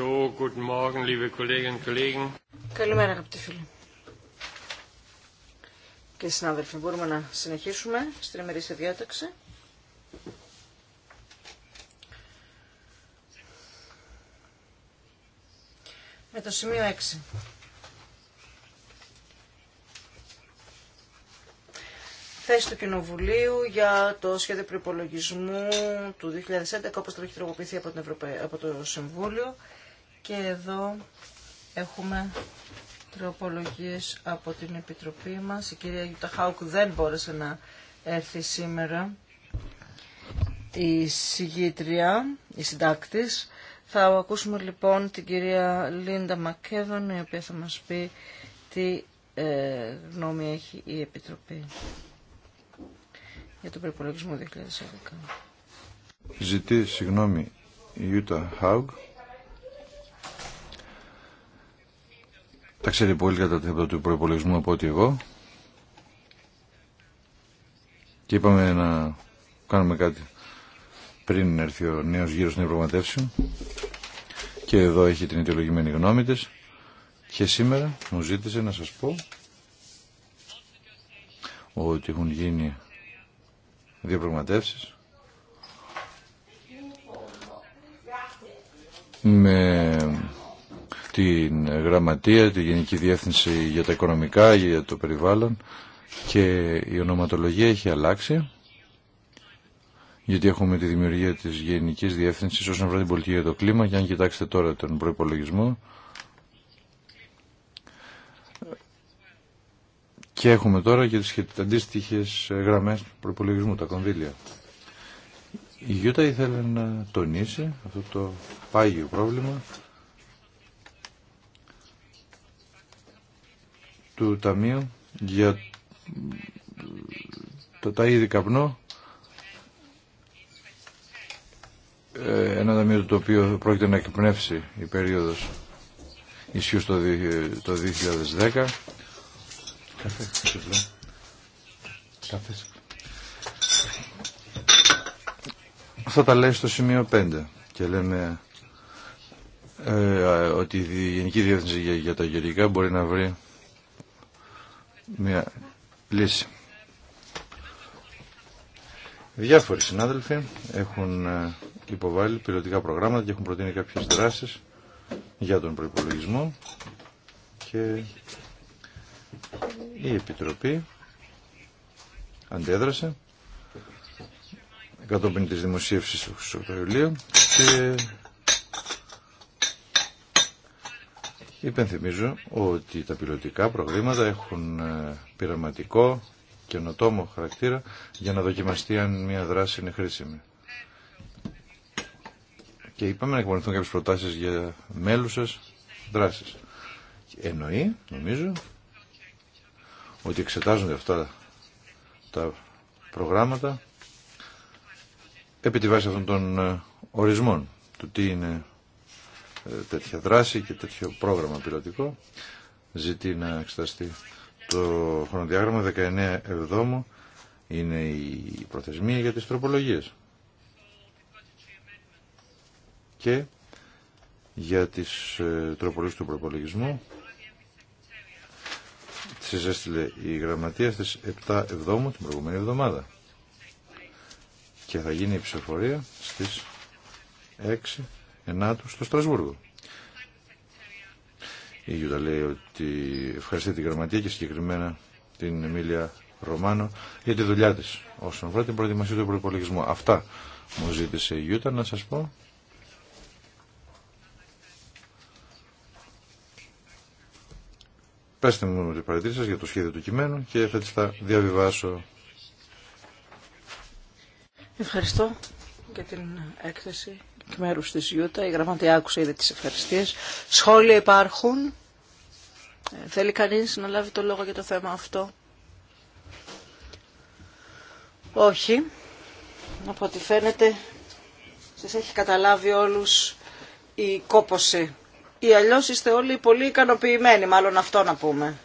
So, guten Morgen, liebe Kolleginnen und Kollegen. Καλημέρα, αγαπητοί φίλοι. Και συνάδελφοι, μπορούμε να συνεχίσουμε στην ημερήσια διάταξη. Με το σημείο 6. θέση του Κοινοβουλίου για το σχέδιο προπολογισμού του 2011, όπω το έχει τροποποιηθεί από, την Ευρωπαϊ... από το Συμβούλιο. Και εδώ έχουμε τροπολογίες από την Επιτροπή μας. Η κυρία Γιούτα Χάουκ δεν μπόρεσε να έρθει σήμερα. Η συγγήτρια, η συντάκτης. Θα ακούσουμε λοιπόν την κυρία Λίντα Μακέδων, η οποία θα μας πει τι ε, γνώμη έχει η Επιτροπή για τον προπολογισμό 2011. Ζητεί συγγνώμη η Ιούτα Τα ξέρει πολύ κατά θέματα του προπολογισμού από ότι εγώ. Και είπαμε να κάνουμε κάτι πριν έρθει ο νέο γύρο των διαπραγματεύσεων. Και εδώ έχει την αιτιολογημένη γνώμη τη. Και σήμερα μου ζήτησε να σας πω ότι έχουν γίνει διαπραγματεύσεις με την Γραμματεία, τη Γενική Διεύθυνση για τα Οικονομικά, για το Περιβάλλον και η ονοματολογία έχει αλλάξει γιατί έχουμε τη δημιουργία της Γενικής Διεύθυνσης όσον αφορά την πολιτική για το κλίμα και αν κοιτάξετε τώρα τον προϋπολογισμό και έχουμε τώρα και τις αντίστοιχες γραμμές προϋπολογισμού, τα κονδύλια. Η Γιούτα ήθελε να τονίσει αυτό το πάγιο πρόβλημα του Ταμείου για το τα είδη καπνό ε, ένα ταμείο το οποίο πρόκειται να εκπνεύσει η περίοδος ισχύου το, το 2010 Καφέ, Καφέ. Αυτά τα λέει στο σημείο 5 και λέμε ε, ότι η Γενική Διεύθυνση για, για τα Γερικά μπορεί να βρει μια λύση. Διάφοροι συνάδελφοι έχουν ε, υποβάλει πιλωτικά προγράμματα και έχουν προτείνει κάποιες δράσεις για τον προϋπολογισμό και η Επιτροπή αντέδρασε κατόπιν της δημοσίευσης του Ιουλίου και Υπενθυμίζω ότι τα πιλωτικά προγράμματα έχουν ε, πειραματικό καινοτόμο χαρακτήρα για να δοκιμαστεί αν μια δράση είναι χρήσιμη. Και είπαμε να εκπονηθούν κάποιες προτάσεις για μέλουσες δράσεις. Εννοεί, νομίζω, ότι εξετάζονται αυτά τα προγράμματα επί τη βάση αυτών των ε, ορισμών του τι είναι ε, τέτοια δράση και τέτοιο πρόγραμμα πιλωτικό. Ζητεί να εξεταστεί το χρονοδιάγραμμα 19 Εβδόμου είναι η προθεσμία για τις τροπολογίες και για τις ε, τροπολογίες του προπολογισμού τις έστειλε η γραμματεία στις 7 Εβδόμου την προηγούμενη εβδομάδα και θα γίνει η ψηφοφορία στις 6 ενάτου στο Στρασβούργο. Η Γιούτα λέει ότι ευχαριστεί την Γραμματεία και συγκεκριμένα την Εμίλια Ρωμάνο για τη δουλειά τη όσον αφορά την προετοιμασία του προπολογισμού. Αυτά μου ζήτησε η Γιούτα να σα πω. Πέστε μου με την παρατήρηση σας για το σχέδιο του κειμένου και θα τις θα διαβιβάσω. Ευχαριστώ για την έκθεση εκ μέρου τη Ιούτα. Η γραμματεία άκουσε ήδη τι ευχαριστίε. Σχόλια υπάρχουν. Ε, θέλει κανεί να λάβει το λόγο για το θέμα αυτό. Όχι. Από ό,τι φαίνεται, σας έχει καταλάβει όλους η κόποση. Ή αλλιώ είστε όλοι πολύ ικανοποιημένοι, μάλλον αυτό να πούμε.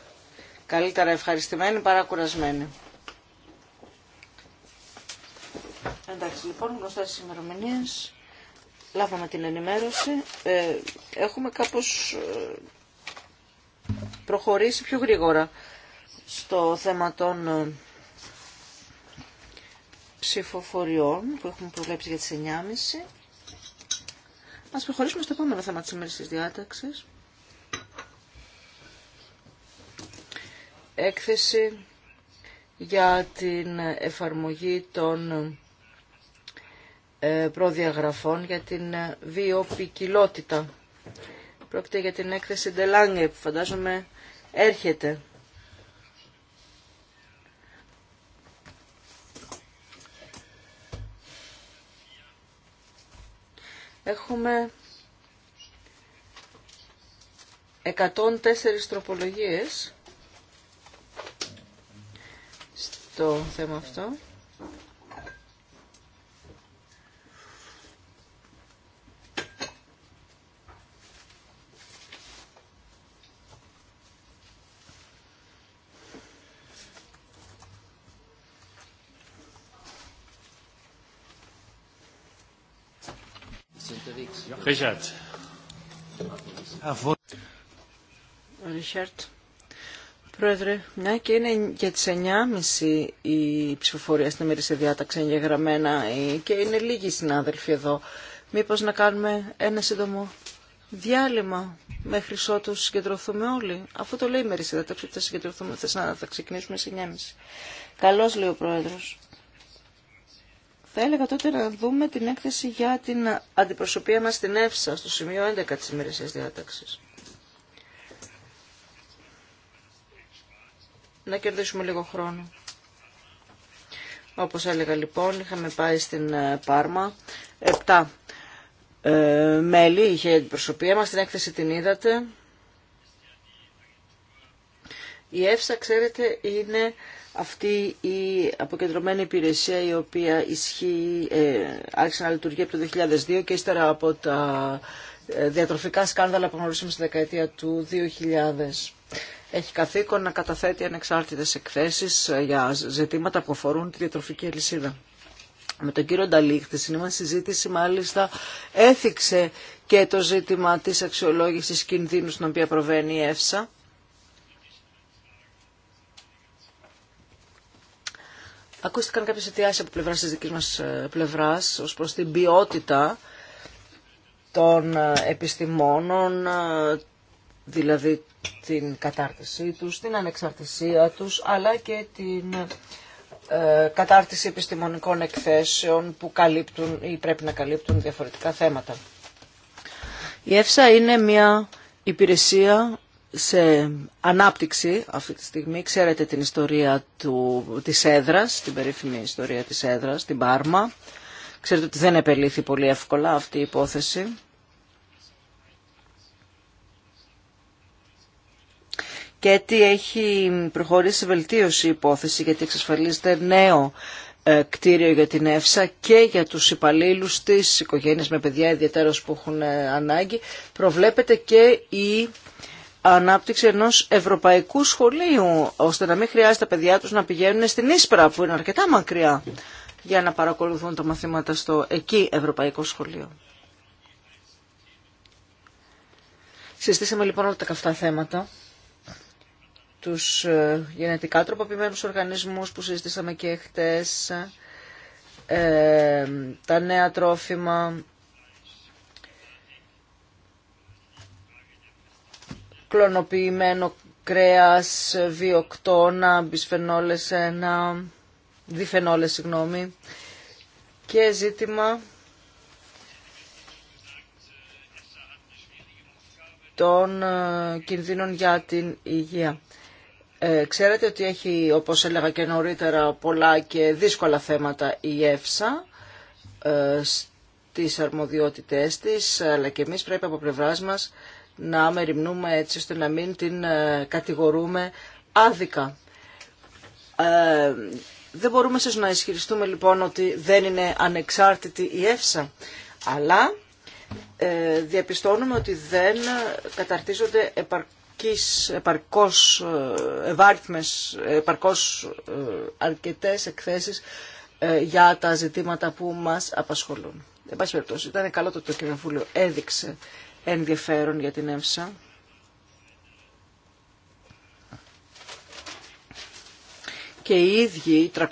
Καλύτερα ευχαριστημένοι παρά κουρασμένοι. Εντάξει, λοιπόν, γνωστές ημερομηνίες λάβαμε την ενημέρωση. Ε, έχουμε κάπως ε, προχωρήσει πιο γρήγορα στο θέμα των ε, ψηφοφοριών που έχουμε προβλέψει για τις 9.30. Ας προχωρήσουμε στο επόμενο θέμα της ημέρας της διάταξης. Έκθεση για την εφαρμογή των ε, προδιαγραφών για την ε, βιοπικιλότητα. Πρόκειται για την έκθεση Ντελάνγκε που φαντάζομαι έρχεται. Έχουμε 104 τροπολογίες στο θέμα αυτό. Richard. Πρόεδρε, μια και είναι για τις 9.30 η ψηφοφορία στην ημερήσια διάταξη εγγεγραμμένα ε, και είναι λίγοι συνάδελφοι εδώ. Μήπως να κάνουμε ένα σύντομο διάλειμμα μέχρι ότου συγκεντρωθούμε όλοι. Αφού το λέει η ημερήσια διάταξη, θα συγκεντρωθούμε, ξεκινήσουμε στις 9.30. Καλώς λέει ο Πρόεδρος. Θα έλεγα τότε να δούμε την έκθεση για την αντιπροσωπεία μας στην ΕΦΣΑ, στο σημείο 11 της ημερησίας διάταξης. Να κερδίσουμε λίγο χρόνο. Όπως έλεγα λοιπόν, είχαμε πάει στην ε, Πάρμα. Επτά ε, μέλη είχε η αντιπροσωπεία μας, την έκθεση την είδατε. Η ΕΦΣΑ, ξέρετε, είναι αυτή η αποκεντρωμένη υπηρεσία η οποία ισχύει, ε, άρχισε να λειτουργεί από το 2002 και ύστερα από τα ε, διατροφικά σκάνδαλα που γνωρίσαμε στη δεκαετία του 2000. Έχει καθήκον να καταθέτει ανεξάρτητες εκθέσεις ε, για ζητήματα που αφορούν τη διατροφική αλυσίδα. Με τον κύριο Νταλίχ, η συζήτηση μάλιστα έθιξε και το ζήτημα της αξιολόγησης κινδύνου στην οποία προβαίνει η ΕΦΣΑ Ακούστηκαν κάποιε αιτιάσει από πλευρά της δική μα ε, πλευράς ως προς την ποιότητα των ε, επιστημόνων, ε, δηλαδή την κατάρτισή τους, την ανεξαρτησία τους, αλλά και την κατάρτιση επιστημονικών εκθέσεων που καλύπτουν ή πρέπει να καλύπτουν διαφορετικά θέματα. Η ΕΦΣΑ είναι μια υπηρεσία σε ανάπτυξη αυτή τη στιγμή. Ξέρετε την ιστορία του, της έδρας, την περίφημη ιστορία της έδρας, την Πάρμα. Ξέρετε ότι δεν επελήθη πολύ εύκολα αυτή η υπόθεση. Και τι έχει προχωρήσει σε βελτίωση η υπόθεση, γιατί εξασφαλίζεται νέο ε, κτίριο για την ΕΦΣΑ και για τους υπαλλήλου της, οικογένειας με παιδιά ιδιαίτερα που έχουν ε, ανάγκη. Προβλέπεται και η ανάπτυξη ενός ευρωπαϊκού σχολείου, ώστε να μην χρειάζεται τα παιδιά τους να πηγαίνουν στην Ίσπρα, που είναι αρκετά μακριά, για να παρακολουθούν τα μαθήματα στο εκεί ευρωπαϊκό σχολείο. Συστήσαμε λοιπόν όλα τα καυτά θέματα, τους ε, γενετικά τροποποιημένους οργανισμούς που συζητήσαμε και χτες, ε, τα νέα τρόφιμα, κλωνοποιημένο κρέας, βιοκτώνα, μπισφενόλες ένα, διφενόλες συγγνώμη και ζήτημα των ε, κινδύνων για την υγεία. Ε, ξέρετε ότι έχει, όπως έλεγα και νωρίτερα, πολλά και δύσκολα θέματα η ΕΦΣΑ ε, στις αρμοδιότητές της, αλλά και εμείς πρέπει από πλευράς μας να μεριμνούμε έτσι ώστε να μην την ε, κατηγορούμε άδικα. Ε, δεν μπορούμε σας να ισχυριστούμε λοιπόν ότι δεν είναι ανεξάρτητη η ΕΦΣΑ, αλλά ε, διαπιστώνουμε ότι δεν καταρτίζονται επαρκής, επαρκώς ε, ευάριθμες, επαρκώς ε, αρκετές εκθέσεις για τα ζητήματα που μας απασχολούν. Εν πάση περιπτώσει, ήταν καλό το ότι το Κοινοβούλιο έδειξε ενδιαφέρον για την ΕΜΣΑ. και οι ίδιοι 304, 304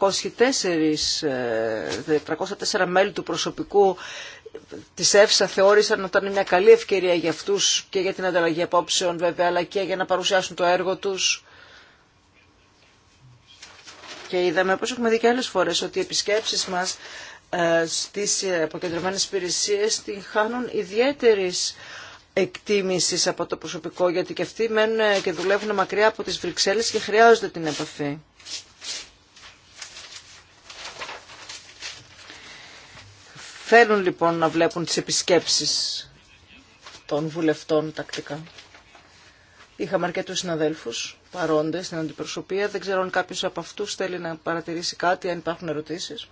ε, μέλη του προσωπικού της ΕΦΣΑ θεώρησαν ότι ήταν μια καλή ευκαιρία για αυτούς και για την ανταλλαγή απόψεων βέβαια αλλά και για να παρουσιάσουν το έργο τους. Και είδαμε όπως έχουμε δει και άλλες φορές ότι οι επισκέψεις μας ε, στις αποκεντρωμένες υπηρεσίε την χάνουν ιδιαίτερης Εκτίμηση από το προσωπικό, γιατί και αυτοί μένουν και δουλεύουν μακριά από τις Βρυξέλλες και χρειάζονται την επαφή. Θέλουν λοιπόν να βλέπουν τις επισκέψεις των βουλευτών τακτικά. Είχαμε αρκετούς συναδέλφους παρόντες στην αντιπροσωπεία. Δεν ξέρω αν κάποιος από αυτούς θέλει να παρατηρήσει κάτι, αν υπάρχουν ερωτήσεις.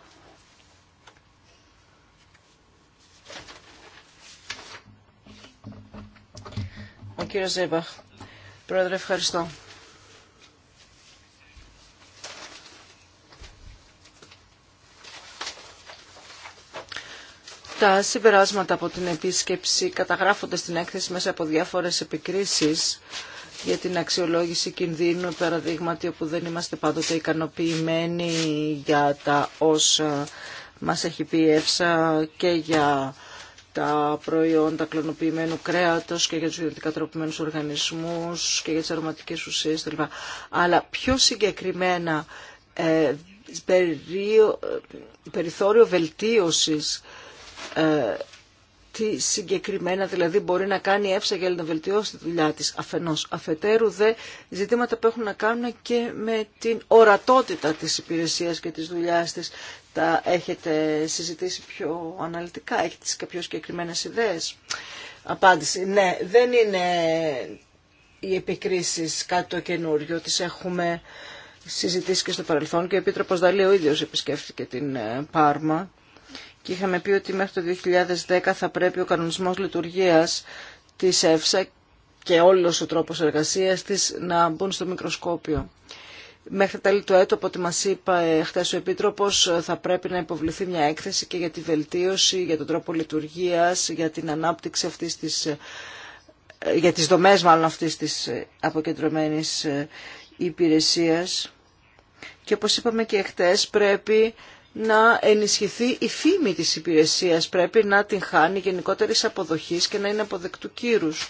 Κύριε Ζέμπαχ. Πρόεδρε, ευχαριστώ. Τα συμπεράσματα από την επίσκεψη καταγράφονται στην έκθεση μέσα από διάφορες επικρίσεις για την αξιολόγηση κινδύνου, παραδείγματι όπου δεν είμαστε πάντοτε ικανοποιημένοι για τα όσα μας έχει πει η ΕΦΣΑ και για τα προϊόντα κλωνοποιημένου κρέατος και για τους ιδιωτικά τροποποιημένους οργανισμούς και για τις αρωματικές ουσίες κλπ. Αλλά πιο συγκεκριμένα ε, ε, περιθώριο βελτίωσης ε, τι συγκεκριμένα δηλαδή μπορεί να κάνει η ΕΦΣΑ για να βελτιώσει τη δουλειά της αφενός αφετέρου δε ζητήματα που έχουν να κάνουν και με την ορατότητα της υπηρεσίας και της δουλειάς της τα έχετε συζητήσει πιο αναλυτικά έχετε κάποιες συγκεκριμένε ιδέες απάντηση ναι δεν είναι οι επικρίσεις κάτι το καινούριο τις έχουμε συζητήσει και στο παρελθόν και ο Επίτροπος Δαλή ο ίδιος επισκέφθηκε την ε, Πάρμα και είχαμε πει ότι μέχρι το 2010 θα πρέπει ο κανονισμός λειτουργίας της ΕΦΣΑ και όλος ο τρόπος εργασίας της να μπουν στο μικροσκόπιο. Μέχρι τα τέλη του έτου, από ό,τι μας είπα ε, χθες ο Επίτροπος, ε, θα πρέπει να υποβληθεί μια έκθεση και για τη βελτίωση, για τον τρόπο λειτουργίας, για την ανάπτυξη αυτής της, ε, για τις δομές μάλλον αυτής της αποκεντρωμένης υπηρεσίας. Και όπως είπαμε και χθες πρέπει να ενισχυθεί η φήμη της υπηρεσίας. Πρέπει να την χάνει γενικότερη αποδοχής και να είναι αποδεκτού κύρους.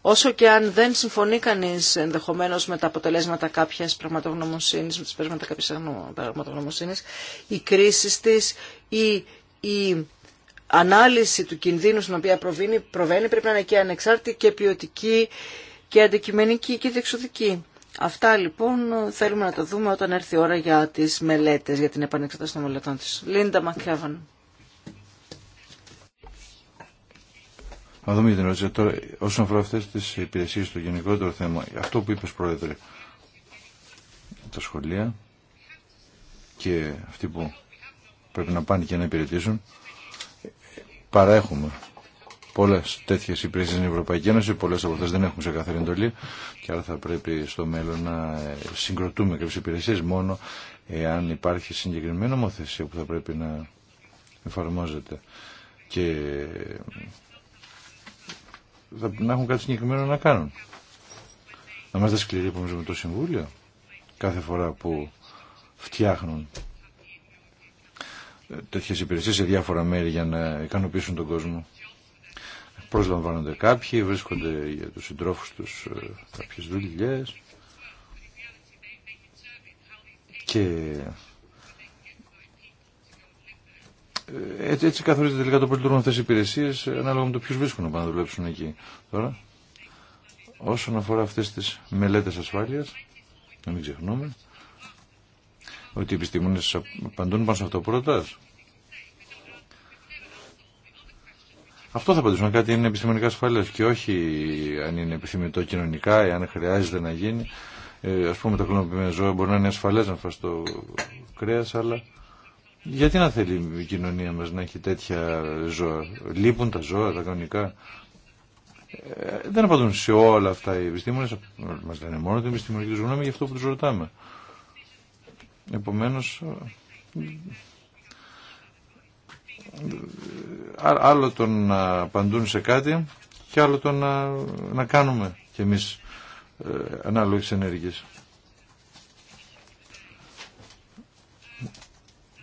Όσο και αν δεν συμφωνεί κανεί ενδεχομένω με τα αποτελέσματα κάποια πραγματογνωμοσύνη, με τι πέρασματα κάποια πραγματογνωμοσύνη, οι κρίσει τη ή η ανάλυση του κινδύνου στην οποία προβαίνει, προβαίνει πρέπει να είναι και ανεξάρτητη και ποιοτική και αντικειμενική και διεξοδική. Αυτά λοιπόν θέλουμε να τα δούμε όταν έρθει η ώρα για τις μελέτες, για την επανεξέταση των μελετών της. Λίντα Μακιάβαν. Να δούμε την ερώτηση τώρα όσον αφορά αυτές τις υπηρεσίες στο γενικότερο θέμα. Αυτό που είπες Πρόεδρε, τα σχολεία και αυτοί που πρέπει να πάνε και να υπηρετήσουν, παρέχουμε. Πολλέ τέτοιε υπηρεσίε στην Ευρωπαϊκή Ένωση, πολλέ από αυτέ δεν έχουν σε καθαρή εντολή και άρα θα πρέπει στο μέλλον να συγκροτούμε κάποιε υπηρεσίε μόνο εάν υπάρχει συγκεκριμένη νομοθεσία που θα πρέπει να εφαρμόζεται και θα, να έχουν κάτι συγκεκριμένο να κάνουν. Να είμαστε σκληροί που με το Συμβούλιο κάθε φορά που φτιάχνουν τέτοιες υπηρεσίες σε διάφορα μέρη για να ικανοποιήσουν τον κόσμο προσλαμβάνονται κάποιοι, βρίσκονται για τους συντρόφους τους ε, κάποιες δουλειές και ε, έτσι, έτσι καθορίζεται τελικά το πώς λειτουργούν αυτές οι υπηρεσίες ε, ανάλογα με το ποιους βρίσκουν να δουλέψουν εκεί. Τώρα, όσον αφορά αυτές τις μελέτες ασφάλειας, να μην ξεχνούμε, ότι οι επιστήμονες απαντούν πάνω σε αυτό που Αυτό θα απαντήσουμε κάτι είναι επιστημονικά ασφαλέ και όχι αν είναι επιθυμητό κοινωνικά ή αν χρειάζεται να γίνει. Ε, Α πούμε τα κλωνοποιημένα ζώα μπορεί να είναι ασφαλέ να φας το κρέα, αλλά γιατί να θέλει η κοινωνία μα να έχει τέτοια ζώα. Λείπουν τα ζώα, τα κανονικά. Ε, δεν απαντούν σε όλα αυτά οι επιστήμονε. Μα λένε μόνο την επιστημονική του γνώμη για αυτό που του ρωτάμε. Επομένω, άλλο το να απαντούν σε κάτι και άλλο το να, να κάνουμε κι εμείς ε, ανάλογες ενέργειες.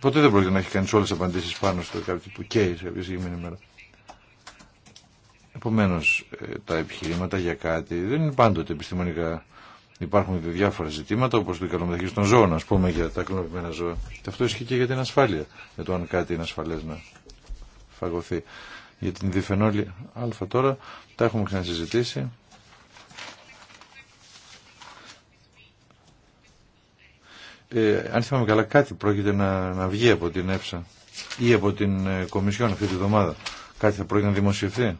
Ποτέ δεν πρόκειται να έχει κανεί όλες τις απαντήσεις πάνω στο κάτι που καίει σε κάποια συγκεκριμένη μέρα. Επομένως, ε, τα επιχειρήματα για κάτι δεν είναι πάντοτε επιστημονικά Υπάρχουν διάφορα ζητήματα όπως το καλομεταχείριση των ζώων, πούμε, για τα κλωνοποιημένα ζώα. Και αυτό ισχύει και για την ασφάλεια, για το αν κάτι είναι ασφαλέ να φαγωθεί. Για την διφενόλη α τώρα, τα έχουμε ξανασυζητήσει. Ε, αν θυμάμαι καλά, κάτι πρόκειται να, να βγει από την ΕΦΣΑ ή από την ε, Κομισιόν αυτή τη βδομάδα. Κάτι θα πρόκειται να δημοσιευθεί.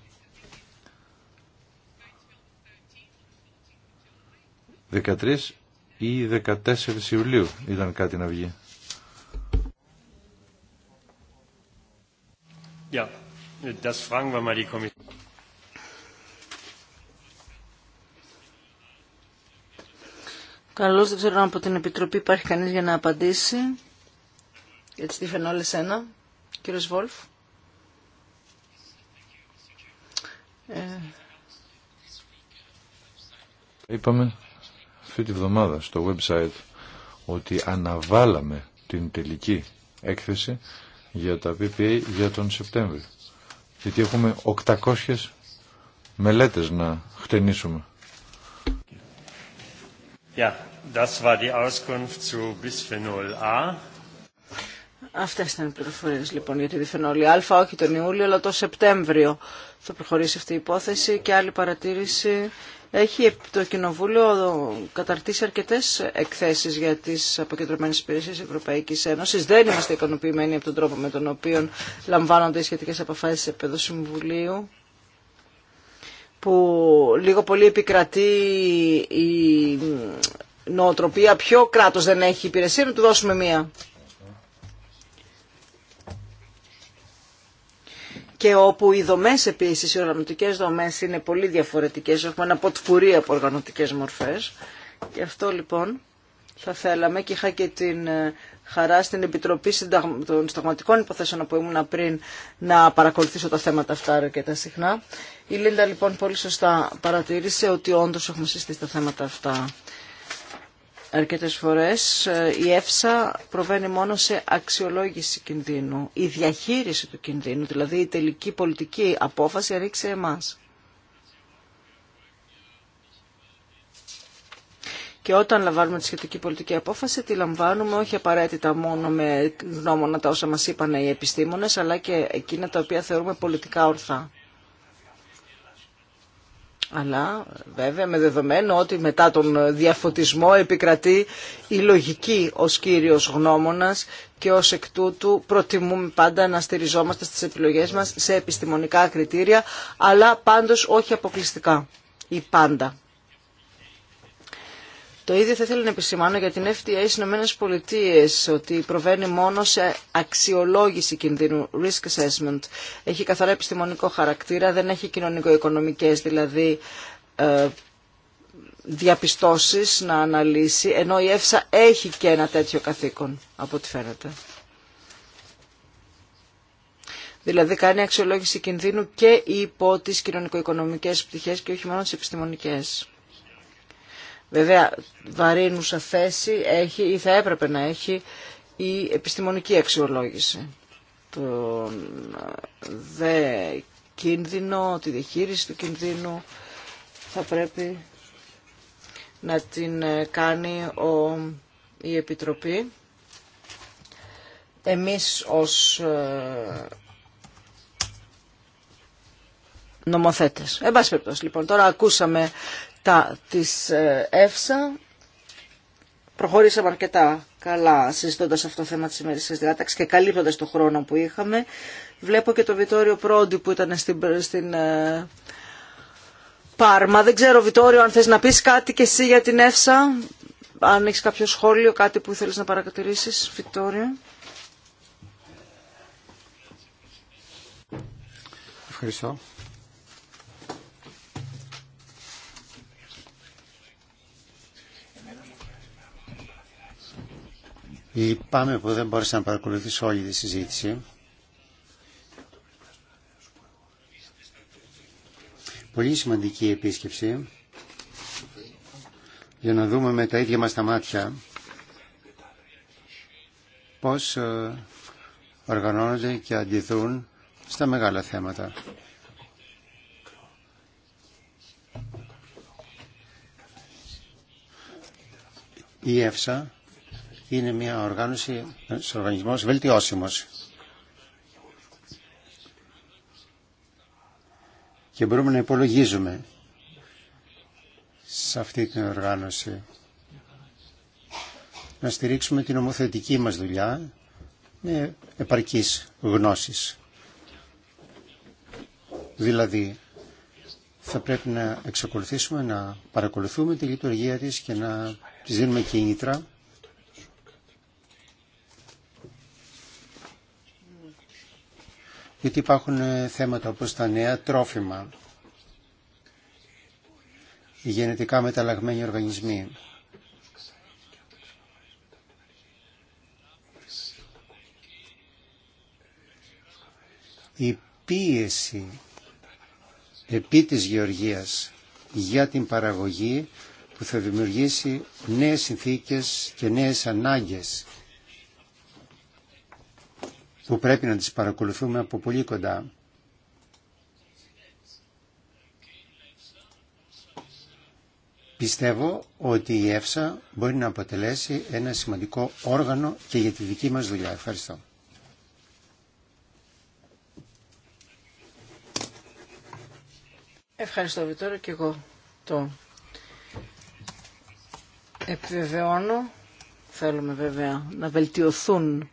13 ή 14 Ιουλίου ήταν κάτι να βγει. Καλώ Καλώς, δεν ξέρω αν από την Επιτροπή υπάρχει κανείς για να απαντήσει. Γιατί τι φαινόλες ένα. Κύριος Βόλφ. Ε. Είπαμε αυτή τη βδομάδα στο website ότι αναβάλαμε την τελική έκθεση για τα PPA για τον Σεπτέμβριο. Γιατί έχουμε 800 μελέτες να χτενίσουμε. Ja, das war die Auskunft zu Bisphenol A. Αυτέ ήταν οι πληροφορίε λοιπόν για τη διφενόλη Α, όχι τον Ιούλιο αλλά τον Σεπτέμβριο. Θα προχωρήσει αυτή η υπόθεση και άλλη παρατήρηση έχει το Κοινοβούλιο καταρτήσει αρκετέ εκθέσει για τι αποκεντρωμένε υπηρεσίε Ευρωπαϊκή Ένωση. Δεν είμαστε ικανοποιημένοι από τον τρόπο με τον οποίο λαμβάνονται οι σχετικέ αποφάσει σε επίπεδο που λίγο πολύ επικρατεί η νοοτροπία ποιο κράτο δεν έχει υπηρεσία, να του δώσουμε μία. και όπου οι δομές επίσης, οι οργανωτικές δομές είναι πολύ διαφορετικές, έχουμε ένα ποτφουρί από οργανωτικές μορφές. Και αυτό λοιπόν θα θέλαμε και είχα και την ε, χαρά στην Επιτροπή των Σταγματικών Υποθέσεων που ήμουν πριν να παρακολουθήσω τα θέματα αυτά αρκετά συχνά. Η Λίντα λοιπόν πολύ σωστά παρατήρησε ότι όντως έχουμε συστήσει τα θέματα αυτά αρκετές φορές ε, η ΕΦΣΑ προβαίνει μόνο σε αξιολόγηση κινδύνου. Η διαχείριση του κινδύνου, δηλαδή η τελική πολιτική απόφαση ρίξει εμάς. Και όταν λαμβάνουμε τη σχετική πολιτική απόφαση, τη λαμβάνουμε όχι απαραίτητα μόνο με γνώμονα τα όσα μας είπαν οι επιστήμονες, αλλά και εκείνα τα οποία θεωρούμε πολιτικά ορθά. Αλλά βέβαια με δεδομένο ότι μετά τον διαφωτισμό επικρατεί η λογική ως κύριος γνώμονας και ως εκ τούτου προτιμούμε πάντα να στηριζόμαστε στις επιλογές μας σε επιστημονικά κριτήρια αλλά πάντως όχι αποκλειστικά ή πάντα. Το ίδιο θα ήθελα να επισημάνω για την FDA στι ΗΠΑ, ότι προβαίνει μόνο σε αξιολόγηση κινδύνου, risk assessment. Έχει καθαρά επιστημονικό χαρακτήρα, δεν έχει κοινωνικο-οικονομικές δηλαδή ε, διαπιστώσεις να αναλύσει, ενώ η ΕΦΣΑ έχει και ένα τέτοιο καθήκον, από ό,τι φαίνεται. Δηλαδή κάνει αξιολόγηση κινδύνου και υπό τις κοινωνικο-οικονομικές πτυχές και όχι μόνο τις επιστημονικές. Βέβαια, βαρύνουσα θέση έχει ή θα έπρεπε να έχει η επιστημονική αξιολόγηση. του ε, δε κίνδυνο, τη διαχείριση του κινδύνου θα πρέπει να την ε, κάνει ο, η Επιτροπή. Εμείς ως ε, νομοθέτες. Εν λοιπόν, τώρα ακούσαμε τα της ΕΦΣΑ. Προχωρήσαμε αρκετά καλά συζητώντας αυτό το θέμα της ημερησίας διάταξης και καλύπτοντας το χρόνο που είχαμε. Βλέπω και το Βιτόριο Πρόντι που ήταν στην, στην ε, Πάρμα. Δεν ξέρω Βιτόριο αν θες να πεις κάτι και εσύ για την ΕΦΣΑ. Αν έχεις κάποιο σχόλιο, κάτι που θέλεις να παρακατηρήσεις, Βιτόριο. Ευχαριστώ. Λυπάμαι που δεν μπόρεσα να παρακολουθήσω όλη τη συζήτηση. Πολύ σημαντική επίσκεψη για να δούμε με τα ίδια μας τα μάτια πώς ε, οργανώνονται και αντιδρούν στα μεγάλα θέματα. Η ΕΦΣΑ είναι μια οργάνωση, ένας οργανισμός βελτιώσιμος. Και μπορούμε να υπολογίζουμε σε αυτή την οργάνωση. Να στηρίξουμε την ομοθετική μας δουλειά με επαρκή γνώσεις, Δηλαδή, θα πρέπει να εξακολουθήσουμε να παρακολουθούμε τη λειτουργία της και να της δίνουμε κίνητρα γιατί υπάρχουν ε, θέματα όπως τα νέα τρόφιμα, οι γενετικά μεταλλαγμένοι οργανισμοί. Η πίεση επί της γεωργίας για την παραγωγή που θα δημιουργήσει νέες συνθήκες και νέες ανάγκες που πρέπει να τις παρακολουθούμε από πολύ κοντά. Πιστεύω ότι η ΕΦΣΑ μπορεί να αποτελέσει ένα σημαντικό όργανο και για τη δική μας δουλειά. Ευχαριστώ. Ευχαριστώ Βιτόρο και εγώ το επιβεβαιώνω. Θέλουμε βέβαια να βελτιωθούν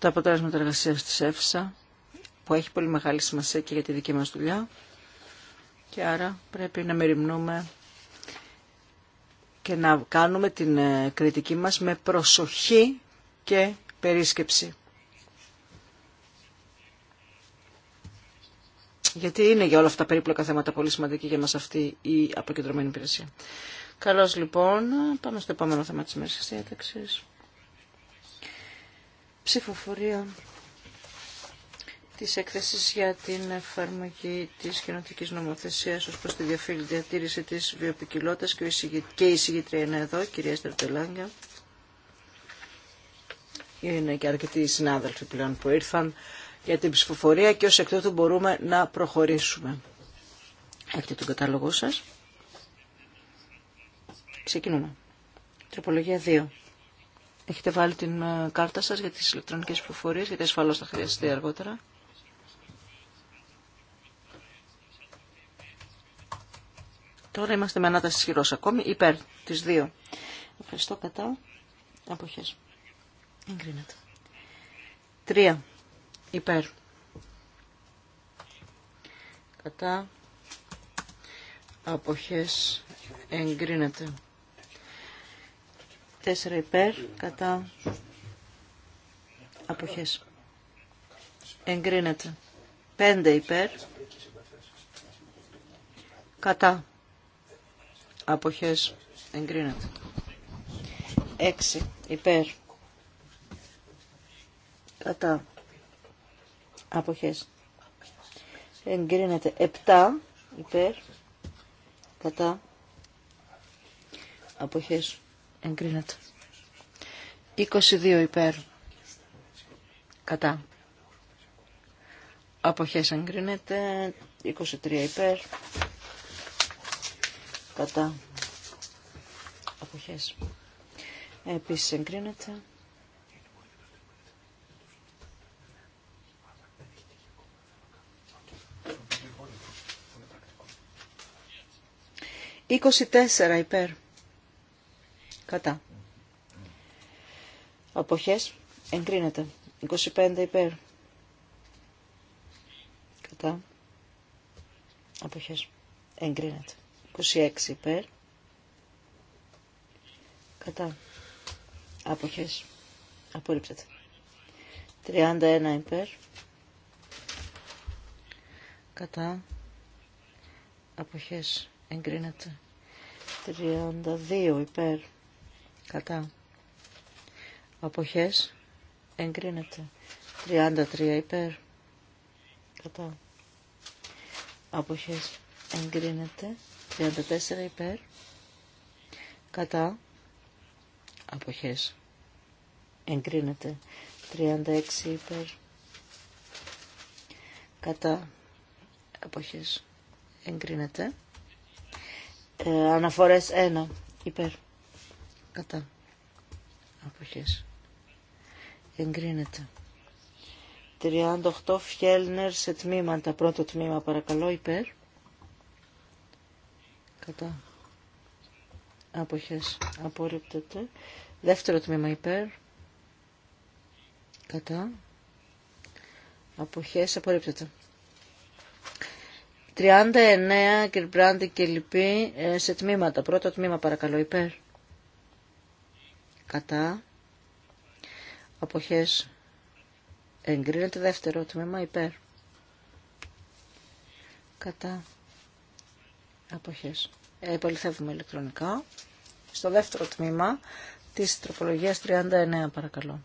τα αποτέλεσματα εργασία τη ΕΦΣΑ, που έχει πολύ μεγάλη σημασία και για τη δική μα δουλειά. Και άρα πρέπει να μεριμνούμε και να κάνουμε την ε, κριτική μας με προσοχή και περίσκεψη. Γιατί είναι για όλα αυτά τα περίπλοκα θέματα πολύ σημαντική για μας αυτή η αποκεντρωμένη υπηρεσία. Καλώς λοιπόν, πάμε στο επόμενο θέμα της μέρης της διάταξης ψηφοφορία της έκθεσης για την εφαρμογή της κοινωτική νομοθεσίας ως προς τη διατήρηση της βιοποικιλότητας και η συγγήτρια είναι εδώ, κυρία Στερτελάνια. Είναι και αρκετοί συνάδελφοι πλέον που ήρθαν για την ψηφοφορία και ως εκ τούτου μπορούμε να προχωρήσουμε. Έχετε τον κατάλογό σας. Ξεκινούμε. Τροπολογία 2. Έχετε βάλει την ε, κάρτα σας για τις ηλεκτρονικές πληροφορίες, γιατί ασφαλώς θα χρειαστεί αργότερα. Τώρα είμαστε με ανάταση χειρό ακόμη, υπέρ τις δύο. Ευχαριστώ κατά. Αποχές. Εγκρίνεται. Τρία. Υπέρ. Κατά. Αποχές. Εγκρίνεται. 4 υπέρ, κατά αποχές. Εγκρίνεται. 5 υπέρ, κατά αποχές. Εγκρίνεται. 6 υπέρ, κατά αποχές. Εγκρίνεται. 7 υπέρ, κατά αποχές Εγκρίνεται. 22 υπέρ. Κατά. Αποχές εγκρίνεται. 23 υπέρ. Κατά. Αποχές. Επίσης εγκρίνεται. Είκοσι τέσσερα υπέρ. Κατά. Αποχές. Εγκρίνεται. 25 υπέρ. Κατά. Αποχές. Εγκρίνεται. 26 υπέρ. Κατά. Αποχές. Απορρίπτεται. 31 υπέρ. Κατά. Αποχές. Εγκρίνεται. 32 υπέρ κατά αποχές εγκρίνεται 33 υπέρ κατά αποχές εγκρίνεται 34 υπέρ κατά αποχές εγκρίνεται 36 υπέρ κατά αποχές εγκρίνεται ε, αναφορές 1 υπέρ κατά αποχές εγκρίνεται 38 φιέλνερ σε τμήματα πρώτο τμήμα παρακαλώ υπέρ κατά αποχές απορρίπτεται δεύτερο τμήμα υπέρ κατά αποχές απορρίπτεται 39 Κυρμπράντη και λοιπή ε, σε τμήματα πρώτο τμήμα παρακαλώ υπέρ κατά αποχές εγκρίνεται δεύτερο τμήμα υπέρ κατά αποχές ε, επαληθεύουμε ηλεκτρονικά στο δεύτερο τμήμα της τροπολογίας 39 παρακαλώ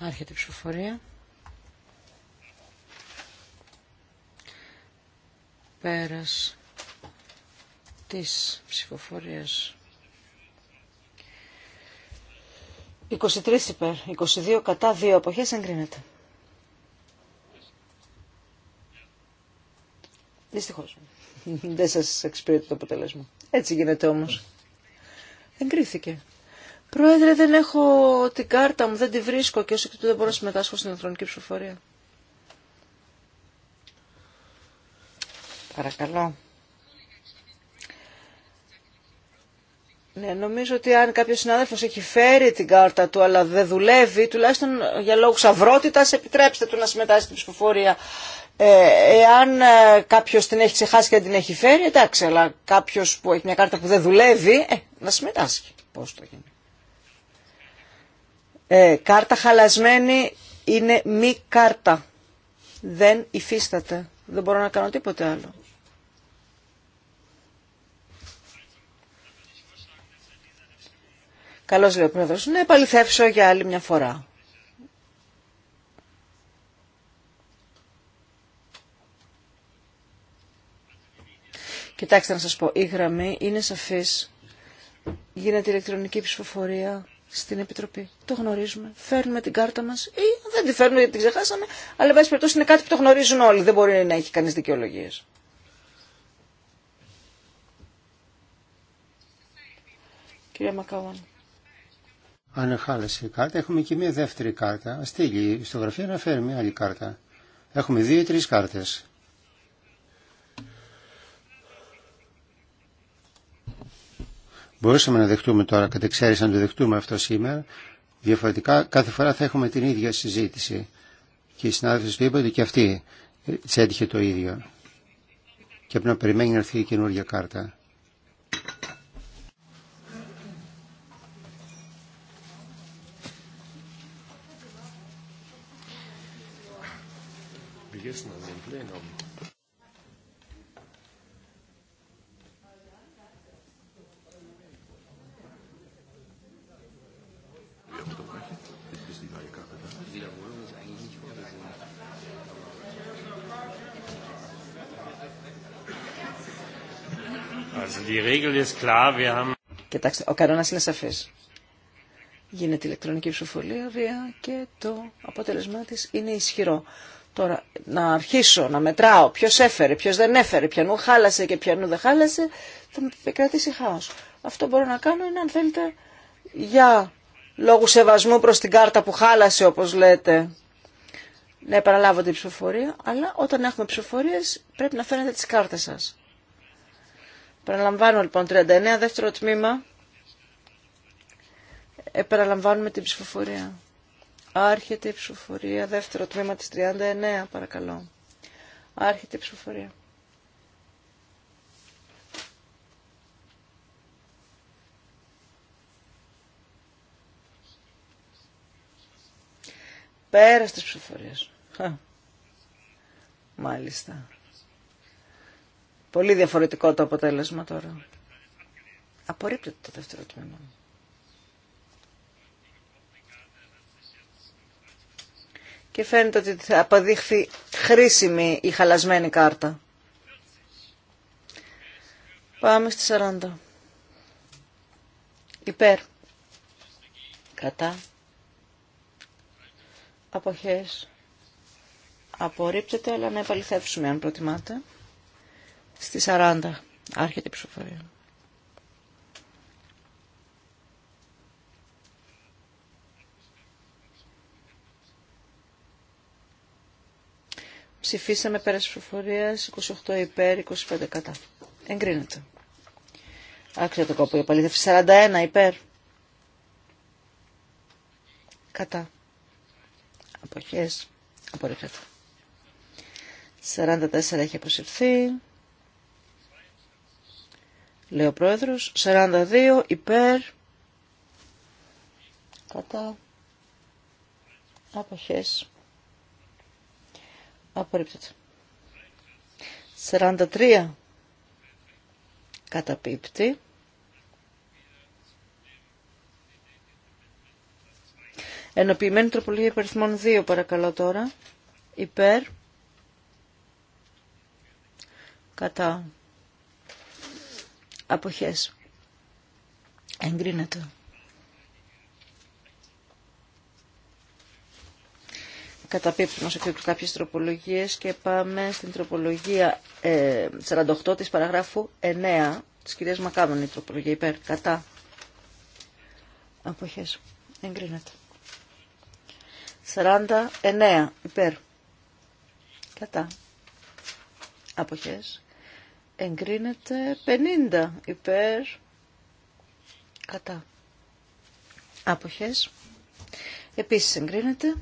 άρχεται η ψηφοφορία πέρας της ψηφοφορίας. 23 υπέρ, 22 κατά, 2 αποχές εγκρίνεται. Δυστυχώς. Δεν σας εξυπηρετεί το αποτέλεσμα. Έτσι γίνεται όμως. Εγκρίθηκε. Πρόεδρε, δεν έχω την κάρτα μου, δεν τη βρίσκω και όσο και δεν μπορώ να συμμετάσχω στην ηλεκτρονική ψηφοφορία. Παρακαλώ. Ναι, νομίζω ότι αν κάποιο συνάδελφο έχει φέρει την κάρτα του αλλά δεν δουλεύει, τουλάχιστον για λόγου αυρότητα, επιτρέψτε του να συμμετάσχει στην ψηφοφορία. Ε, εάν ε, κάποιο την έχει ξεχάσει και την έχει φέρει, εντάξει, αλλά κάποιο που έχει μια κάρτα που δεν δουλεύει, ε, να συμμετάσχει. Πώ το γίνει. Ε, κάρτα χαλασμένη είναι μη κάρτα. Δεν υφίσταται. Δεν μπορώ να κάνω τίποτε άλλο. Καλώς λέει ο πρόεδρος. Να επαληθεύσω για άλλη μια φορά. Κοιτάξτε να σας πω, η γραμμή είναι σαφής. Γίνεται ηλεκτρονική ψηφοφορία στην Επιτροπή. Το γνωρίζουμε. Φέρνουμε την κάρτα μας ή δεν τη φέρνουμε γιατί την ξεχάσαμε, αλλά βάζει περιπτώσει είναι κάτι που το γνωρίζουν όλοι. Δεν μπορεί να έχει κανείς δικαιολογίες. Κυρία Μακάουαν αν χάλασε η κάρτα, έχουμε και μια δεύτερη κάρτα. Α στείλει η γραφείο να φέρει μια άλλη κάρτα. Έχουμε δύο ή τρει κάρτε. Μπορούσαμε να δεχτούμε τώρα, κατεξαίρεση να το δεχτούμε αυτό σήμερα. Διαφορετικά κάθε φορά θα έχουμε την ίδια συζήτηση. Και οι συνάδελφοι του είπαν ότι και αυτή τσέτυχε το ίδιο. Και πρέπει να περιμένει να έρθει η καινούργια κάρτα. Κοιτάξτε, ο κανόνας είναι σαφή. Γίνεται ηλεκτρονική ψηφοφορία και το αποτέλεσμά τη είναι ισχυρό. Τώρα να αρχίσω να μετράω Ποιο έφερε, ποιο δεν έφερε, ποιανού χάλασε και ποιανού δεν χάλασε, θα με επικρατήσει χάος. Αυτό μπορώ να κάνω είναι αν θέλετε για λόγου σεβασμού προ την κάρτα που χάλασε όπω λέτε να επαναλάβω την ψηφοφορία, αλλά όταν έχουμε ψηφοφορίε, πρέπει να φαίνεται τι κάρτε σα. Παραλαμβάνω λοιπόν 39 δεύτερο τμήμα. Επαναλαμβάνουμε την ψηφοφορία. Άρχεται η ψηφοφορία δεύτερο τμήμα της 39 παρακαλώ. Άρχεται η ψηφοφορία. Πέρα τη ψηφοφορίες. Μάλιστα. Πολύ διαφορετικό το αποτέλεσμα τώρα. Απορρίπτεται το δεύτερο τμήμα. Και φαίνεται ότι θα αποδείχθη χρήσιμη η χαλασμένη κάρτα. Πάμε στη 40. Υπέρ. Κατά. Αποχές. Απορρίπτεται, αλλά να επαληθεύσουμε αν προτιμάτε. Στη 40. Άρχεται η ψηφοφορία. Ψηφίσαμε πέρα ψηφοφορίας 28 υπέρ, 25 κατά. Εγκρίνεται. Άξιο το κόπο για παλήθευση. 41 υπέρ. Κατά. Αποχές. Απορρίπτεται. 44 έχει αποσυρθεί λέει ο πρόεδρος, 42 υπέρ, κατά, αποχές, απορρίπτεται. 43 καταπίπτει. Ενοποιημένη τροπολογία υπεριθμών 2 παρακαλώ τώρα. Υπέρ. Κατά αποχές εγκρίνεται Καταπίπτουμε σε ως κάποιες τροπολογίες και πάμε στην τροπολογία 48 ε, της παραγράφου 9 της κυρίας Μακάβων τροπολογία υπέρ κατά αποχές εγκρίνεται 49 υπέρ κατά αποχές εγκρίνεται 50 υπέρ κατά άποχες. Επίσης εγκρίνεται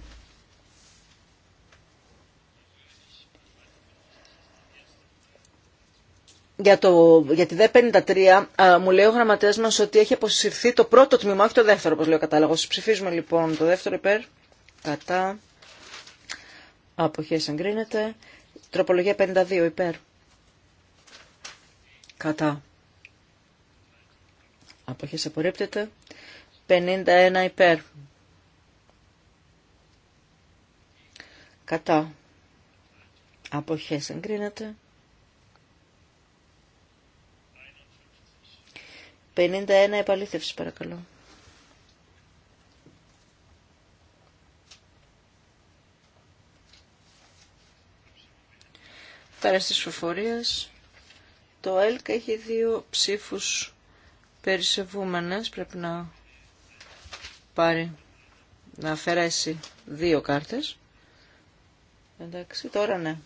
για, το, για τη δε 53 μου λέει ο γραμματέας μας ότι έχει αποσυρθεί το πρώτο τμήμα, όχι το δεύτερο όπως λέει ο κατάλογος. Ψηφίζουμε λοιπόν το δεύτερο υπέρ, κατά, αποχές εγκρίνεται, τροπολογία 52 υπέρ κατά αποχές απορρίπτεται 51 υπέρ κατά αποχές εγκρίνεται 51 επαλήθευση παρακαλώ Πέρα στις φοφορίες το ΕΛΚ έχει δύο ψήφους περισσευούμενες, πρέπει να πάρει, να αφαιρέσει δύο κάρτες. Εντάξει, τώρα ναι.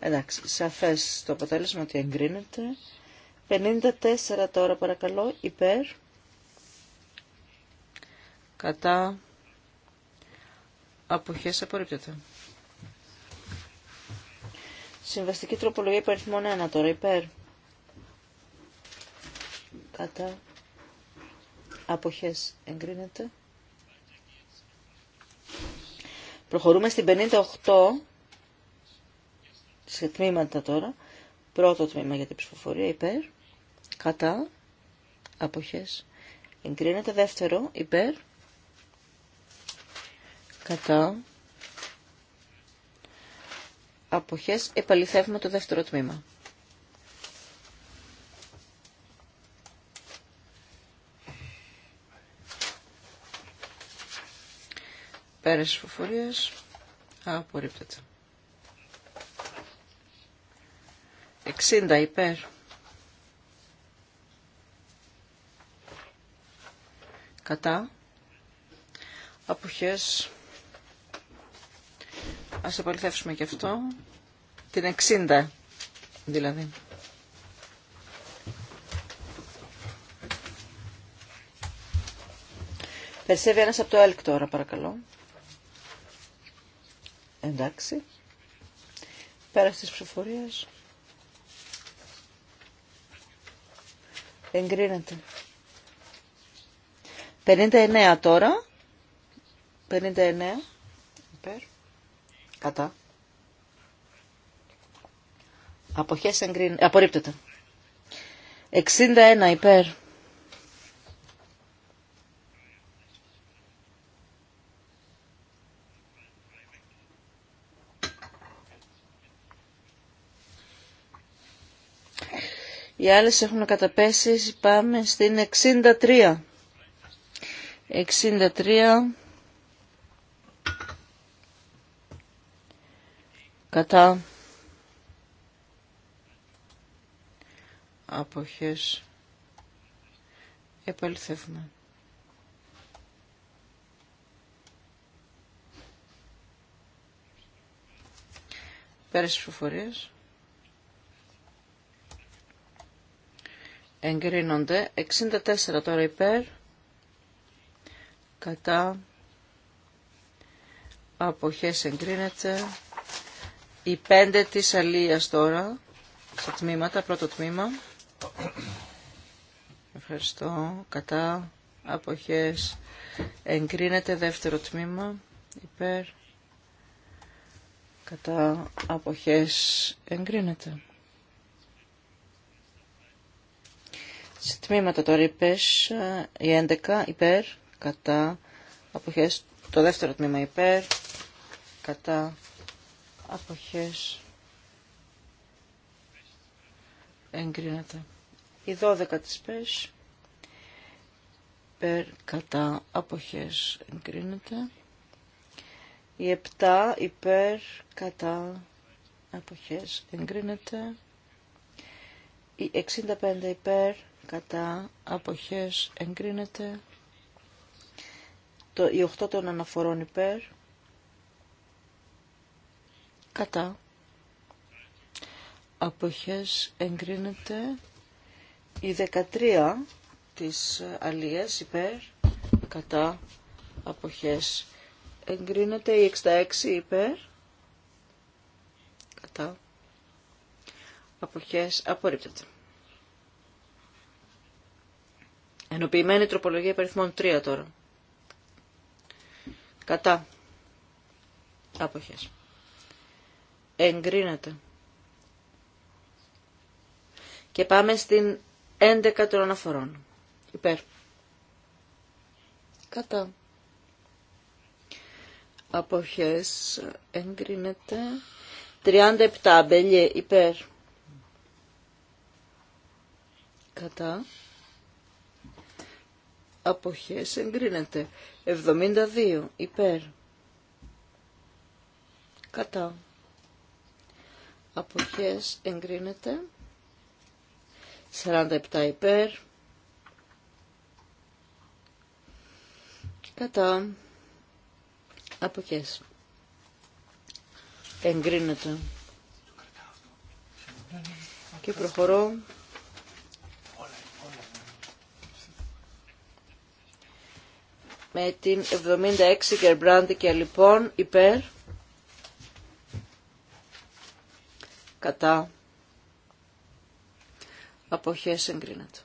Εντάξει, σαφές το αποτέλεσμα ότι εγκρίνεται. 54 τώρα παρακαλώ, υπέρ. Κατά αποχές απορρίπτεται. Συμβαστική τροπολογία αριθμών 1 τώρα, υπέρ. Κατά. Αποχές εγκρίνεται. Προχωρούμε στην 58, σε τμήματα τώρα. Πρώτο τμήμα για την ψηφοφορία, υπέρ. Κατά. Αποχές. Εγκρίνεται δεύτερο, υπέρ. Κατά αποχές επαληθεύουμε το δεύτερο τμήμα. Πέρας της απορρίπτεται. 60 υπέρ. Κατά. Αποχές Ας επαληθεύσουμε και αυτό. Την 60 δηλαδή. Περισσεύει ένας από το ΕΛΚ τώρα παρακαλώ. Εντάξει. Πέρα της ψηφορίες. Εγκρίνεται. 59 τώρα. 59. Υπέρ. Κατά. Αποχές εγκρίν... Απορρίπτεται. 61 υπέρ. Οι άλλες έχουν καταπέσει. Πάμε στην 63. 63. κατά αποχές επαληθεύουμε. Πέρασε ψηφοφορίες. Εγκρίνονται 64 τώρα υπέρ κατά αποχές εγκρίνεται η πέντε της αλίας τώρα, σε τμήματα, πρώτο τμήμα. Ευχαριστώ. Κατά αποχές εγκρίνεται δεύτερο τμήμα. Υπέρ. Κατά αποχές εγκρίνεται. Σε τμήματα τώρα ε, η 11 υπέρ, κατά αποχές, το δεύτερο τμήμα υπέρ, κατά αποχές εγκρίνεται. Η 12 της ΠΕΣ περ κατά αποχές εγκρίνεται. Η 7 υπέρ κατά αποχές εγκρίνεται. Η 65 υπέρ κατά αποχές εγκρίνεται. Το, η 8 των αναφορών υπέρ κατά αποχές εγκρίνεται η 13 της αλίας υπέρ κατά αποχές εγκρίνεται η 66 υπέρ κατά αποχές απορρίπτεται. Ενοποιημένη τροπολογία περιθμών 3 τώρα. Κατά. Αποχές. Εγκρίνεται. Και πάμε στην 11 των αναφορών. Υπέρ. Κατά. Αποχές εγκρίνεται. 37 μπελιέ υπέρ. Κατά. Αποχές εγκρίνεται. 72 υπέρ. Κατά αποχές εγκρίνεται 47 υπέρ κατά αποχές εγκρίνεται και προχωρώ με την 76 και λοιπόν υπέρ κατά αποχές εγκρίνεται.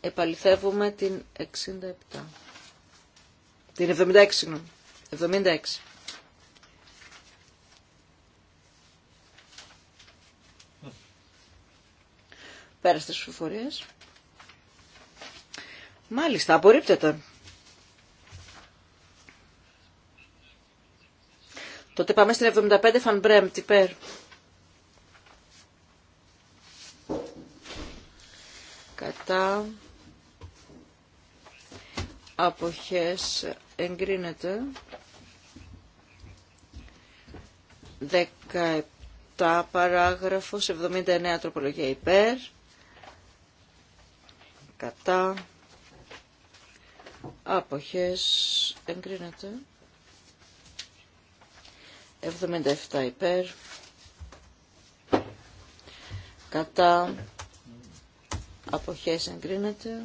Επαληθεύουμε την 67. Την 76, συγγνώμη. 76. Πέρα στις ψηφοφορίες. Μάλιστα, απορρίπτεται. Τότε πάμε στην 75 Φανμπρέμπτ υπέρ. Κατά αποχές εγκρίνεται 17 παράγραφος 79 τροπολογία υπέρ κατά αποχές εγκρίνεται 77 υπέρ. Κατά αποχές εγκρίνεται.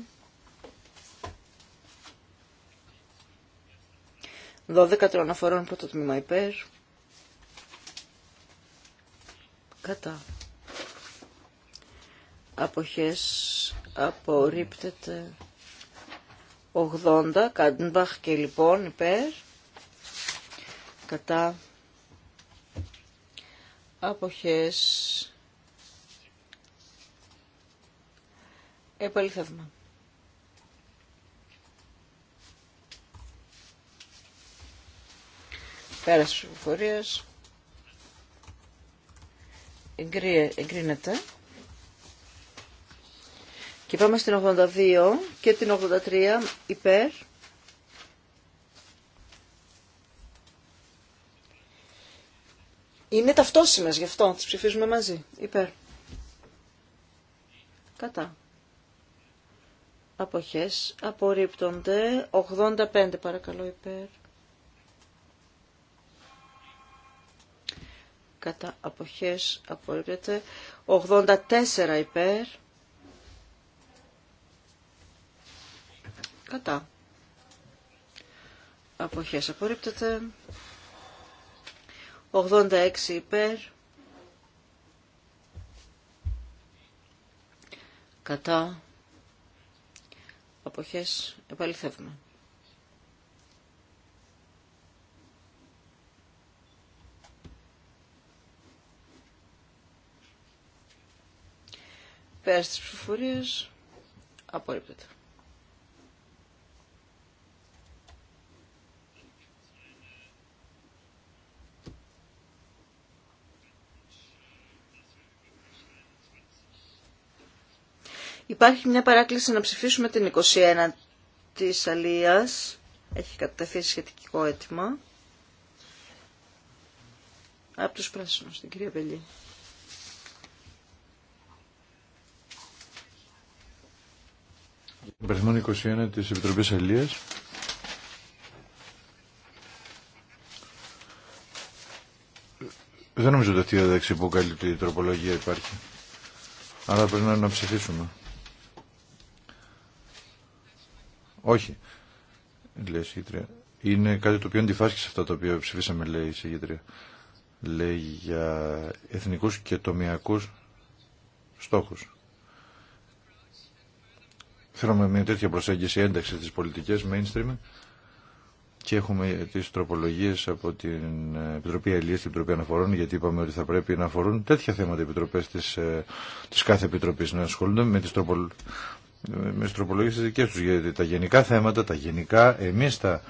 12 των αφορών το τμήμα υπέρ. Κατά. Αποχές απορρίπτεται. 80 Κάντμπαχ και λοιπόν υπέρ. Κατά αποχές επαληθεύμα. Πέρας της ψηφοφορίας εγκρίνεται και πάμε στην 82 και την 83 υπέρ Είναι ταυτόσιμε γι' αυτό, τις ψηφίζουμε μαζί. Υπέρ. Κατά. Αποχές απορρίπτονται. 85 παρακαλώ υπέρ. Κατά αποχές απορρίπτεται. 84 υπέρ. Κατά. Αποχές απορρίπτεται. 86 υπέρ. Κατά. Αποχές επαληθεύουμε. Πέρα στις ψηφοφορίας, απορρίπτεται. Υπάρχει μια παράκληση να ψηφίσουμε την 21 της Αλίας. Έχει κατατεθεί σχετικό αίτημα. Από τους πράσινους, την κυρία Πελή. Περισμόν 21 της Επιτροπής Αλίας. Δεν νομίζω ότι αυτή η που καλύτερη τροπολογία υπάρχει. Άρα πρέπει να ψηφίσουμε. Όχι. Λέει η συγγήτρια. Είναι κάτι το οποίο αντιφάσκει σε αυτά τα οποία ψηφίσαμε, λέει η συγγήτρια. Λέει για εθνικούς και τομιακούς στόχους. Θέλουμε μια τέτοια προσέγγιση ένταξη της πολιτικής mainstream και έχουμε τις τροπολογίες από την Επιτροπή Ελίας, την Επιτροπή Αναφορών, γιατί είπαμε ότι θα πρέπει να αφορούν τέτοια θέματα οι επιτροπές της, ε, κάθε επιτροπής, να ασχολούνται με τις τροπολογίες με τις τροπολογίες τις δικές γιατί τα γενικά θέματα, τα γενικά, εμείς τα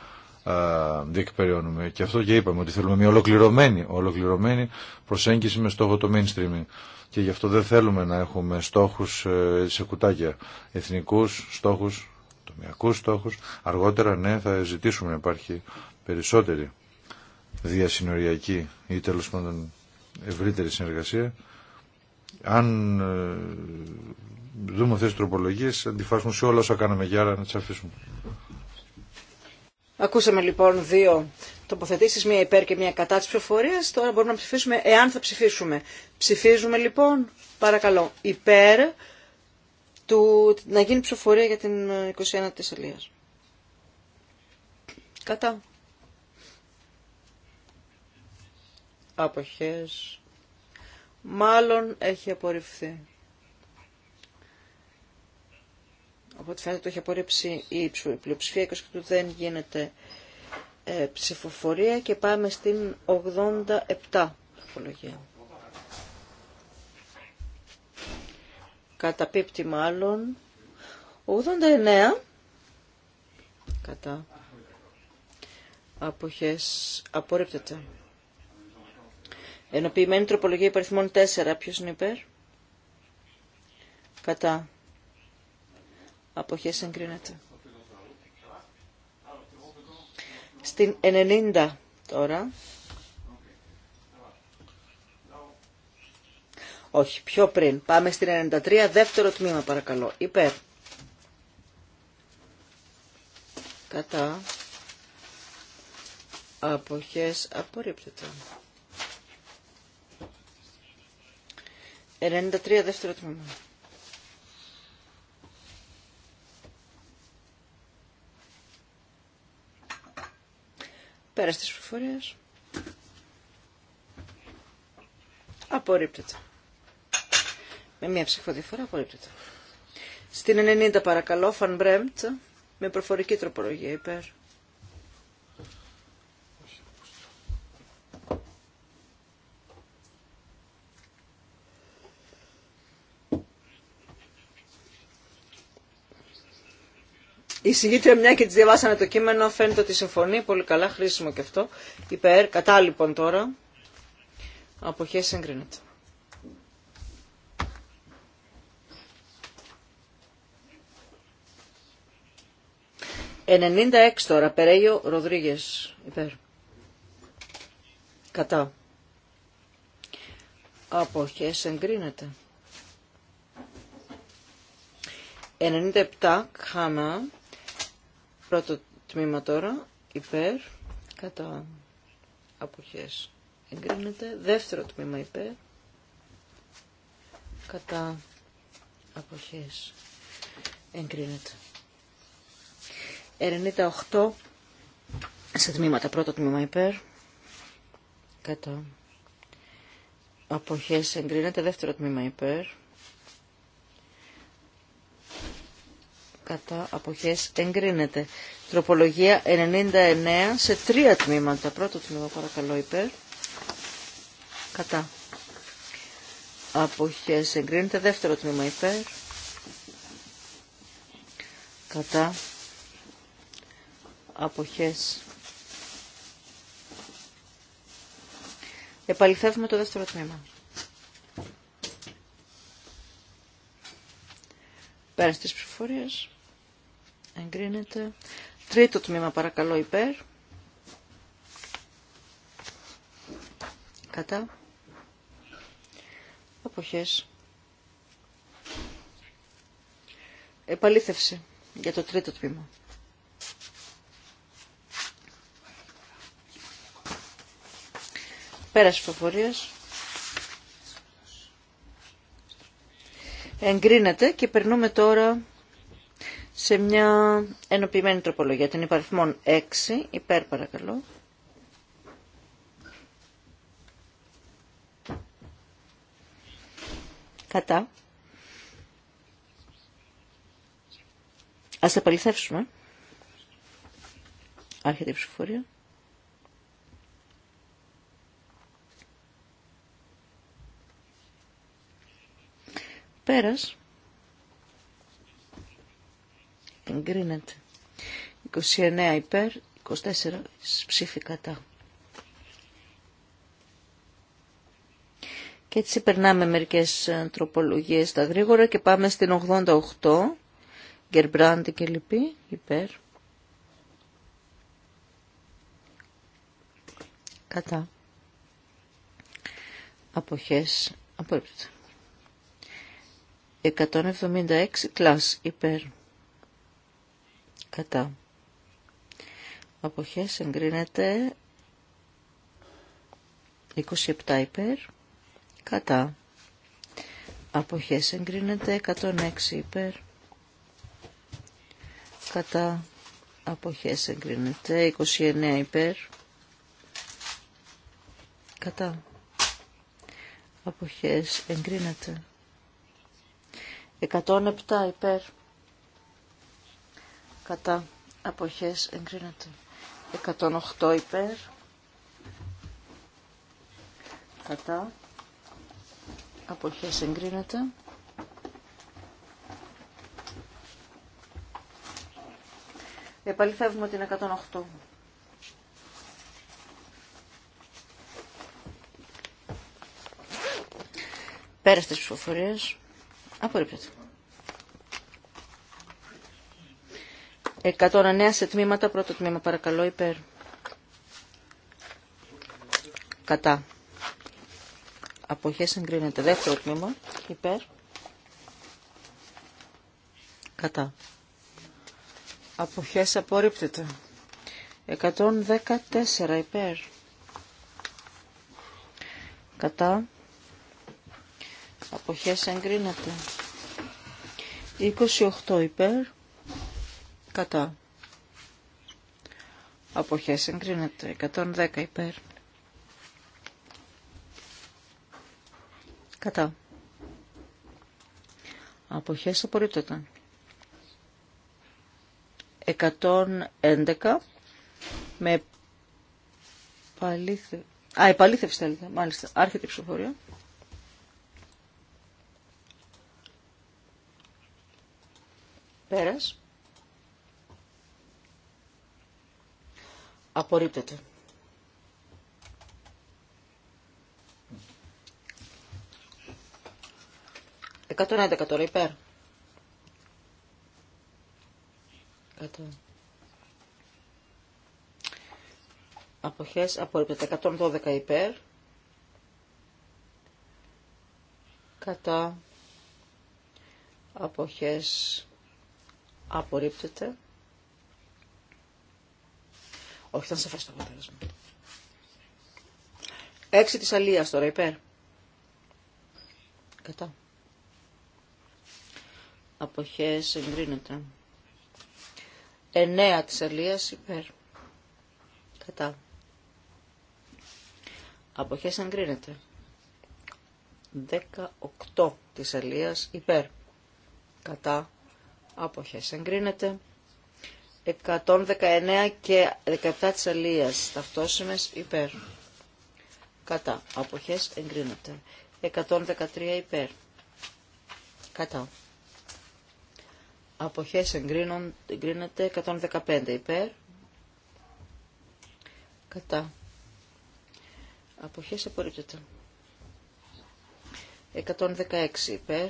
διεκπεραιώνουμε. Και αυτό και είπαμε, ότι θέλουμε μια ολοκληρωμένη, ολοκληρωμένη προσέγγιση με στόχο το mainstreaming. Και γι' αυτό δεν θέλουμε να έχουμε στόχους ε, σε κουτάκια, εθνικούς στόχους, τομιακούς στόχους. Αργότερα, ναι, θα ζητήσουμε να υπάρχει περισσότερη διασυνοριακή ή τέλο πάντων ευρύτερη συνεργασία. Αν ε, δούμε αυτέ τι τροπολογίε, αντιφάσουν σε όλα όσα κάναμε για άρα να τι αφήσουμε. Ακούσαμε λοιπόν δύο τοποθετήσεις, μία υπέρ και μία κατά τη ψηφοφορία. Τώρα μπορούμε να ψηφίσουμε εάν θα ψηφίσουμε. Ψηφίζουμε λοιπόν, παρακαλώ, υπέρ του, να γίνει ψηφοφορία για την 21 η Αλία. Κατά. Αποχές. Μάλλον έχει απορριφθεί. Οπότε φαίνεται το έχει απορρίψει η πλειοψηφία και του δεν γίνεται ε, ψηφοφορία και πάμε στην 87 τροπολογία. πίπτη, μάλλον 89 κατά αποχές απορρίπτεται. Ενοποιημένη τροπολογία υπαριθμών 4. Ποιος είναι υπέρ? Κατά αποχές εγκρίνεται. Στην 90 τώρα. Όχι, πιο πριν. Πάμε στην 93, δεύτερο τμήμα παρακαλώ. Υπέρ. Κατά. Αποχές απορρίπτεται. 93, δεύτερο τμήμα. Πέρα τη πληροφορία. Απορρίπτεται. Με μία ψηφοδιαφορά απορρίπτεται. Στην 90 παρακαλώ, Φαν Μπρέμπτ, με προφορική τροπολογία υπέρ. Η συγκίτρια μια και τη διαβάσαμε το κείμενο, φαίνεται ότι συμφωνεί πολύ καλά, χρήσιμο και αυτό. Υπέρ, κατά λοιπόν τώρα. Αποχές εγκρίνεται. Ενενήντα έξι τώρα, Περέγιο Ροδρίγες, υπέρ. Κατά. Αποχέ εγκρίνεται. 97 Χάμα Πρώτο τμήμα τώρα, υπέρ, κατά αποχές εγκρίνεται. Δεύτερο τμήμα υπέρ, κατά αποχές εγκρίνεται. 98 σε τμήματα. Πρώτο τμήμα υπέρ, κατά αποχές εγκρίνεται. Δεύτερο τμήμα υπέρ κατά αποχές εγκρίνεται. Τροπολογία 99 σε τρία τμήματα. Πρώτο τμήμα παρακαλώ υπέρ. Κατά. Αποχές εγκρίνεται. Δεύτερο τμήμα υπέρ. Κατά. Αποχές. Επαληθεύουμε το δεύτερο τμήμα. Πέρας τις ψηφορία εγκρίνεται. Τρίτο τμήμα παρακαλώ υπέρ. Κατά. Αποχές. Επαλήθευση για το τρίτο τμήμα. Πέρας φοφορίας. Εγκρίνεται και περνούμε τώρα σε μια ενοποιημένη τροπολογία, την υπαριθμών 6, υπέρ παρακαλώ. Κατά. Ας επαληθεύσουμε. Άρχεται η ψηφοφορία. Πέρας εγκρίνεται. 29 υπέρ, 24 ψήφι κατά. Και έτσι περνάμε μερικές ε, τροπολογίες τα γρήγορα και πάμε στην 88, Γκερμπράντι και λοιπή, υπέρ. Κατά. Αποχές, απόρριπτα. 176, κλάς, υπέρ κατά Αποχέ εγκρίνεται 27 υπέρ κατά Αποχέ εγκρίνεται 106 υπέρ κατά Αποχέ εγκρίνεται 29 υπέρ κατά αποχές εγκρίνεται 107 υπέρ κατά αποχές εγκρίνεται 108 υπέρ κατά αποχές εγκρίνεται Επαληθεύουμε την 108. Πέρα στις ψηφοφορίες απορρίπτεται. 109 σε τμήματα, πρώτο τμήμα παρακαλώ, υπέρ. Κατά. Αποχές εγκρίνεται. Δεύτερο τμήμα, υπέρ. Κατά. Αποχές απορρίπτεται. 114 υπέρ. Κατά. Αποχές εγκρίνεται. 28 υπέρ κατά. Αποχές εγκρίνεται 110 υπέρ. Κατά. Αποχές απορρίπτεται. 111 με επαλήθευση. Α, επαλήθευση θέλετε. Μάλιστα. Άρχεται η ψηφοφορία. Πέρας. Απορρίπτεται. Εκατόν έντεκα τώρα υπέρ. Αποχές απορρίπτεται. 112 υπέρ. Κατά. Αποχές απορρίπτεται. Όχι, ήταν σαφές το αποτέλεσμα. 6 της αλίας τώρα, υπέρ. Κατά. Αποχές εγκρίνεται. 9 της αλίας, υπέρ. Κατά. Αποχές εγκρίνεται. 18 της αλίας, υπέρ. Κατά. Αποχές εγκρίνεται. 119 και 17 της αλίας ταυτόσιμες υπέρ. Κατά. Αποχές εγκρίνονται. 113 υπέρ. Κατά. Αποχές εγκρίνονται, 115 υπέρ. Κατά. Αποχές απορρίπτεται. 116 υπέρ.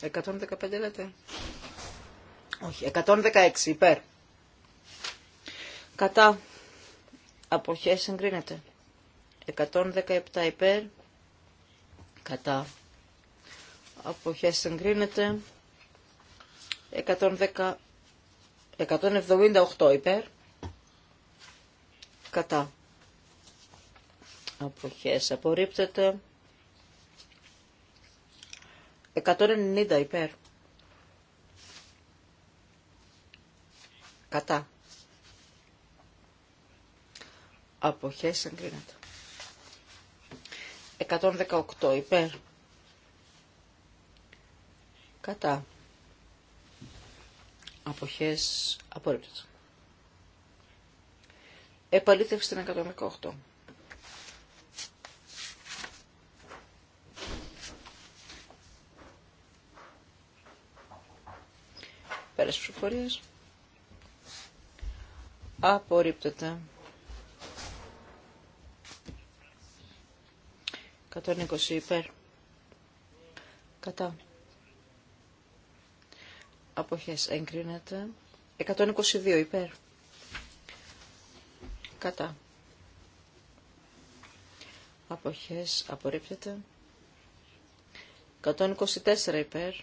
115 λέτε. Όχι, 116 υπέρ. Κατά. Αποχές εγκρίνεται. 117 υπέρ. Κατά. Αποχές εγκρίνεται. 110, 178 υπέρ. Κατά. Αποχές απορρίπτεται. 190 υπέρ. Κατά. Αποχές εγκρίνεται. 118 υπέρ. Κατά. Αποχές απορρίπτωση. Επαλήθευση στην 118. Πέρας ψηφοφορίας. Απορρίπτεται. 120 υπέρ. Κατά. Αποχές εγκρίνεται. 122 υπέρ. Κατά. Αποχές απορρίπτεται. 124 υπέρ.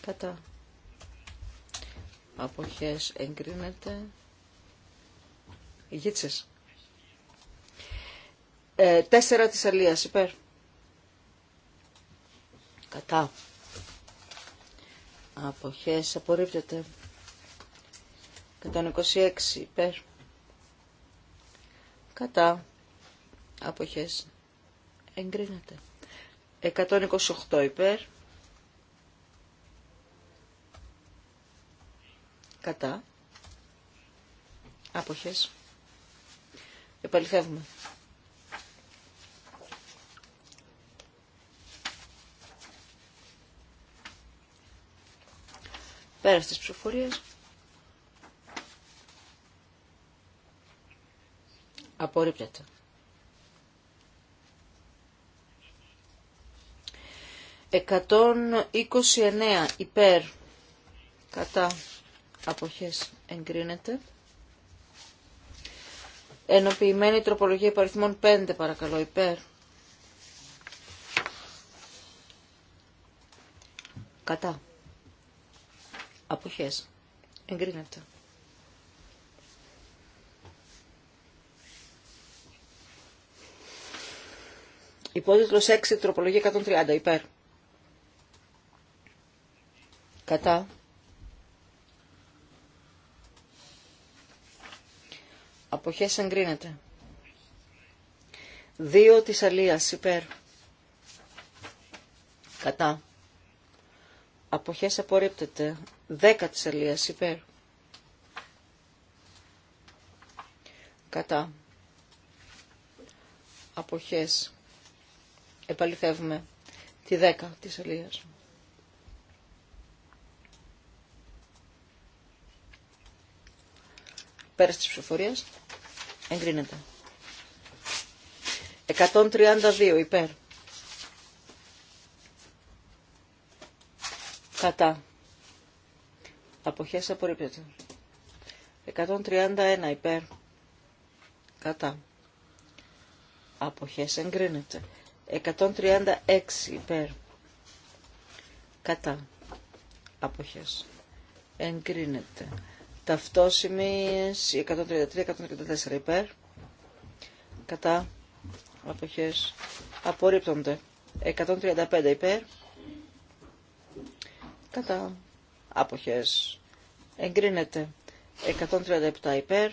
Κατά αποχές εγκρίνεται. Ηγίτσες. Ε, τέσσερα της Αλίας, υπέρ. Κατά. Αποχές απορρίπτεται. 126 υπέρ. Κατά. Αποχές εγκρίνεται. 128 υπέρ. Κατά. Άποχες. Επαληθεύουμε. Πέρα στις ψηφορίες. Απορρίπτεται. Εκατόν είκοσι εννέα υπέρ κατά αποχές εγκρίνεται. Ενοποιημένη τροπολογία υπαριθμών 5 παρακαλώ υπέρ. Κατά. Αποχές. Εγκρίνεται. Υπότιτλος 6, τροπολογία 130, υπέρ. Κατά. Αποχές εγκρίνεται. δύο της αλίας υπέρ. Κατά. Αποχές απορρίπτεται. δέκα της αλίας υπέρ. Κατά. Αποχές. Επαληθεύουμε τη δέκα της αλίας. Πέρας της ψηφοφορίας. Εγκρίνεται. 132 υπέρ. Κατά. Αποχές απορρίπτεται. 131 υπέρ. Κατά. Αποχές εγκρίνεται. 136 υπέρ. Κατά. Αποχές. Εγκρίνεται ταυτόσημες 133-134 υπέρ κατά αποχές απορρίπτονται 135 υπέρ κατά αποχές εγκρίνεται 137 υπέρ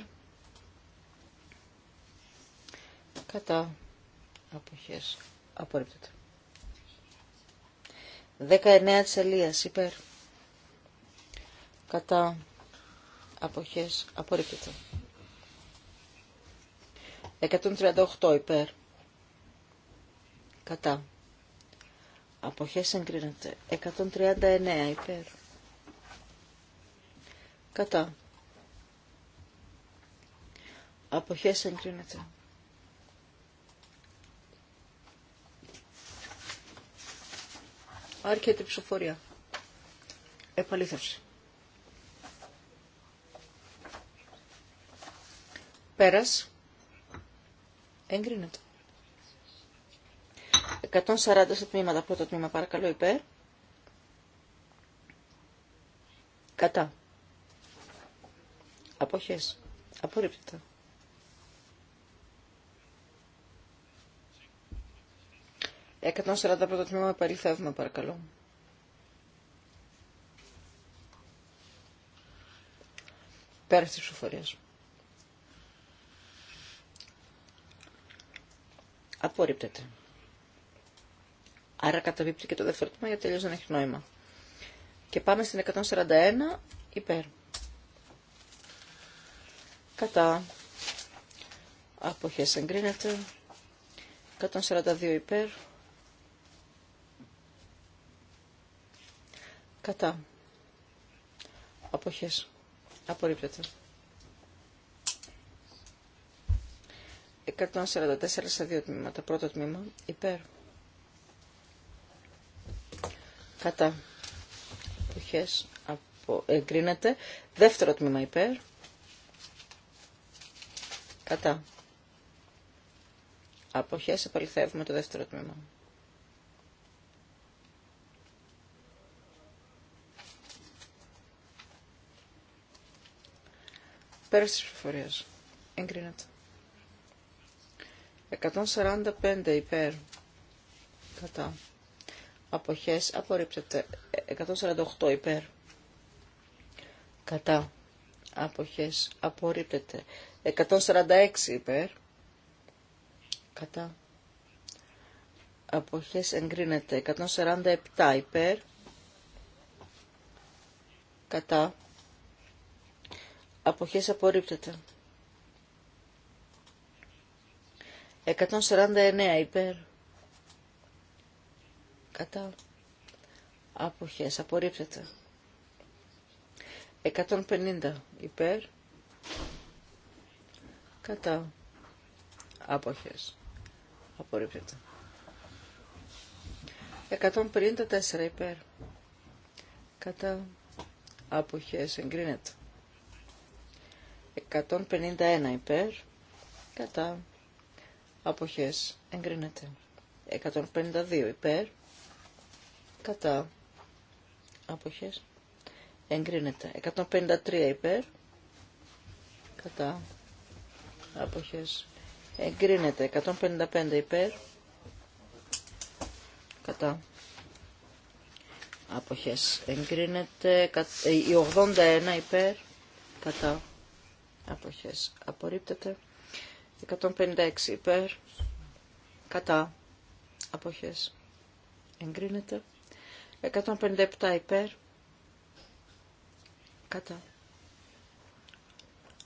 κατά αποχές απορρίπτονται. 19 της Ελίας υπέρ κατά αποχές απορρίπτεται. 138 υπέρ. Κατά. Αποχές εγκρίνεται. 139 υπέρ. Κατά. Αποχές εγκρίνεται. Άρχεται η ψηφοφορία. Επαλήθευση. Πέρας. Εγκρίνεται. 140 σε τμήματα. Πρώτο τμήμα παρακαλώ υπέρ. Κατά. Αποχές. Απορρίπτεται. Εκατόν σαράντα πρώτο τμήμα επαληθεύουμε παρακαλώ. Πέρα της ψηφοφορίας. Απορρίπτεται. Άρα καταβίπτει και το δεύτερο τμήμα γιατί τελείως δεν έχει νόημα. Και πάμε στην 141 υπέρ. Κατά. Αποχές εγκρίνεται. 142 υπέρ. Κατά. Αποχές. Απορρίπτεται. 144 σε δύο τμήματα. Πρώτο τμήμα υπέρ. Κατά. Αποχές. Απο... Εγκρίνεται. Δεύτερο τμήμα υπέρ. Κατά. Αποχές. Επαληθεύουμε το δεύτερο τμήμα. Πέρα τη προφορίες. Εγκρίνεται. 145 υπέρ κατά αποχές απορρίπτεται 148 υπέρ κατά αποχές απορρίπτεται 146 υπέρ κατά αποχές εγκρίνεται 147 υπέρ κατά αποχές απορρίπτεται 149 υπέρ. Κατά. Αποχές. Απορρίπτεται. 150 υπέρ. Κατά. Αποχές. Απορρίπτεται. 154 υπέρ. Κατά. Αποχές. Εγκρίνεται. 151 υπέρ. Κατά αποχές εγκρίνεται. 152 υπέρ κατά αποχές εγκρίνεται. 153 υπέρ κατά αποχές εγκρίνεται. 155 υπέρ κατά αποχές εγκρίνεται. Η 81 υπέρ κατά αποχές απορρίπτεται. 156 υπέρ, κατά, αποχές, εγκρίνεται. 157 υπέρ, κατά,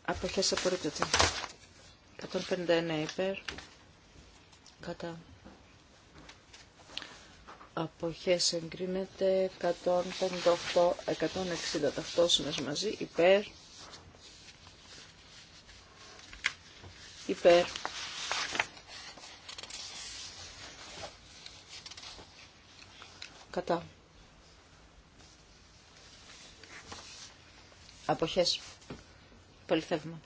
αποχές απορρίπτεται. 159 υπέρ, κατά, αποχές εγκρίνεται. 158, 160 ταυτόσιμες μαζί υπέρ, υπέρ. Κατά. Αποχές. Πολυθεύμα.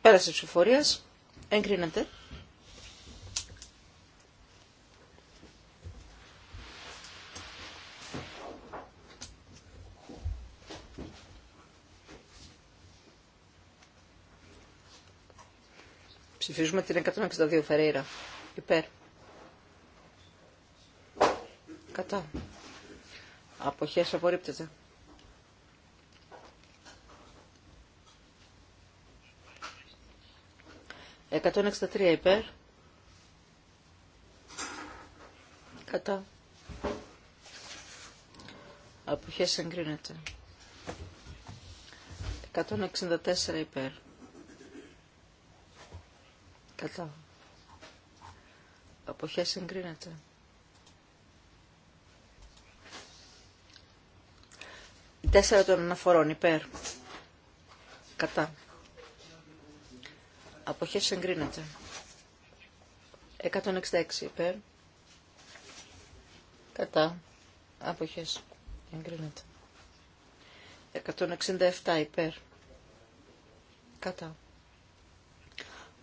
Πέρασε ψηφοφορίας. Εγκρίνεται. Ψηφίζουμε την 162 Φερέιρα. Υπέρ. Κατά. Αποχές απορρίπτεται. 163 υπέρ. Κατά. Αποχές εγκρίνεται. 164 υπέρ. Κατά. Αποχές εγκρίνεται. 4 των αναφορών υπέρ. Κατά. Αποχές εγκρίνεται. 166 υπέρ. Κατά. Αποχές εγκρίνεται. 167 υπέρ. Κατά.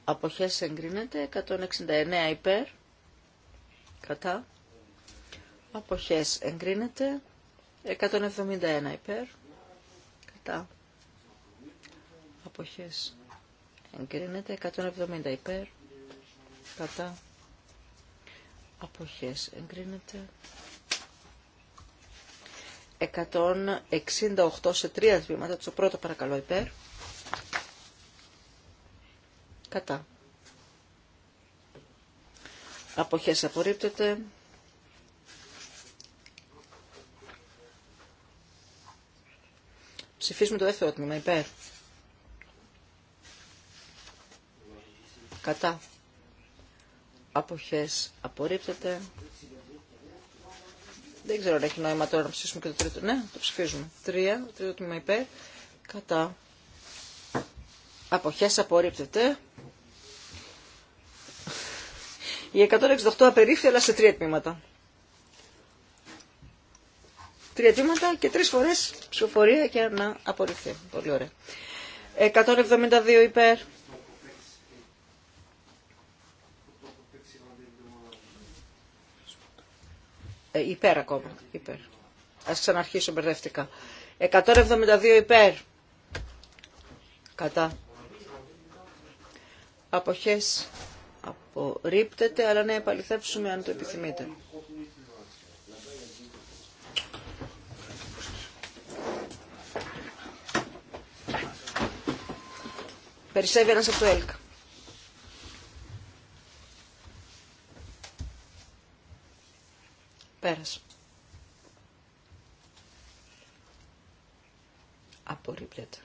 Αποχές εγκρίνεται. 169 υπέρ. Κατά. Αποχές εγκρίνεται. 171 υπέρ. Κατά. Αποχές εγκρίνεται 170 υπέρ κατά αποχές εγκρίνεται 168 σε τρία τμήματα το πρώτο παρακαλώ υπέρ κατά αποχές απορρίπτεται ψηφίσουμε το δεύτερο τμήμα υπέρ κατά αποχές απορρίπτεται. Δεν ξέρω αν έχει νόημα τώρα να ψήσουμε και το τρίτο. Ναι, το ψηφίζουμε. Τρία, τρίτο τμήμα υπέρ, κατά αποχές απορρίπτεται. Η 168 απερίφθη, αλλά σε τρία τμήματα. Τρία τμήματα και τρεις φορές ψηφοφορία και να απορριφθεί. Πολύ ωραία. 172 υπέρ, Ε, υπέρ ακόμα. Υπέρ. Ας ξαναρχίσω μπερδευτικά. 172 υπέρ. Κατά. Αποχές απορρίπτεται, αλλά να επαληθεύσουμε αν το επιθυμείτε. Περισσεύει ένας από το ΕΛΚΑ. Πέρασε. Απορρίπτεται.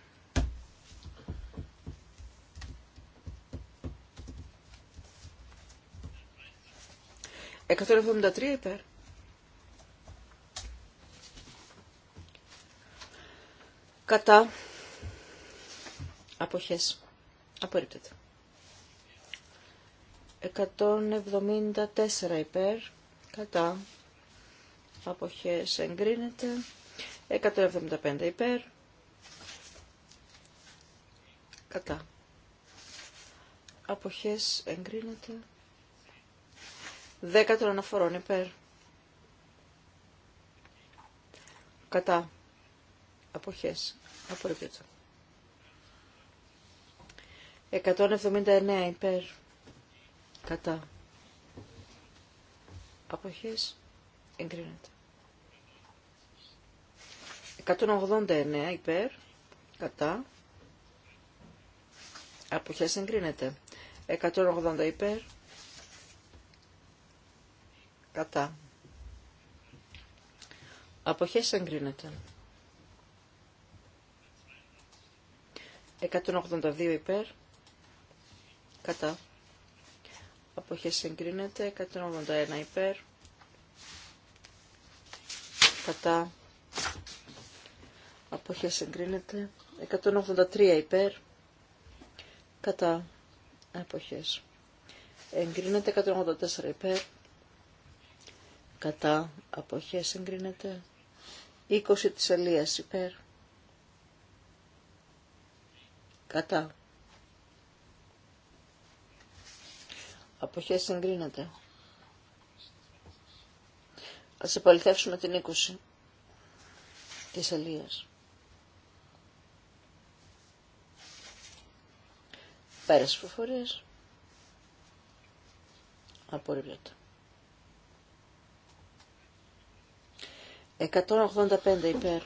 173 υπέρ. Κατά αποχές. Απορρίπτεται. 174 υπέρ. Κατά αποχές εγκρίνεται 175 υπέρ κατά αποχές εγκρίνεται 10 των αναφορών υπέρ κατά αποχές απορρίπτεται 179 υπέρ κατά αποχές εγκρίνεται 189 υπέρ, κατά, αποχές εγκρίνεται. 180 υπέρ, κατά, αποχές εγκρίνεται. 182 υπέρ, κατά, αποχές εγκρίνεται. 181 υπέρ, κατά, αποχές εγκρίνεται 183 υπέρ κατά αποχές εγκρίνεται 184 υπέρ κατά αποχές εγκρίνεται 20 της Ελίας υπέρ κατά αποχές εγκρίνεται Ας επαληθεύσουμε την 20 της Ελίας. Πέρασε ψηφοφορίες. Απορρίπτεται. 185 υπέρ.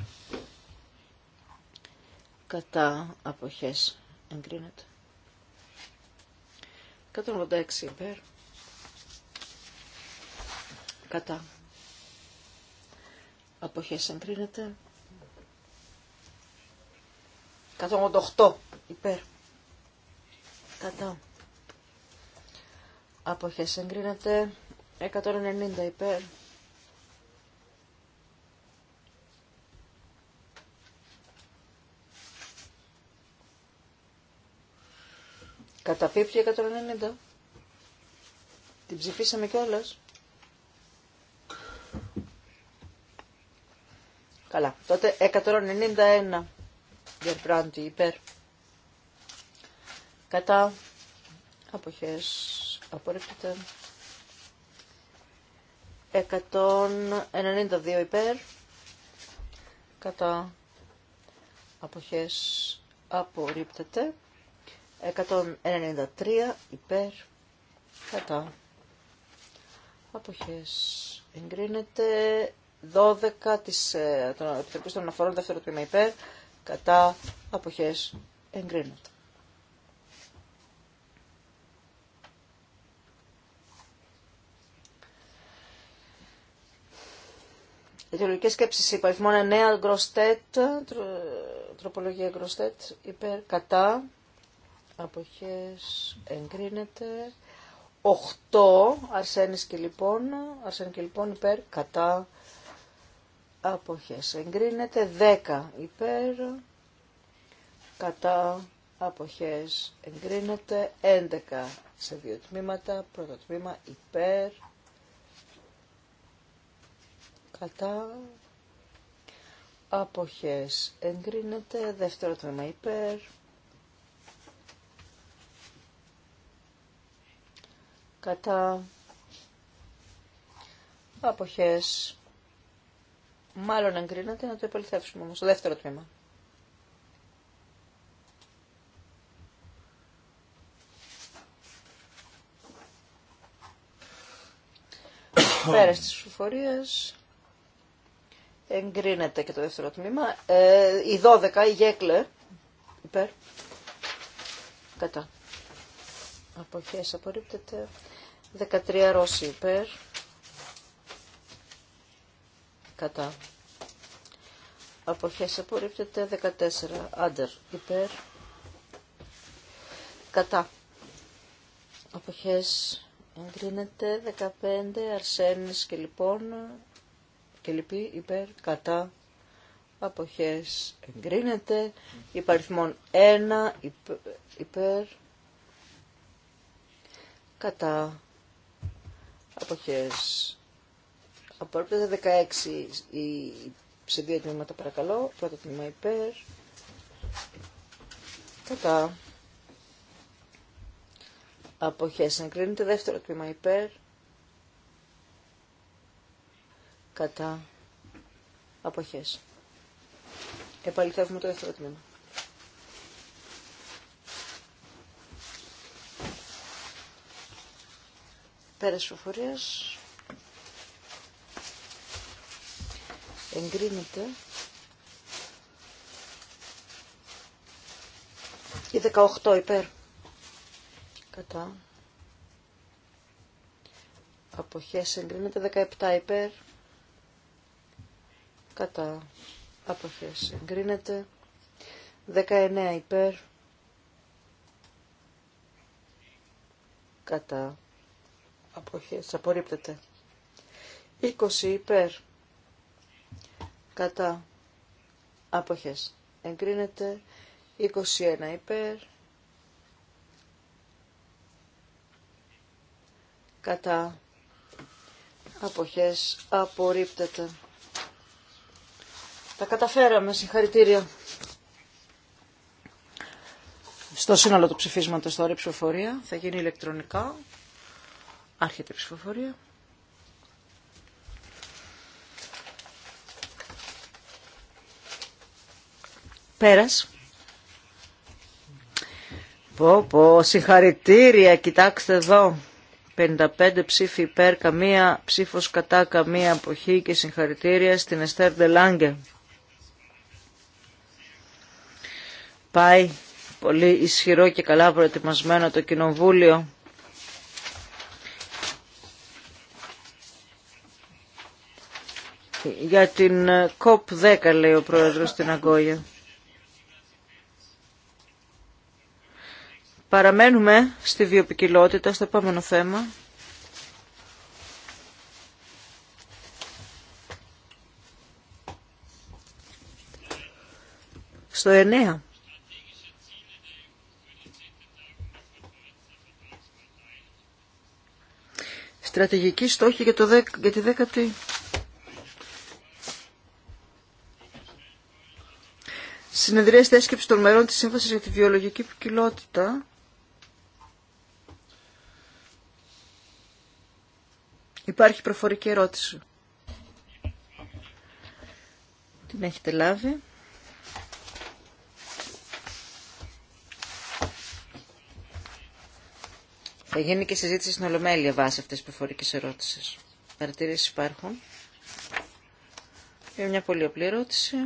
Κατά αποχές εγκρίνεται. 186 υπέρ. Κατά. Αποχές εγκρίνεται. 188 υπέρ. Κατά. Αποχές εγκρίνεται. 190 υπέρ. Καταπίπτει 190. Την ψηφίσαμε κιόλας. Καλά. Τότε 191. πράγματι υπέρ κατά αποχές απορρίπτεται 192 υπέρ κατά αποχές απορρίπτεται 193 υπέρ κατά αποχές εγκρίνεται 12 της ε, Επιτροπής των Αναφορών δεύτερο τμήμα υπέρ κατά αποχές εγκρίνεται σκέψει σκέψη μόνο 9 γκροστέτ, τροπολογία γκροστέτ, υπέρ, κατά, αποχές, εγκρίνεται. 8 αρσένης και λοιπόν, αρσένη και λοιπόν υπέρ, κατά, αποχές, εγκρίνεται. 10 υπέρ, κατά, αποχές, εγκρίνεται. 11 σε δύο τμήματα, πρώτο τμήμα υπέρ, κατά αποχές εγκρίνεται, δεύτερο τμήμα υπέρ, κατά αποχές μάλλον εγκρίνεται να το επαληθεύσουμε όμως, το δεύτερο τμήμα. πέρα της φορείες Εγκρίνεται και το δεύτερο τμήμα. Ε, η 12, η Γέκλερ. Υπέρ. Κατά. Αποχές απορρίπτεται. 13 Ρώση υπέρ. Κατά. Αποχές απορρίπτεται. 14 Άντερ υπέρ. Κατά. Αποχές εγκρίνεται. 15 Αρσένης και λοιπόν και λοιποί υπέρ κατά αποχές εγκρίνεται υπαριθμόν 1 υπέρ, κατά αποχές απορρίπτεται 16 η, σε δύο τμήματα παρακαλώ πρώτο τμήμα υπέρ κατά αποχές εγκρίνεται δεύτερο τμήμα υπέρ κατά αποχές. Επαληθεύουμε το δεύτερο τμήμα. Πέρας προφορίας εγκρίνεται η 18 υπέρ κατά αποχές εγκρίνεται 17 υπέρ κατά αποχές εγκρίνεται 19 υπέρ κατά αποχές απορρίπτεται 20 υπέρ κατά αποχές εγκρίνεται 21 υπέρ κατά αποχές απορρίπτεται τα καταφέραμε, συγχαρητήρια. Στο σύνολο του ψηφίσματος τώρα η ψηφοφορία θα γίνει ηλεκτρονικά. Άρχεται η ψηφοφορία. Πέρας. Πω πω, συγχαρητήρια, κοιτάξτε εδώ. 55 ψήφοι υπέρ, καμία ψήφος κατά, καμία αποχή και συγχαρητήρια στην Εστέρ Ντελάγκε. Πάει πολύ ισχυρό και καλά προετοιμασμένο το Κοινοβούλιο. Για την COP10 λέει ο Πρόεδρος στην Αγκόγια. Παραμένουμε στη βιοπικιλότητα, στο επόμενο θέμα. Στο 9. στρατηγική στόχη για, το, για τη δέκατη. Συνεδρία έσκεψη των μερών της Σύμβασης για τη Βιολογική Ποικιλότητα. Υπάρχει προφορική ερώτηση. Την έχετε λάβει. Θα γίνει και συζήτηση στην Ολομέλεια βάσει αυτές τις ερώτησης. Παρατηρήσεις υπάρχουν. Είναι μια πολύ απλή ερώτηση.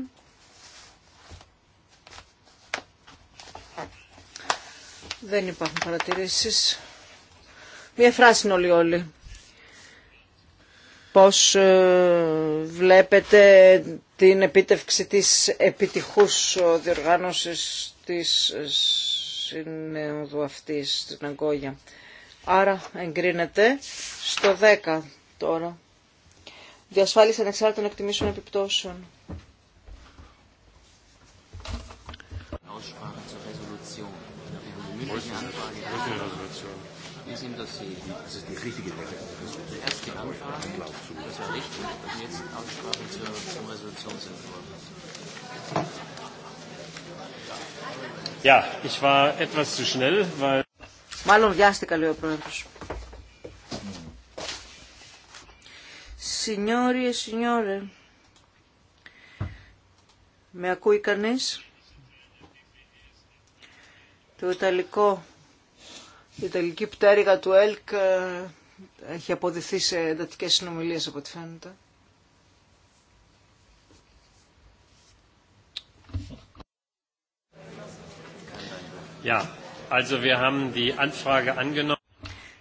Δεν υπάρχουν παρατηρήσεις. Μία φράση είναι όλοι όλοι. Πώς ε, βλέπετε την επίτευξη της επιτυχούς διοργάνωσης της ε, συνέδου αυτής στην Αγκόγια. Άρα εγκρίνεται στο 10 τώρα. Διασφάλιση ανεξάρτητων εκτιμήσεων επιπτώσεων. Ja, ich war etwas zu schnell, weil Μάλλον βιάστηκα, λέει ο πρόεδρο. Συνιόριε, σινιόρε. Με ακούει κανείς. Το Ιταλικό, η Ιταλική πτέρυγα του ΕΛΚ ε, έχει αποδειχθεί σε εντατικές συνομιλίες από ό,τι φαίνεται. Yeah.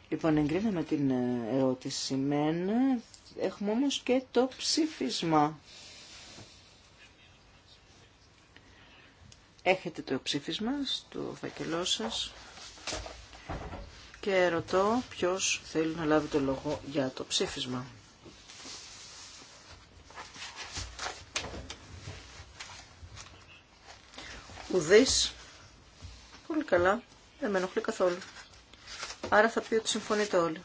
Λοιπόν, εγκρίναμε την ε, ερώτηση μεν, έχουμε όμω και το ψήφισμα. Έχετε το ψήφισμα στο φακελό σα. και ρωτώ ποιος θέλει να λάβει το λόγο για το ψήφισμα. Ουδής. Πολύ καλά. Δεν με ενοχλεί καθόλου. Άρα θα πει ότι συμφωνείτε όλοι.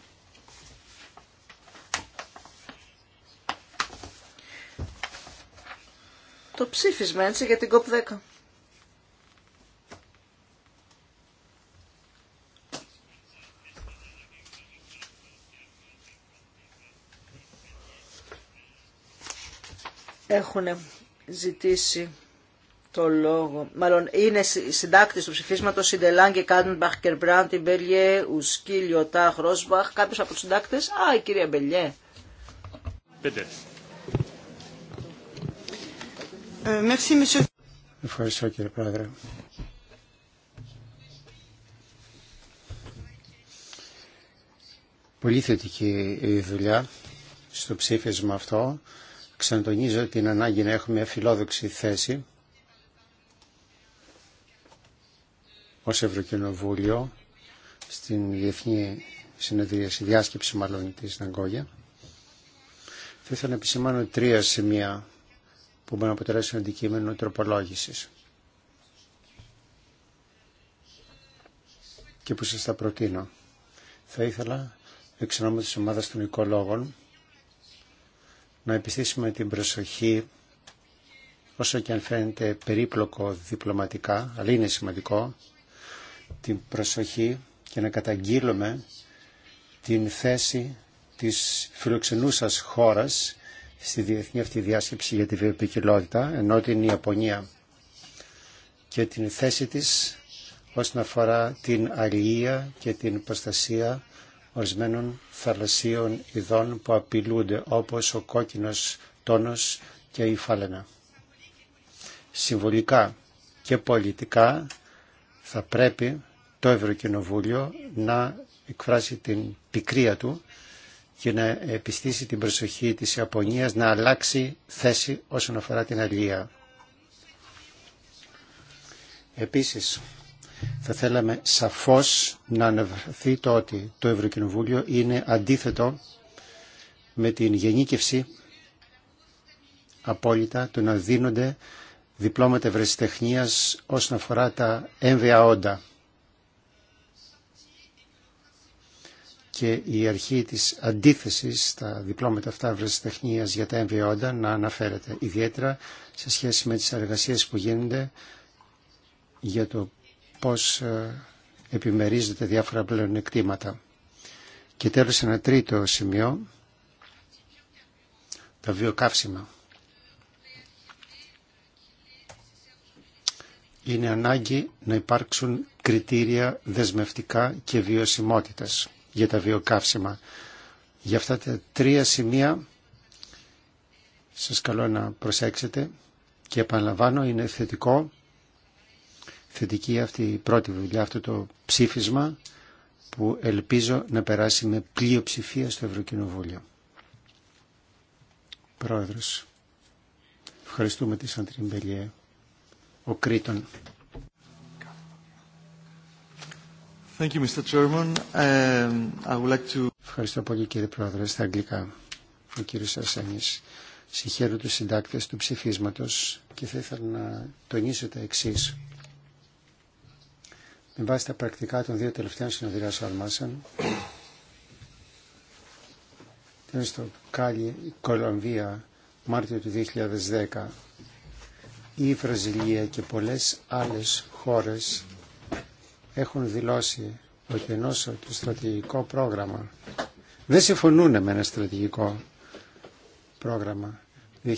Το ψήφισμα έτσι για την COP10. Έχουν ζητήσει το λόγο. Μάλλον είναι συντάκτης του ψηφίσματος Σιντελάνγκε, και Κερμπράντι, Μπελιέ, Ουσκί, Λιωτά, Χρόσμπαχ. Κάποιος από τους συντάκτες. Α, η κυρία Μπελιέ. Ε, Ευχαριστώ κύριε Πρόεδρε. Πολύ θετική η δουλειά στο ψήφισμα αυτό. Ξανατονίζω την ανάγκη να έχουμε φιλόδοξη θέση ως Ευρωκοινοβούλιο στην Διεθνή Συνεδρίαση, διάσκεψη μάλλον της Ναγκόγια. Θα ήθελα να επισημάνω τρία σημεία που μπορεί να αποτελέσουν αντικείμενο τροπολόγησης και που σας τα προτείνω. Θα ήθελα, εξ ονόματος τη ομάδα των οικολόγων, να επιστήσουμε την προσοχή όσο και αν φαίνεται περίπλοκο διπλωματικά, αλλά είναι σημαντικό, την προσοχή και να καταγγείλουμε την θέση της φιλοξενούσας χώρας στη διεθνή αυτή διάσκεψη για τη βιοποικιλότητα, ενώ την Ιαπωνία και την θέση της όσον αφορά την αλληλεία και την προστασία ορισμένων θαλασσίων ειδών που απειλούνται όπως ο κόκκινος τόνος και η φάλαινα. Συμβολικά και πολιτικά θα πρέπει το Ευρωκοινοβούλιο να εκφράσει την πικρία του και να επιστήσει την προσοχή της Ιαπωνίας να αλλάξει θέση όσον αφορά την αλληλεία. Επίσης, θα θέλαμε σαφώς να αναφερθεί το ότι το Ευρωκοινοβούλιο είναι αντίθετο με την γενίκευση απόλυτα του να δίνονται διπλώματα ευρεσιτεχνίας όσον αφορά τα έμβια όντα. Και η αρχή της αντίθεσης στα διπλώματα αυτά ευρεσιτεχνίας για τα έμβια όντα να αναφέρεται ιδιαίτερα σε σχέση με τις εργασίες που γίνονται για το πώς ε, επιμερίζονται διάφορα πλεονεκτήματα. Και τέλος ένα τρίτο σημείο, τα βιοκαύσιμα. είναι ανάγκη να υπάρξουν κριτήρια δεσμευτικά και βιωσιμότητας για τα βιοκαύσιμα. Για αυτά τα τρία σημεία σας καλώ να προσέξετε και επαναλαμβάνω είναι θετικό θετική αυτή η πρώτη δουλειά αυτό το ψήφισμα που ελπίζω να περάσει με πλειοψηφία στο Ευρωκοινοβούλιο. Πρόεδρος, ευχαριστούμε τη Σαντρίν Κρήτων. Um, Ευχαριστώ πολύ κύριε Πρόεδρε. Στα αγγλικά, ο κύριο Αρσένη Συγχαίρω του συντάκτε του ψηφίσματο και θα ήθελα να τονίσω τα εξή. Με βάση τα πρακτικά των δύο τελευταίων συνοδηράσεων μας, ήταν στο Κάλι, Κολομβία, Μάρτιο του 2010, η Βραζιλία και πολλές άλλες χώρες έχουν δηλώσει ότι ενώ το στρατηγικό πρόγραμμα δεν συμφωνούν με ένα στρατηγικό πρόγραμμα 2010-2020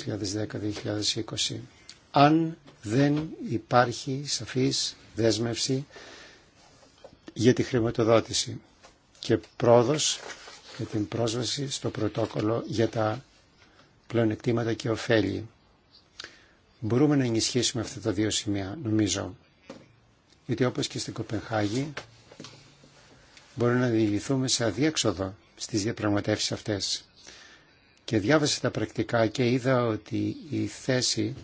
αν δεν υπάρχει σαφής δέσμευση για τη χρηματοδότηση και πρόοδος για την πρόσβαση στο πρωτόκολλο για τα πλεονεκτήματα και ωφέλη μπορούμε να ενισχύσουμε αυτά τα δύο σημεία, νομίζω. Γιατί όπως και στην Κοπενχάγη μπορούμε να διηγηθούμε σε αδίέξοδο στις διαπραγματεύσεις αυτές. Και διάβασα τα πρακτικά και είδα ότι η θέση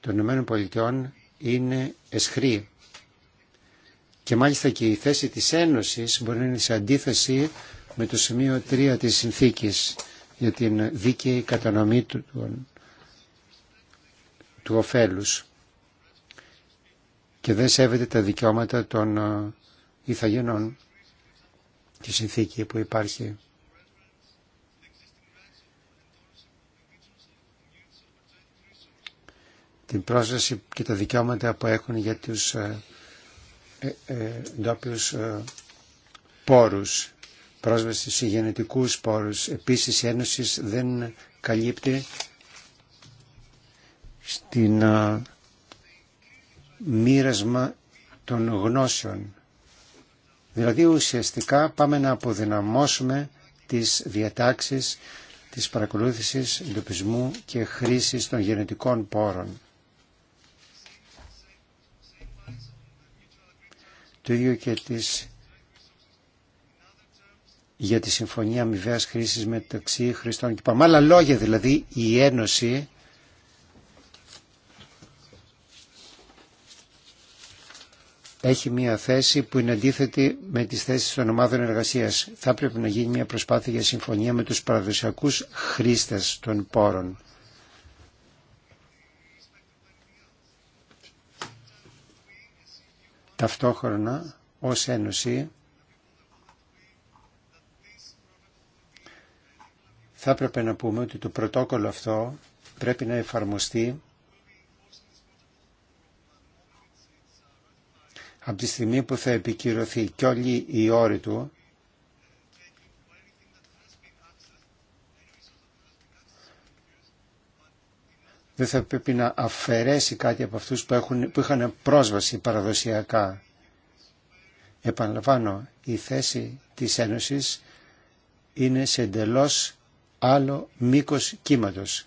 των ΗΠΑ είναι εσχρή. Και μάλιστα και η θέση της Ένωσης μπορεί να είναι σε αντίθεση με το σημείο 3 της συνθήκης για την δίκαιη κατανομή των του ωφέλους και δεν σέβεται τα δικαιώματα των ε, ηθαγενών και συνθήκη που υπάρχει. Την πρόσβαση και τα δικαιώματα που έχουν για τους ε, ε, ε, ε πόρους, πρόσβαση σε γενετικούς πόρους. Επίσης η Ένωση δεν καλύπτει στην μοίρασμα των γνώσεων. Δηλαδή ουσιαστικά πάμε να αποδυναμώσουμε τις διατάξεις της παρακολούθησης, εντοπισμού και χρήσης των γενετικών πόρων. Το ίδιο και τις... για τη συμφωνία αμοιβαίας χρήσης μεταξύ χρηστών και πάμε. Άλλα λόγια δηλαδή η Ένωση έχει μια θέση που είναι αντίθετη με τις θέσεις των ομάδων εργασίας. Θα πρέπει να γίνει μια προσπάθεια για συμφωνία με τους παραδοσιακούς χρήστες των πόρων. Ταυτόχρονα, ως Ένωση, θα έπρεπε να πούμε ότι το πρωτόκολλο αυτό πρέπει να εφαρμοστεί από τη στιγμή που θα επικυρωθεί κι όλοι οι όροι του δεν θα πρέπει να αφαιρέσει κάτι από αυτούς που, έχουν, που είχαν πρόσβαση παραδοσιακά. Επαναλαμβάνω, η θέση της Ένωσης είναι σε εντελώς άλλο μήκος κύματος.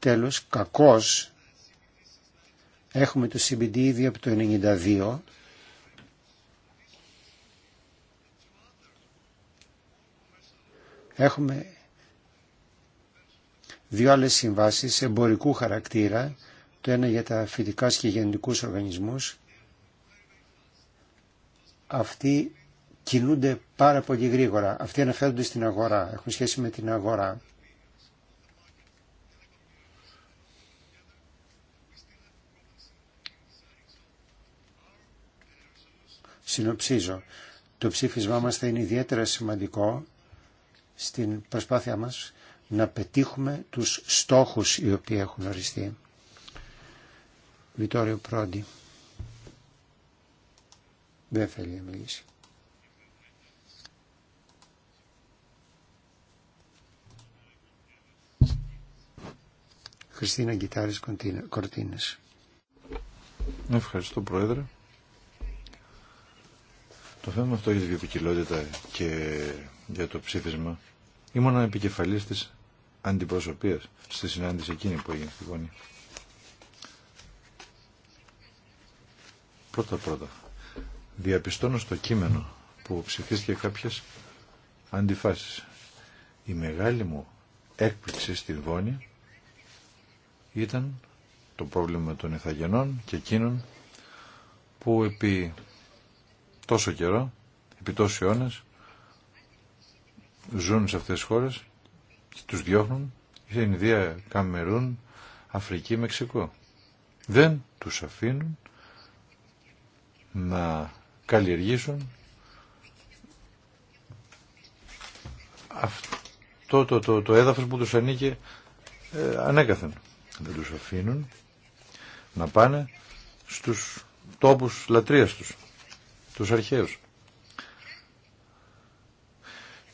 Τέλος, κακός έχουμε το CBD ήδη από το 92 Έχουμε δύο άλλες συμβάσεις εμπορικού χαρακτήρα, το ένα για τα φυτικά και γεννητικούς οργανισμούς. Αυτοί κινούνται πάρα πολύ γρήγορα. Αυτοί αναφέρονται στην αγορά, έχουν σχέση με την αγορά. Συνοψίζω, το ψήφισμά μας θα είναι ιδιαίτερα σημαντικό στην προσπάθειά μας να πετύχουμε τους στόχους οι οποίοι έχουν οριστεί. Βιτόριο Πρόντι. Δεν θέλει να μιλήσει. Χριστίνα Γκυτάρης Κορτίνες. Ευχαριστώ Πρόεδρε. Το θέμα αυτό για τη βιοποικιλότητα και για το ψήφισμα ήμουν επικεφαλής της αντιπροσωπείας στη συνάντηση εκείνη που έγινε στη Βόνη. Πρώτα πρώτα, διαπιστώνω στο κείμενο που ψηφίστηκε κάποιες αντιφάσεις. Η μεγάλη μου έκπληξη στη Βόνη ήταν το πρόβλημα των Ιθαγενών και εκείνων που επί τόσο καιρό, επί τόσοι αιώνες, ζουν σε αυτές τις χώρες και τους διώχνουν. Είναι Ινδία, Καμερούν, Αφρική, Μεξικό. Δεν τους αφήνουν να καλλιεργήσουν αυτό το, το, το έδαφος που τους ανήκε ε, ανέκαθεν. Δεν τους αφήνουν να πάνε στους τόπους λατρείας τους τους αρχαίους.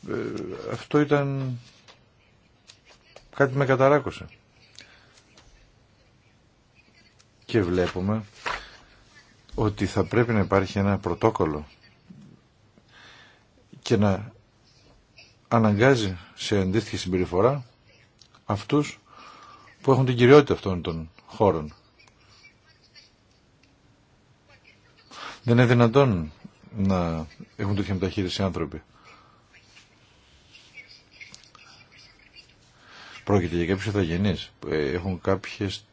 Ε, αυτό ήταν κάτι με καταράκωσε. Και βλέπουμε ότι θα πρέπει να υπάρχει ένα πρωτόκολλο και να αναγκάζει σε αντίστοιχη συμπεριφορά αυτούς που έχουν την κυριότητα αυτών των χώρων. Δεν είναι δυνατόν να έχουν τέτοια μεταχείριση άνθρωποι. Πρόκειται για κάποιους που ε, Έχουν κάποιες,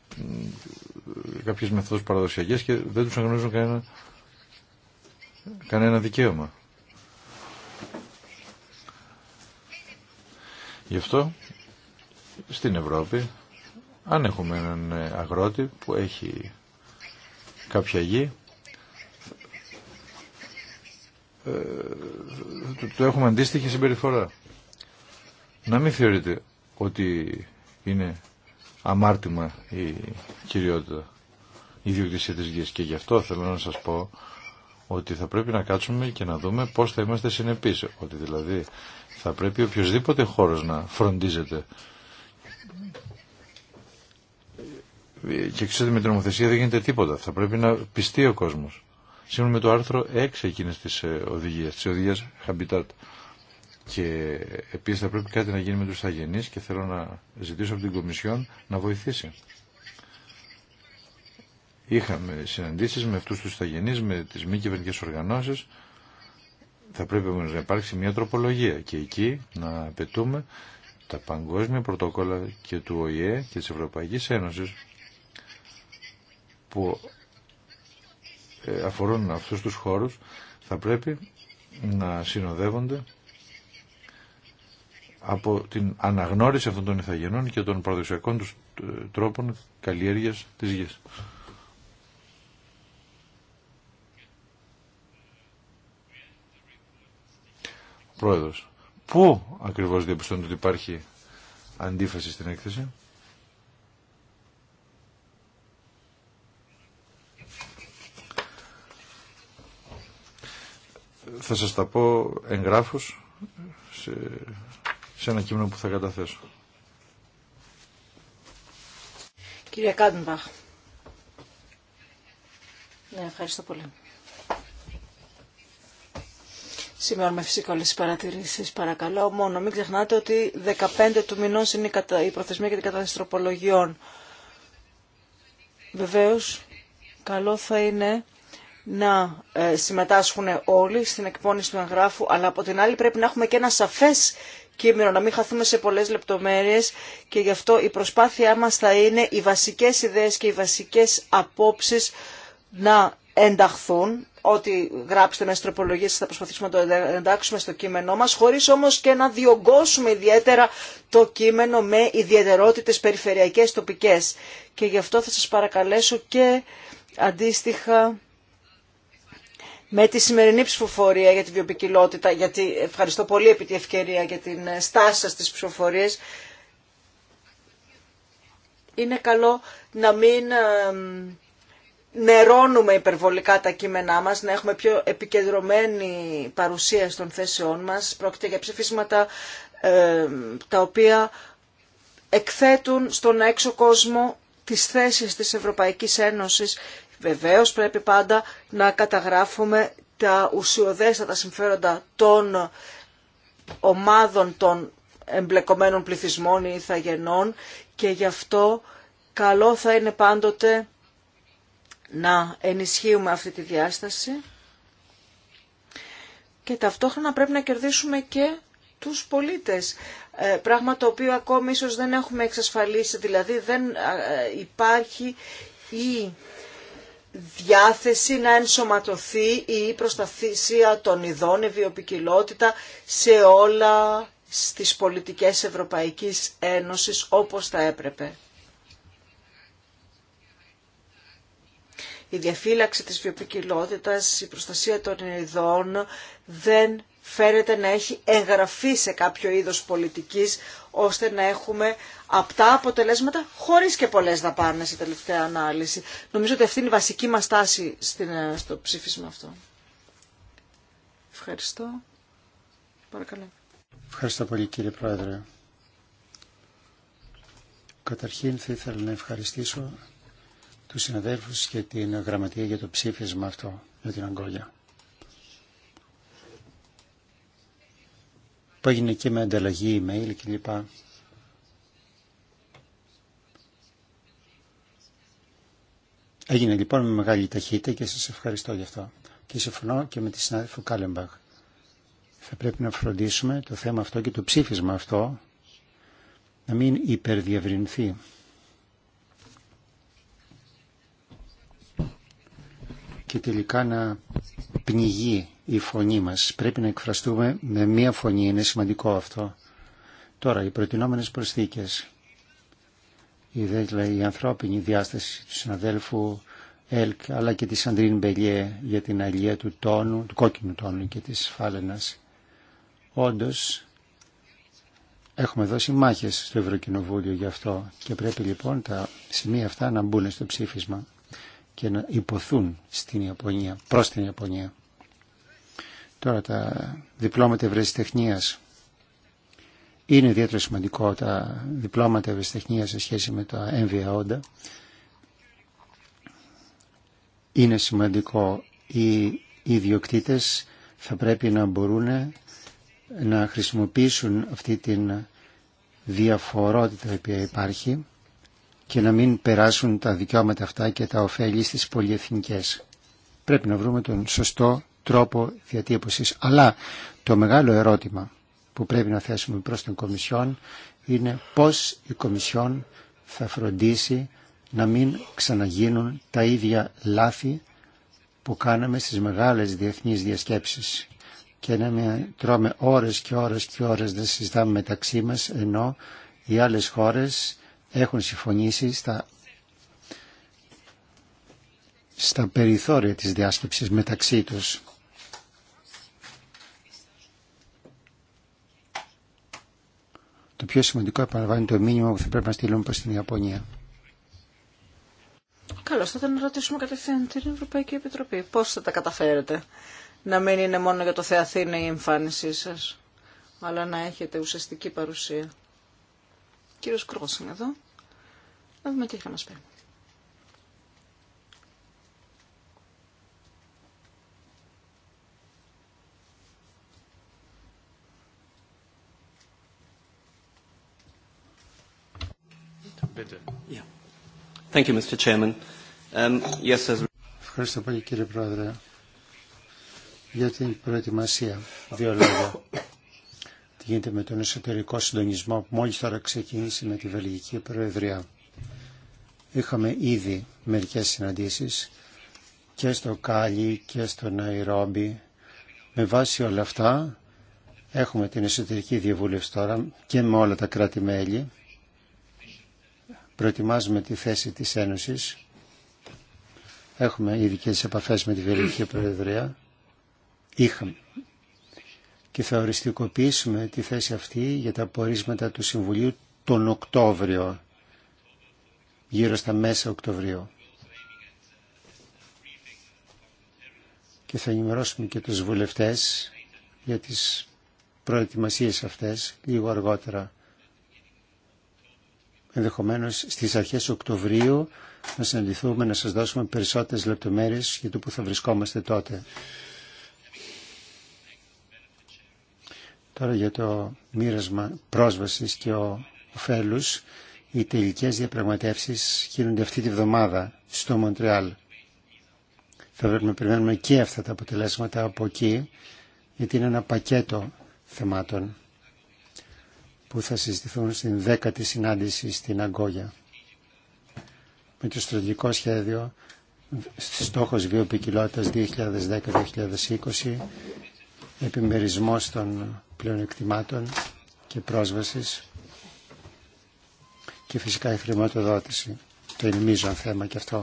κάποιες μεθόδους παραδοσιακές και δεν τους αναγνωρίζουν κανένα, κανένα δικαίωμα. Γι' αυτό στην Ευρώπη αν έχουμε έναν αγρότη που έχει κάποια γη ε, το έχουμε αντίστοιχη συμπεριφορά. Να μην θεωρείτε ότι είναι αμάρτημα η κυριότητα, η ιδιοκτησία της γης. Και γι' αυτό θέλω να σας πω ότι θα πρέπει να κάτσουμε και να δούμε πώς θα είμαστε συνεπείς. Ότι δηλαδή θα πρέπει οποιοδήποτε χώρος να φροντίζεται. Ε, και ξέρετε με την νομοθεσία δεν γίνεται τίποτα. Θα πρέπει να πιστεί ο κόσμος σύμφωνα με το άρθρο 6 εκείνης της ε, οδηγίας, της οδηγίε Habitat. Και επίσης θα πρέπει κάτι να γίνει με τους αγενείς και θέλω να ζητήσω από την Κομισιόν να βοηθήσει. Είχαμε συναντήσεις με αυτούς τους αγενείς, με τις μη κυβερνητικέ οργανώσεις. Θα πρέπει να υπάρξει μια τροπολογία και εκεί να απαιτούμε τα παγκόσμια πρωτοκόλλα και του ΟΗΕ και της Ευρωπαϊκής Ένωσης που ε, αφορούν αυτούς τους χώρους θα πρέπει να συνοδεύονται από την αναγνώριση αυτών των ηθαγενών και των παραδοσιακών τους ε, τρόπων καλλιέργειας της γης. Πρόεδρος, πού ακριβώς διαπιστώνεται ότι υπάρχει αντίφαση στην έκθεση. θα σας τα πω εγγράφως σε, σε ένα κείμενο που θα καταθέσω. Κύριε Κάντμπαχ. Ναι, ευχαριστώ πολύ. Σήμερα με φυσικά όλες τις παρατηρήσεις, παρακαλώ. Μόνο μην ξεχνάτε ότι 15 του μηνός είναι η προθεσμία για την κατάσταση τροπολογιών. Βεβαίως, καλό θα είναι να ε, συμμετάσχουν όλοι στην εκπόνηση του εγγράφου, αλλά από την άλλη πρέπει να έχουμε και ένα σαφές κείμενο, να μην χαθούμε σε πολλές λεπτομέρειες και γι' αυτό η προσπάθειά μας θα είναι οι βασικές ιδέες και οι βασικές απόψεις να ενταχθούν ό,τι γράψετε μέσα τροπολογίε θα προσπαθήσουμε να το εντάξουμε στο κείμενό μας χωρίς όμως και να διωγγώσουμε ιδιαίτερα το κείμενο με ιδιαιτερότητε περιφερειακές, τοπικές Και γι' αυτό θα σα παρακαλέσω και αντίστοιχα με τη σημερινή ψηφοφορία για τη βιοπικιλότητα, γιατί ευχαριστώ πολύ επί τη ευκαιρία για την ε, στάση σας στις ψηφοφορίες, είναι καλό να μην ε, νερώνουμε υπερβολικά τα κείμενά μας, να έχουμε πιο επικεντρωμένη παρουσία των θέσεών μας. Πρόκειται για ψηφίσματα ε, τα οποία εκθέτουν στον έξω κόσμο τις θέσεις της Ευρωπαϊκής Ένωσης Βεβαίως πρέπει πάντα να καταγράφουμε τα ουσιοδέστατα συμφέροντα των ομάδων των εμπλεκομένων πληθυσμών ή ηθαγενών και γι' αυτό καλό θα είναι πάντοτε να ενισχύουμε αυτή τη διάσταση και ταυτόχρονα πρέπει να κερδίσουμε και τους πολίτες. Ε, πράγμα το οποίο ακόμη ίσως δεν έχουμε εξασφαλίσει, δηλαδή δεν ε, υπάρχει η διάθεση να ενσωματωθεί η προστασία των ειδών, η βιοπικιλότητα σε όλα στις πολιτικές Ευρωπαϊκής Ένωσης όπως θα έπρεπε. Η διαφύλαξη της βιοπικιλότητας, η προστασία των ειδών δεν φαίνεται να έχει εγγραφεί σε κάποιο είδος πολιτικής ώστε να έχουμε απτά αποτελέσματα χωρίς και πολλές δαπάνες σε τελευταία ανάλυση. Νομίζω ότι αυτή είναι η βασική μας τάση ε, στο ψήφισμα αυτό. Ευχαριστώ. Παρακαλώ. Ευχαριστώ πολύ κύριε Πρόεδρε. Καταρχήν θα ήθελα να ευχαριστήσω τους συναδέλφους και την γραμματεία για το ψήφισμα αυτό με την Αγκόλια. που έγινε και με ανταλλαγή email κλπ. Έγινε λοιπόν με μεγάλη ταχύτητα και σας ευχαριστώ γι' αυτό. Και συμφωνώ και με τη συνάδελφο Κάλεμπαχ. Θα πρέπει να φροντίσουμε το θέμα αυτό και το ψήφισμα αυτό να μην υπερδιαβρυνθεί. και τελικά να πνιγεί η φωνή μας. Πρέπει να εκφραστούμε με μία φωνή, είναι σημαντικό αυτό. Τώρα, οι προτινόμενες προσθήκες, η, δηλαδή, η ανθρώπινη διάσταση του συναδέλφου ΕΛΚ, αλλά και της Αντρίν Μπελιέ για την αλληλεία του τόνου, του κόκκινου τόνου και της φάλαινας. Όντως, έχουμε δώσει μάχες στο Ευρωκοινοβούλιο γι' αυτό και πρέπει λοιπόν τα σημεία αυτά να μπουν στο ψήφισμα και να υποθούν στην Ιαπωνία, προς την Ιαπωνία. Τώρα τα διπλώματα ευρεσιτεχνίας είναι ιδιαίτερα σημαντικό τα διπλώματα ευρεσιτεχνίας σε σχέση με τα έμβια Είναι σημαντικό οι ιδιοκτήτες θα πρέπει να μπορούν να χρησιμοποιήσουν αυτή την διαφορότητα η οποία υπάρχει και να μην περάσουν τα δικαιώματα αυτά και τα ωφέλη στις πολυεθνικές. Πρέπει να βρούμε τον σωστό τρόπο διατύπωσης. Αλλά το μεγάλο ερώτημα που πρέπει να θέσουμε προς την Κομισιόν είναι πώς η Κομισιόν θα φροντίσει να μην ξαναγίνουν τα ίδια λάθη που κάναμε στις μεγάλες διεθνείς διασκέψεις και να μην τρώμε ώρες και ώρες και ώρες να συζητάμε μεταξύ μας ενώ οι άλλες χώρες έχουν συμφωνήσει στα, στα περιθώρια της διάσκεψης μεταξύ τους. Το πιο σημαντικό επαναλαμβάνει το μήνυμα που θα πρέπει να στείλουμε προς την Ιαπωνία. Καλώς, θα ήθελα να ρωτήσουμε κατευθείαν την Ευρωπαϊκή Επιτροπή. Πώς θα τα καταφέρετε να μην είναι μόνο για το Θεαθήνα η εμφάνισή σας, αλλά να έχετε ουσιαστική παρουσία κύριος Κρός είναι εδώ. Να δούμε τι έχει να μας πει. Um, Ευχαριστώ πολύ κύριε Πρόεδρε για την προετοιμασία. Δύο λόγια τι γίνεται με τον εσωτερικό συντονισμό που μόλις τώρα ξεκίνησε με τη Βελγική Προεδρία. Είχαμε ήδη μερικές συναντήσεις και στο Κάλι και στο Ναϊρόμπι. Με βάση όλα αυτά έχουμε την εσωτερική διαβούλευση τώρα και με όλα τα κράτη-μέλη. Προετοιμάζουμε τη θέση της Ένωσης. Έχουμε ειδικέ επαφές με τη Βελγική Προεδρία. Είχαμε και θα οριστικοποιήσουμε τη θέση αυτή για τα πορίσματα του Συμβουλίου τον Οκτώβριο, γύρω στα μέσα Οκτωβρίου. Και θα ενημερώσουμε και τους βουλευτές για τις προετοιμασίες αυτές λίγο αργότερα. Ενδεχομένως στις αρχές Οκτωβρίου να συναντηθούμε να σας δώσουμε περισσότερες λεπτομέρειες για το που θα βρισκόμαστε τότε. Τώρα για το μοίρασμα πρόσβασης και ο ωφέλους, οι τελικές διαπραγματεύσεις γίνονται αυτή τη βδομάδα στο Μοντρεάλ. Θα πρέπει να περιμένουμε και αυτά τα αποτελέσματα από εκεί, γιατί είναι ένα πακέτο θεμάτων που θα συζητηθούν στην δέκατη συνάντηση στην Αγκόγια. Με το στρατηγικό στοχο στόχος βιοποικιλότητας 2010-2020, επιμερισμός των εκτιμάτων και πρόσβασης και φυσικά η χρηματοδότηση. Το ελμίζω θέμα και αυτό.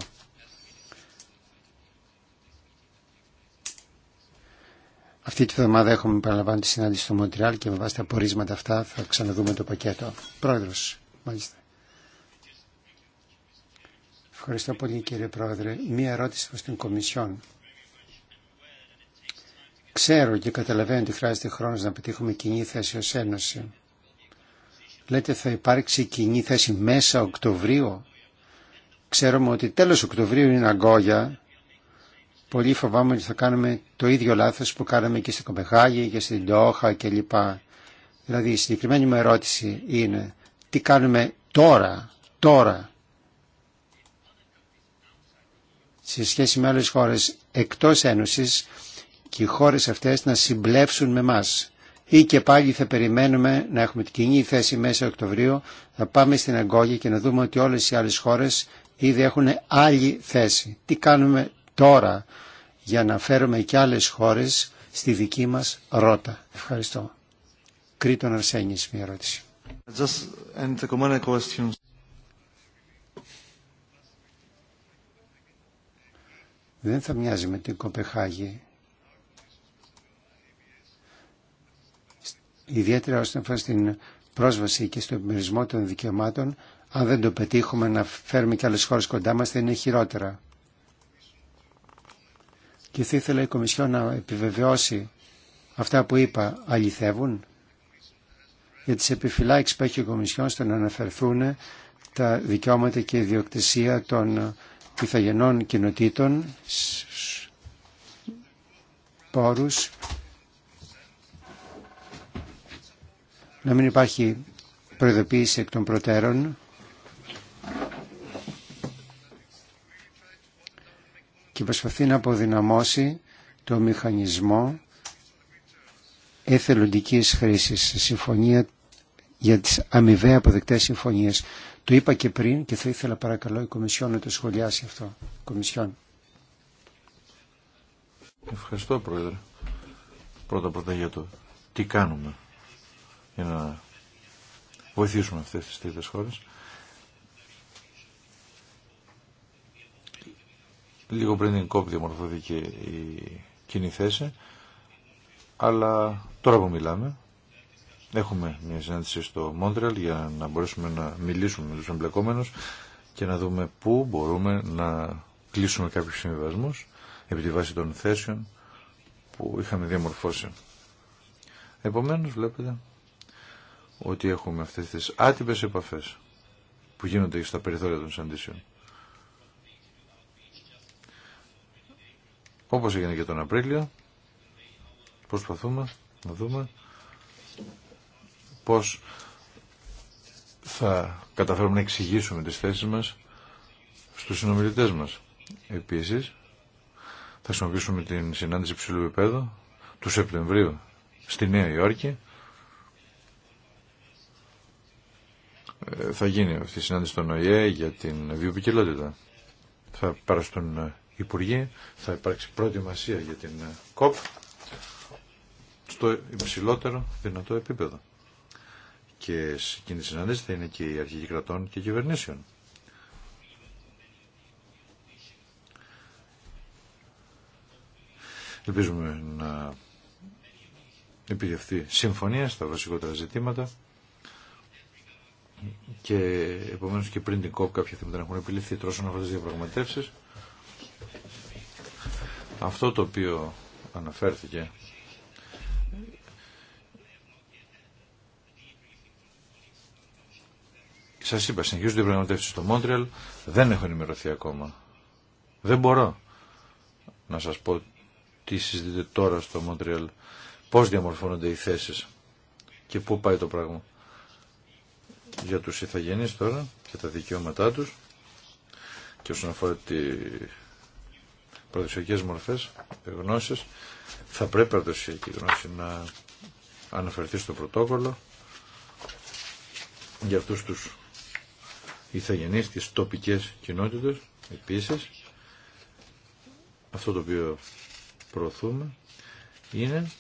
Αυτή τη βδομάδα έχουμε παραλαμβάνει τη συνάντηση στο Μοντριάλ και με βάση τα πορίσματα αυτά θα ξαναδούμε το πακέτο. Πρόεδρος, μάλιστα. Ευχαριστώ πολύ κύριε Πρόεδρε. Μία ερώτηση προς την Κομισιόν. Ξέρω και καταλαβαίνω ότι χρειάζεται χρόνος να πετύχουμε κοινή θέση ω Ένωση. Λέτε θα υπάρξει κοινή θέση μέσα Οκτωβρίου. Ξέρουμε ότι τέλος Οκτωβρίου είναι αγκόγια. Πολύ φοβάμαι ότι θα κάνουμε το ίδιο λάθος που κάναμε και στην Κοπεχάγη και στην Τόχα κλπ. Δηλαδή η συγκεκριμένη μου ερώτηση είναι τι κάνουμε τώρα, τώρα. Σε σχέση με άλλες χώρες εκτός Ένωσης και οι χώρες αυτές να συμπλέψουν με μας. Ή και πάλι θα περιμένουμε να έχουμε την κοινή θέση μέσα Οκτωβρίου, θα πάμε στην Αγκόγια και να δούμε ότι όλες οι άλλες χώρες ήδη έχουν άλλη θέση. Τι κάνουμε τώρα για να φέρουμε και άλλες χώρες στη δική μας ρότα. Ευχαριστώ. Κρήτον Αρσένης, μια ερώτηση. Δεν θα μοιάζει με την Κοπεχάγη ιδιαίτερα όσον αφορά στην πρόσβαση και στο επιμερισμό των δικαιωμάτων, αν δεν το πετύχουμε να φέρουμε και άλλες χώρες κοντά μας, θα είναι χειρότερα. Και θα ήθελα η Κομισιόν να επιβεβαιώσει αυτά που είπα, αληθεύουν, για τις επιφυλάξεις που έχει η Κομισιόν στο να αναφερθούν τα δικαιώματα και η ιδιοκτησία των πιθαγενών κοινοτήτων, πόρους να μην υπάρχει προειδοποίηση εκ των προτέρων και προσπαθεί να αποδυναμώσει το μηχανισμό εθελοντικής χρήσης, συμφωνία για τις αμοιβαία αποδεκτές συμφωνίες. Το είπα και πριν και θα ήθελα παρακαλώ η Κομισιόν να το σχολιάσει αυτό. Κομισιόν. Ευχαριστώ Πρόεδρε. Πρώτα πρώτα για το τι κάνουμε για να βοηθήσουμε αυτές τις τρίτες χώρες. Λίγο πριν την κόπη διαμορφώθηκε η κοινή θέση, αλλά τώρα που μιλάμε, έχουμε μια συνάντηση στο Μόντρελ για να μπορέσουμε να μιλήσουμε με τους εμπλεκόμενους και να δούμε πού μπορούμε να κλείσουμε κάποιους συμβιβασμούς επί τη βάση των θέσεων που είχαμε διαμορφώσει. Επομένως, βλέπετε, ότι έχουμε αυτές τις άτυπες επαφές που γίνονται στα περιθώρια των συναντήσεων. Όπως έγινε και τον Απρίλιο, προσπαθούμε να δούμε πώς θα καταφέρουμε να εξηγήσουμε τις θέσεις μας στους συνομιλητές μας. Επίσης, θα χρησιμοποιήσουμε την συνάντηση ψηλού επίπεδου του Σεπτεμβρίου στη Νέα Υόρκη Ε, θα γίνει αυτή η συνάντηση στον ΟΗΕ για την βιοποικιλότητα. Θα παραστούν ε, υπουργοί, θα υπάρξει προετοιμασία για την ε, ΚΟΠ στο υψηλότερο δυνατό επίπεδο. Και σε εκείνη τη συνάντηση θα είναι και οι αρχηγοί κρατών και κυβερνήσεων. Ελπίζουμε να επιδευτεί συμφωνία στα βασικότερα ζητήματα και επομένως και πριν την κόπη κάποια θέματα να έχουν επιληφθεί τρόσον αυτές τις διαπραγματεύσεις. Αυτό το οποίο αναφέρθηκε Σας είπα, συνεχίζονται οι διαπραγματεύσεις στο Μόντριελ δεν έχω ενημερωθεί ακόμα. Δεν μπορώ να σας πω τι συζητείτε τώρα στο Μόντριελ πώς διαμορφώνονται οι θέσεις και πού πάει το πράγμα για τους ηθαγενείς τώρα και τα δικαιώματά τους και όσον αφορά τι προδοσιακές μορφές γνώσεις θα πρέπει παραδοσιακή γνώση να αναφερθεί στο πρωτόκολλο για αυτούς τους ηθαγενείς τις τοπικές κοινότητες επίσης αυτό το οποίο προωθούμε είναι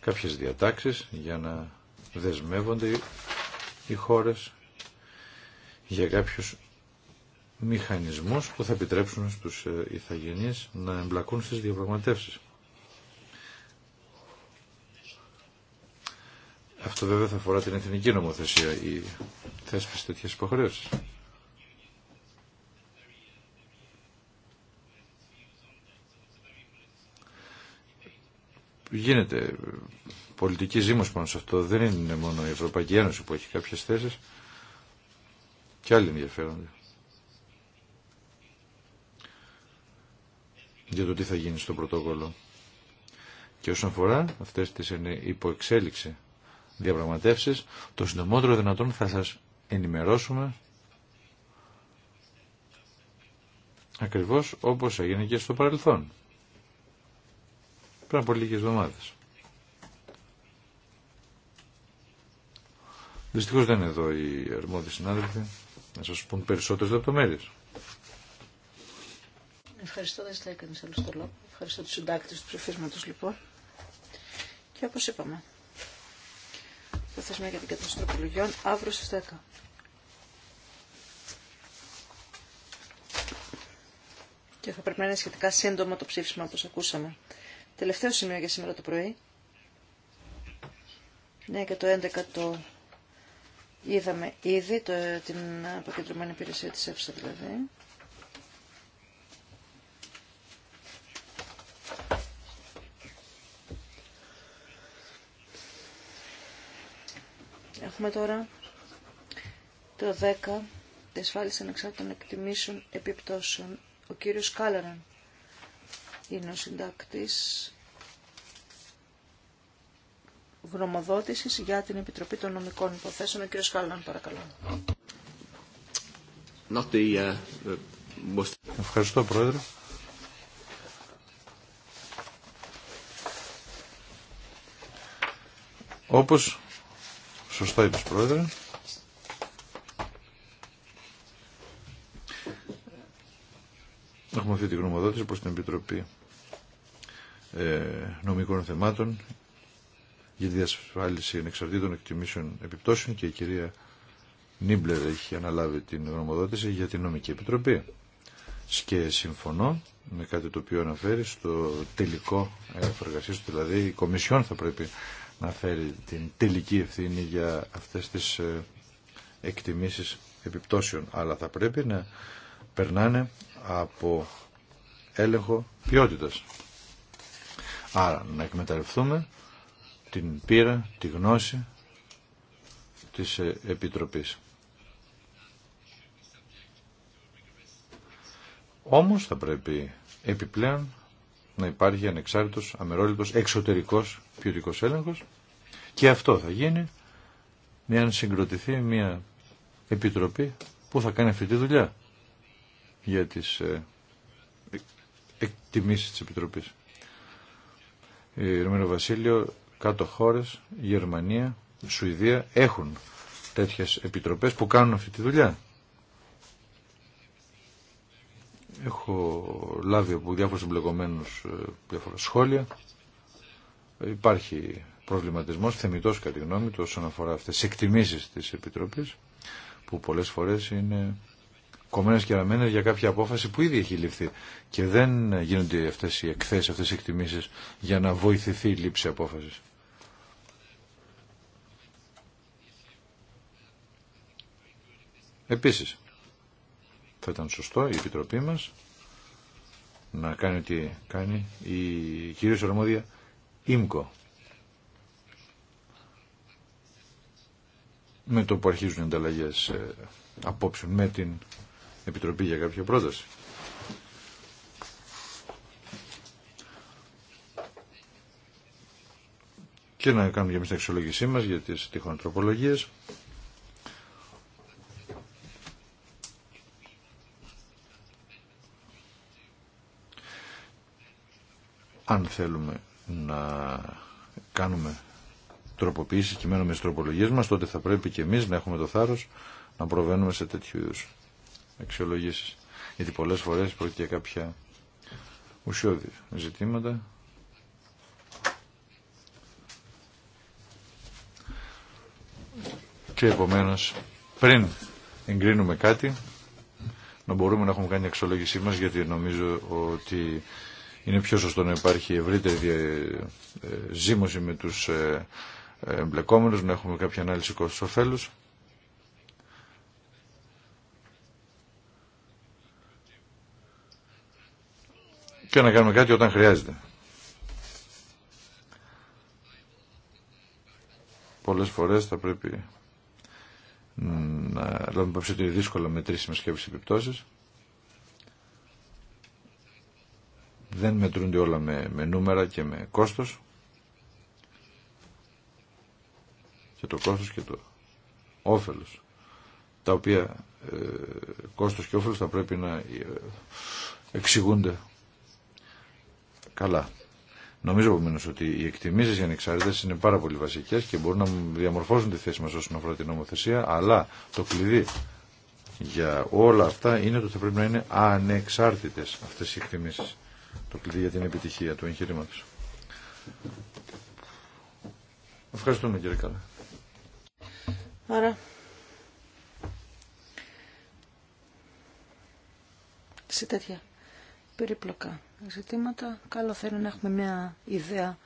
κάποιες διατάξεις για να δεσμεύονται οι χώρες για κάποιους μηχανισμούς που θα επιτρέψουν στους Ιθαγενείς ε, να εμπλακούν στις διαπραγματεύσεις. Αυτό βέβαια θα αφορά την εθνική νομοθεσία ή θέσπιση τέτοιες υποχρέωση. Γίνεται πολιτική ζήμωση πάνω σε αυτό. Δεν είναι μόνο η Ευρωπαϊκή Ένωση που έχει κάποιες θέσεις και άλλοι ενδιαφέρονται. για το τι θα γίνει στο πρωτόκολλο. Και όσον αφορά αυτές τις υποεξέλιξη διαπραγματεύσεις, το συντομότερο δυνατόν θα σας ενημερώσουμε ακριβώς όπως έγινε και στο παρελθόν. Πριν από λίγες εβδομάδες. Δυστυχώ δεν είναι εδώ οι αρμόδιοι συνάδελφοι να σα πούν περισσότερε λεπτομέρειε. Ευχαριστώ, δεν στέκει κανεί άλλο το λόγο. Ευχαριστώ του συντάκτε του ψηφίσματο λοιπόν. Και όπω είπαμε, προθεσμία για την καταστροφή λογιών αύριο στι 10. Και θα πρέπει να είναι σχετικά σύντομο το ψήφισμα όπως ακούσαμε. Τελευταίο σημείο για σήμερα το πρωί. Ναι, και το 11 το Είδαμε ήδη το, την αποκεντρωμένη υπηρεσία της ΕΦΣΑ δηλαδή. Έχουμε τώρα το 10 της ανεξάρτητων εκτιμήσεων επιπτώσεων. Ο κύριος Κάλαραν είναι ο συντάκτης γνωμοδότηση για την Επιτροπή των Νομικών Υποθέσεων. Ο κ. Χάλλαν, παρακαλώ. Not the, uh, uh, most... Ευχαριστώ, Πρόεδρε. Όπως σωστά είπες Πρόεδρε, έχουμε αυτή τη γνωμοδότηση προς την Επιτροπή ε, Νομικών Θεμάτων για τη διασφάλιση ανεξαρτήτων εκτιμήσεων επιπτώσεων και η κυρία Νίμπλερ έχει αναλάβει την γνωμοδότηση για την νομική επιτροπή. Και συμφωνώ με κάτι το οποίο αναφέρει στο τελικό του, δηλαδή η Κομισιόν θα πρέπει να φέρει την τελική ευθύνη για αυτές τις ε, εκτιμήσεις επιπτώσεων, αλλά θα πρέπει να περνάνε από έλεγχο ποιότητας. Άρα να εκμεταλλευτούμε την πείρα, τη γνώση της ε, Επιτροπής. Όμως θα πρέπει επιπλέον να υπάρχει ανεξάρτητος, αμερόληπτος, εξωτερικός ποιοτικός έλεγχος και αυτό θα γίνει αν συγκροτηθεί μια επιτροπή που θα κάνει αυτή τη δουλειά για τις ε, εκτιμήσει εκτιμήσεις της Επιτροπής. Ε, Η Βασίλειο κάτω χώρε, Γερμανία, Σουηδία έχουν τέτοιες επιτροπές που κάνουν αυτή τη δουλειά. Έχω λάβει από διάφορους εμπλεκομένου ε, διάφορα σχόλια. Υπάρχει προβληματισμό θεμητό κατά τη γνώμη του όσον αφορά αυτές τι εκτιμήσεις τη επιτροπή, που πολλές φορές είναι κομμένες και αραμένες για κάποια απόφαση που ήδη έχει ληφθεί και δεν γίνονται αυτέ οι εκθέσει αυτέ οι εκτιμήσει για να βοηθηθεί η λήψη απόφαση. Επίσης, θα ήταν σωστό η Επιτροπή μας να κάνει ό,τι κάνει η κυρία αρμόδια ΙΜΚΟ. Με το που αρχίζουν οι ανταλλαγές ε, με την Επιτροπή για κάποια πρόταση. Και να κάνουμε για εμείς την αξιολόγησή μας για τις τυχόν αν θέλουμε να κάνουμε τροποποίηση και με τις τροπολογίες τότε θα πρέπει και εμείς να έχουμε το θάρρος να προβαίνουμε σε τέτοιου είδους Γιατί πολλές φορές πρόκειται για κάποια ουσιώδη ζητήματα. Και επομένως, πριν εγκρίνουμε κάτι, να μπορούμε να έχουμε κάνει αξιολόγησή μας, γιατί νομίζω ότι είναι πιο σωστό να υπάρχει ευρύτερη ε, ζήμωση με τους ε, ε, εμπλεκόμενους, να έχουμε κάποια ανάλυση κόστος ωφέλους. Και να κάνουμε κάτι όταν χρειάζεται. Πολλές φορές θα πρέπει να λάβουμε υπόψη ότι δύσκολο μετρήσιμες και επιπτώσεις. δεν μετρούνται όλα με, νούμερα και με κόστος και το κόστος και το όφελος τα οποία ε, κόστος και όφελος θα πρέπει να ε, εξηγούνται καλά. Νομίζω επομένω ότι οι εκτιμήσει για ανεξάρτητε είναι πάρα πολύ βασικέ και μπορούν να διαμορφώσουν τη θέση μας όσον αφορά την νομοθεσία, αλλά το κλειδί για όλα αυτά είναι ότι θα πρέπει να είναι ανεξάρτητε αυτέ οι εκτιμήσει το κλειδί για την επιτυχία του εγχειρήματος. Ευχαριστούμε κύριε Καλά. Άρα, σε τέτοια περίπλοκα ζητήματα, καλό θέλει να έχουμε μια ιδέα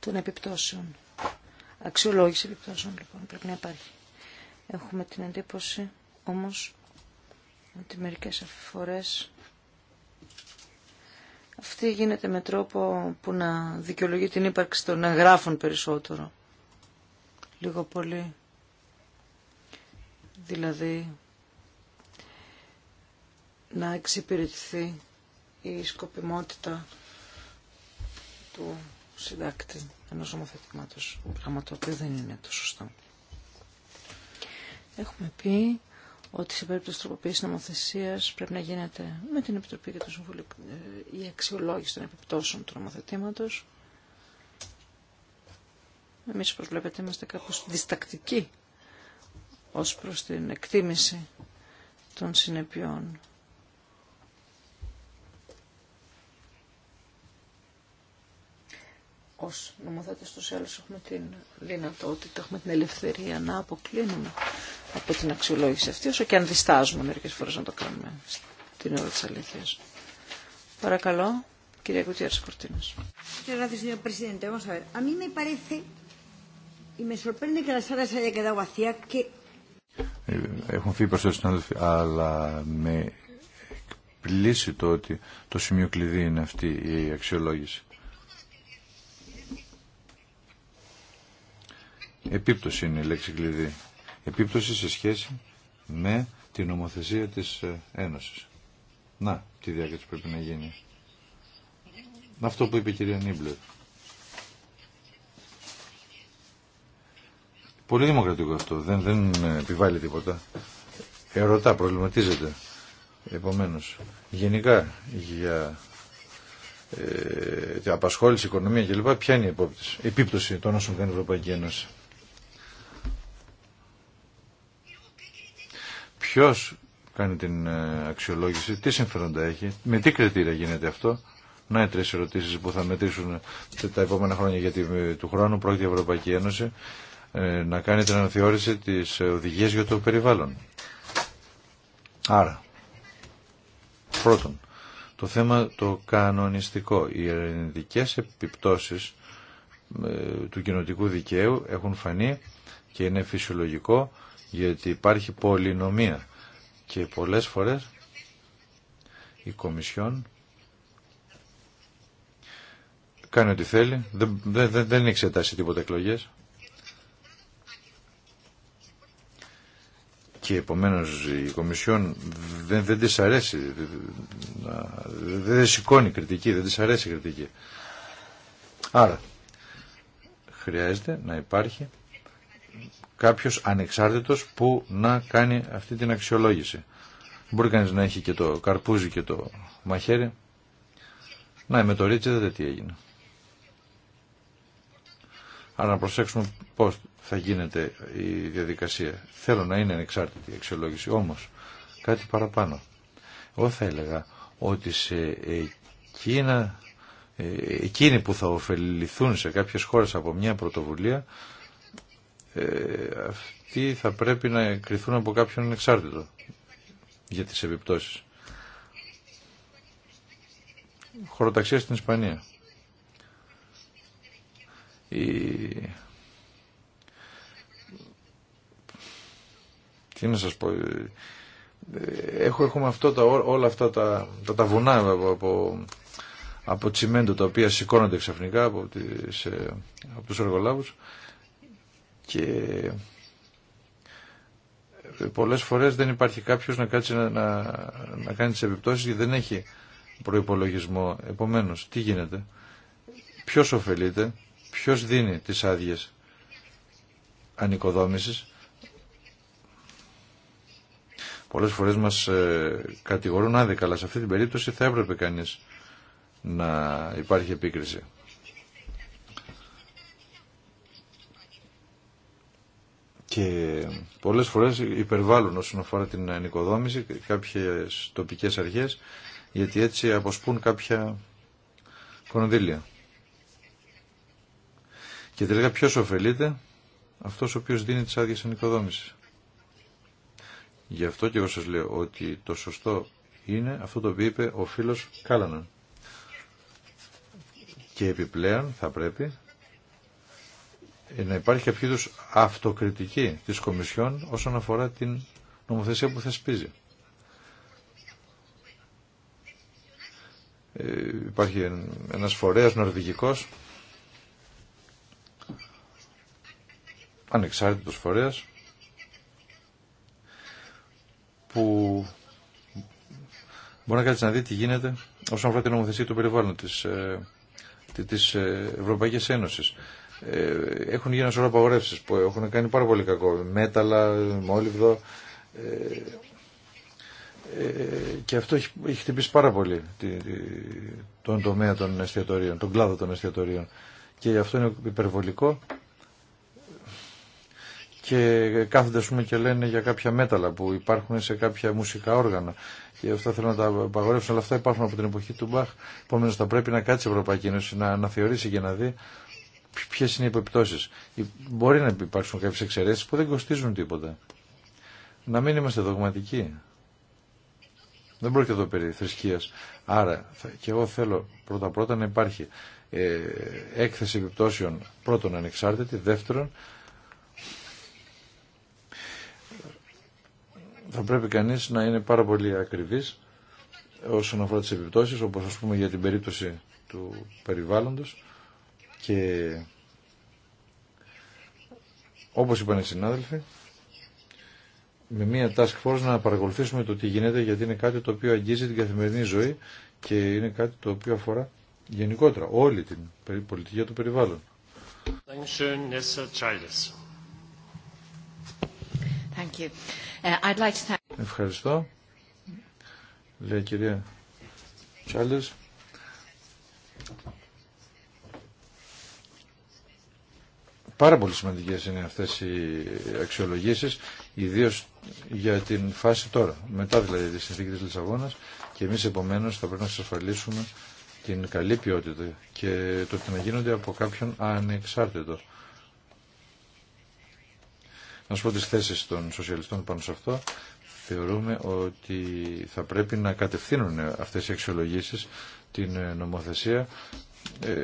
των επιπτώσεων. Αξιολόγηση επιπτώσεων λοιπόν πρέπει να υπάρχει. Έχουμε την εντύπωση όμως ότι μερικές φορές αυτή γίνεται με τρόπο που να δικαιολογεί την ύπαρξη των εγγράφων περισσότερο. Λίγο πολύ. Δηλαδή, να εξυπηρετηθεί η σκοπιμότητα του συντάκτη ενός ομοθετημάτους. πράγμα το οποίο δεν είναι το σωστό. Έχουμε πει ότι σε περίπτωση τροποποίηση νομοθεσία πρέπει να γίνεται με την Επιτροπή και το Συμβούλιο ε, η αξιολόγηση των επιπτώσεων του νομοθετήματο. Εμεί, όπω βλέπετε, είμαστε κάπω διστακτικοί ω προ την εκτίμηση των συνεπειών ως νομοθέτες του άλλους έχουμε την δυνατότητα, έχουμε την ελευθερία να αποκλίνουμε από την αξιολόγηση αυτή, όσο και αν διστάζουμε μερικές φορές να το κάνουμε την ώρα της αλήθειας. Παρακαλώ, κυρία Κουτιέρης Κορτίνας. Eh, έχουν φύγει προς συνάδελφοι, αλλά με εκπλήσει το ότι το σημείο κλειδί είναι αυτή η αξιολόγηση. Επίπτωση είναι η λέξη κλειδί. Επίπτωση σε σχέση με την νομοθεσία της ε, Ένωσης. Να, τι διάκριση πρέπει να γίνει. Αυτό που είπε η κυρία Νίμπλερ. Πολύ δημοκρατικό αυτό. Δεν, δεν επιβάλλει τίποτα. Ερωτά, προβληματίζεται. Επομένως, γενικά για ε, απασχόληση, οικονομία κλπ. Ποια είναι η επίπτωση των όσων κάνει η Ευρωπαϊκή Ένωση. Ποιο κάνει την ε, αξιολόγηση, τι συμφέροντα έχει, με τι κριτήρια γίνεται αυτό. Να είναι τρει ερωτήσει που θα μετρήσουν τα επόμενα χρόνια γιατί ε, του χρόνου πρόκειται η Ευρωπαϊκή Ένωση ε, να κάνει την αναθεώρηση της οδηγίας για το περιβάλλον. Άρα, πρώτον, το θέμα το κανονιστικό. Οι ερευνητικές επιπτώσεις του κοινοτικού δικαίου έχουν φανεί και είναι φυσιολογικό γιατί υπάρχει πολυνομία και πολλές φορές η Κομισιόν κάνει ό,τι θέλει, δεν, δεν, δεν εξετάσει τίποτα εκλογέ. Και επομένως η Κομισιόν δεν, δεν της αρέσει, δεν, δεν σηκώνει κριτική, δεν της αρέσει κριτική. Άρα χρειάζεται να υπάρχει κάποιος ανεξάρτητος που να κάνει αυτή την αξιολόγηση. Μπορεί κανείς να έχει και το καρπούζι και το μαχαίρι. Να, με το ρίτσι δεν τι έγινε. Άρα να προσέξουμε πώς θα γίνεται η διαδικασία. Θέλω να είναι ανεξάρτητη η αξιολόγηση, όμως κάτι παραπάνω. Εγώ θα έλεγα ότι σε εκείνα, ε, εκείνοι που θα ωφεληθούν σε κάποιες χώρες από μια πρωτοβουλία ε, αυτοί θα πρέπει να κρυθούν από κάποιον εξάρτητο για τις επιπτώσεις. Χωροταξία στην Ισπανία. Η... Τι να σας πω... Ε, έχω, έχουμε αυτό τα, όλα αυτά τα, τα, βουνά από, από, από τσιμέντο τα οποία σηκώνονται ξαφνικά από, τις, ε, από τους εργολάβους και πολλές φορές δεν υπάρχει κάποιος να κάτσει να, να, κάνει τις επιπτώσεις γιατί δεν έχει προϋπολογισμό. Επομένως, τι γίνεται, ποιος ωφελείται, ποιος δίνει τις άδειε ανοικοδόμησης. Πολλές φορές μας ε, κατηγορούν άδικα, αλλά σε αυτή την περίπτωση θα έπρεπε κανείς να υπάρχει επίκριση. και πολλές φορές υπερβάλλουν όσον αφορά την ενοικοδόμηση κάποιες τοπικές αρχές γιατί έτσι αποσπούν κάποια κονδύλια. Και τελικά ποιος ωφελείται αυτός ο οποίος δίνει τις άδειες ενοικοδόμησης. Γι' αυτό και εγώ σας λέω ότι το σωστό είναι αυτό το οποίο είπε ο φίλος Κάλαναν. Και επιπλέον θα πρέπει ε, να υπάρχει κάποιο είδου αυτοκριτική της Κομισιόν όσον αφορά την νομοθεσία που θεσπίζει. Ε, υπάρχει ένας φορέας νορβηγικός, ανεξάρτητος φορέας, που μπορεί να κάτσει να δει τι γίνεται όσον αφορά την νομοθεσία του περιβάλλοντος της, ε, της ε, Ευρωπαϊκής Ένωσης. Ε, έχουν γίνει ένα σωρό απαγορεύσεις που έχουν κάνει πάρα πολύ κακό. Μέταλλα, μόλιβδο. Ε, ε, και αυτό έχει, έχει χτυπήσει πάρα πολύ τη, τον τομέα των εστιατορίων, τον κλάδο των εστιατορίων. Και αυτό είναι υπερβολικό. Και κάθονται α πούμε, και λένε για κάποια μέταλλα που υπάρχουν σε κάποια μουσικά όργανα. Και αυτά θέλουν να τα απαγορεύσουν, αλλά αυτά υπάρχουν από την εποχή του Μπαχ. Επομένω θα πρέπει να κάτσει η Ευρωπαϊκή Ένωση να θεωρήσει και να δει ποιε είναι οι επιπτώσει. Μπορεί να υπάρξουν κάποιε εξαιρέσει που δεν κοστίζουν τίποτα. Να μην είμαστε δογματικοί. Δεν πρόκειται εδώ περί θρησκείας. Άρα και εγώ θέλω πρώτα πρώτα να υπάρχει ε, έκθεση επιπτώσεων πρώτον ανεξάρτητη, δεύτερον θα πρέπει κανείς να είναι πάρα πολύ ακριβής όσον αφορά τις επιπτώσεις όπως ας πούμε για την περίπτωση του περιβάλλοντος και όπως είπαν οι συνάδελφοι, με μια task force να παρακολουθήσουμε το τι γίνεται γιατί είναι κάτι το οποίο αγγίζει την καθημερινή ζωή και είναι κάτι το οποίο αφορά γενικότερα όλη την πολιτική του περιβάλλον. Uh, Ευχαριστώ. Λέει κυρία Πάρα πολύ σημαντικές είναι αυτές οι αξιολογήσεις, ιδίως για την φάση τώρα, μετά δηλαδή τη συνθήκη της Λισαβόνα και εμείς επομένως θα πρέπει να εξασφαλίσουμε την καλή ποιότητα και το ότι να γίνονται από κάποιον ανεξάρτητο. Να σου πω τις θέσεις των σοσιαλιστών πάνω σε αυτό. Θεωρούμε ότι θα πρέπει να κατευθύνουν αυτές οι αξιολογήσεις την νομοθεσία ε,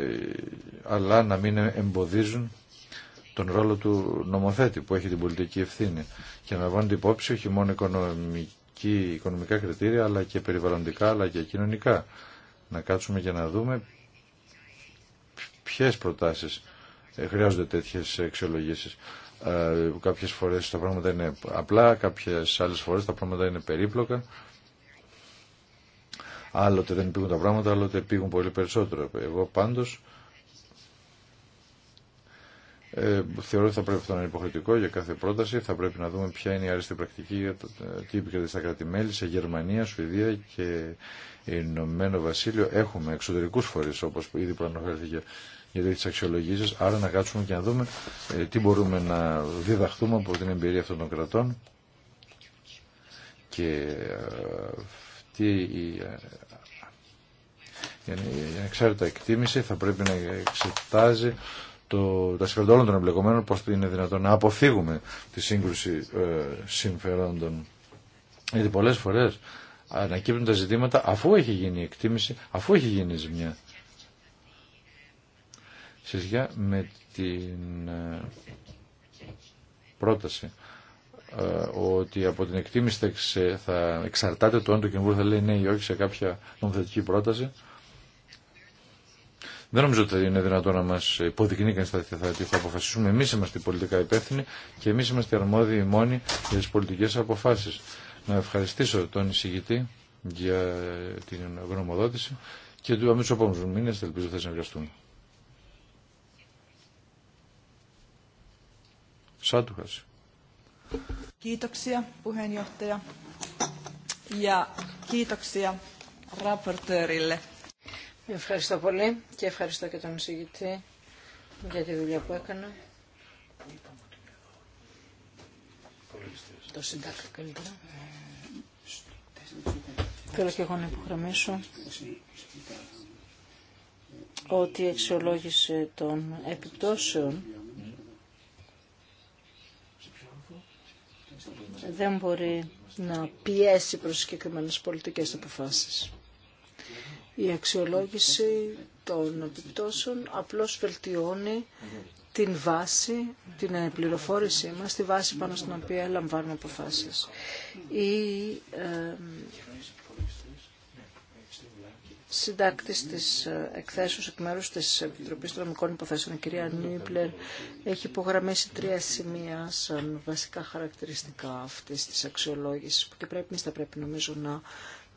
αλλά να μην εμποδίζουν τον ρόλο του νομοθέτη που έχει την πολιτική ευθύνη και να την υπόψη όχι μόνο οικονομική, οικονομικά κριτήρια αλλά και περιβαλλοντικά αλλά και κοινωνικά. Να κάτσουμε και να δούμε ποιες προτάσεις ε, χρειάζονται τέτοιες αξιολογήσεις. Ε, κάποιες φορές τα πράγματα είναι απλά, κάποιες άλλες φορές τα πράγματα είναι περίπλοκα. Άλλοτε δεν πήγουν τα πράγματα, άλλοτε πήγουν πολύ περισσότερο. Εγώ πάντως ε, θεωρώ ότι θα πρέπει αυτό να είναι υποχρεωτικό για κάθε πρόταση. Θα πρέπει να δούμε ποια είναι η άριστη πρακτική, ε, ε, τι επικρατεί στα κράτη-μέλη. Σε Γερμανία, Σουηδία και Ηνωμένο Βασίλειο έχουμε εξωτερικού φορεί, όπω ήδη προαναφέρθηκε για τέτοιε αξιολογήσει. Άρα να κάτσουμε και να δούμε τι μπορούμε να διδαχθούμε από την εμπειρία αυτών των κρατών. Και αυτή η η ανεξάρτητα εκτίμηση θα πρέπει να εξετάζει το, τα συμφέροντα όλων των εμπλεκομένων, πώς είναι δυνατόν να αποφύγουμε τη σύγκρουση ε, συμφερόντων. Γιατί πολλές φορές ανακύπτουν τα ζητήματα αφού έχει γίνει η εκτίμηση, αφού έχει γίνει η ζημιά. Σε με την ε, πρόταση ε, ότι από την εκτίμηση θα, εξαρτάται το αν το κοινοβούλιο θα λέει ναι ή όχι σε κάποια νομοθετική πρόταση, δεν νομίζω ότι είναι δυνατόν να μα υποδεικνύει κανεί θέματα. θα, θα αποφασίσουμε. Εμεί είμαστε πολιτικά υπεύθυνοι και εμεί είμαστε αρμόδιοι μόνοι για τι πολιτικέ αποφάσει. Να ευχαριστήσω τον εισηγητή για την γνωμοδότηση και του αμέσω επόμενου μήνε ελπίζω θα συνεργαστούν. Σάτουχας. Kiitoksia puheenjohtaja ja kiitoksia raportöörille Ευχαριστώ πολύ και ευχαριστώ και τον εισηγητή για τη δουλειά που έκανα. Το καλύτερα. Θέλω και εγώ να υπογραμμίσω ότι η των επιπτώσεων δεν μπορεί να πιέσει προς συγκεκριμένες πολιτικές αποφάσεις. Η αξιολόγηση των επιπτώσεων απλώς βελτιώνει την βάση, την πληροφόρησή μας, τη βάση πάνω στην οποία λαμβάνουμε αποφάσεις. Η ε, συντάκτης της εκθέσεως εκ μέρους της Επιτροπής των Νομικών Υποθέσεων, η κυρία Νίπλερ, έχει υπογραμμίσει τρία σημεία σαν βασικά χαρακτηριστικά αυτής της αξιολόγησης που και πρέπει, εμείς θα πρέπει νομίζω να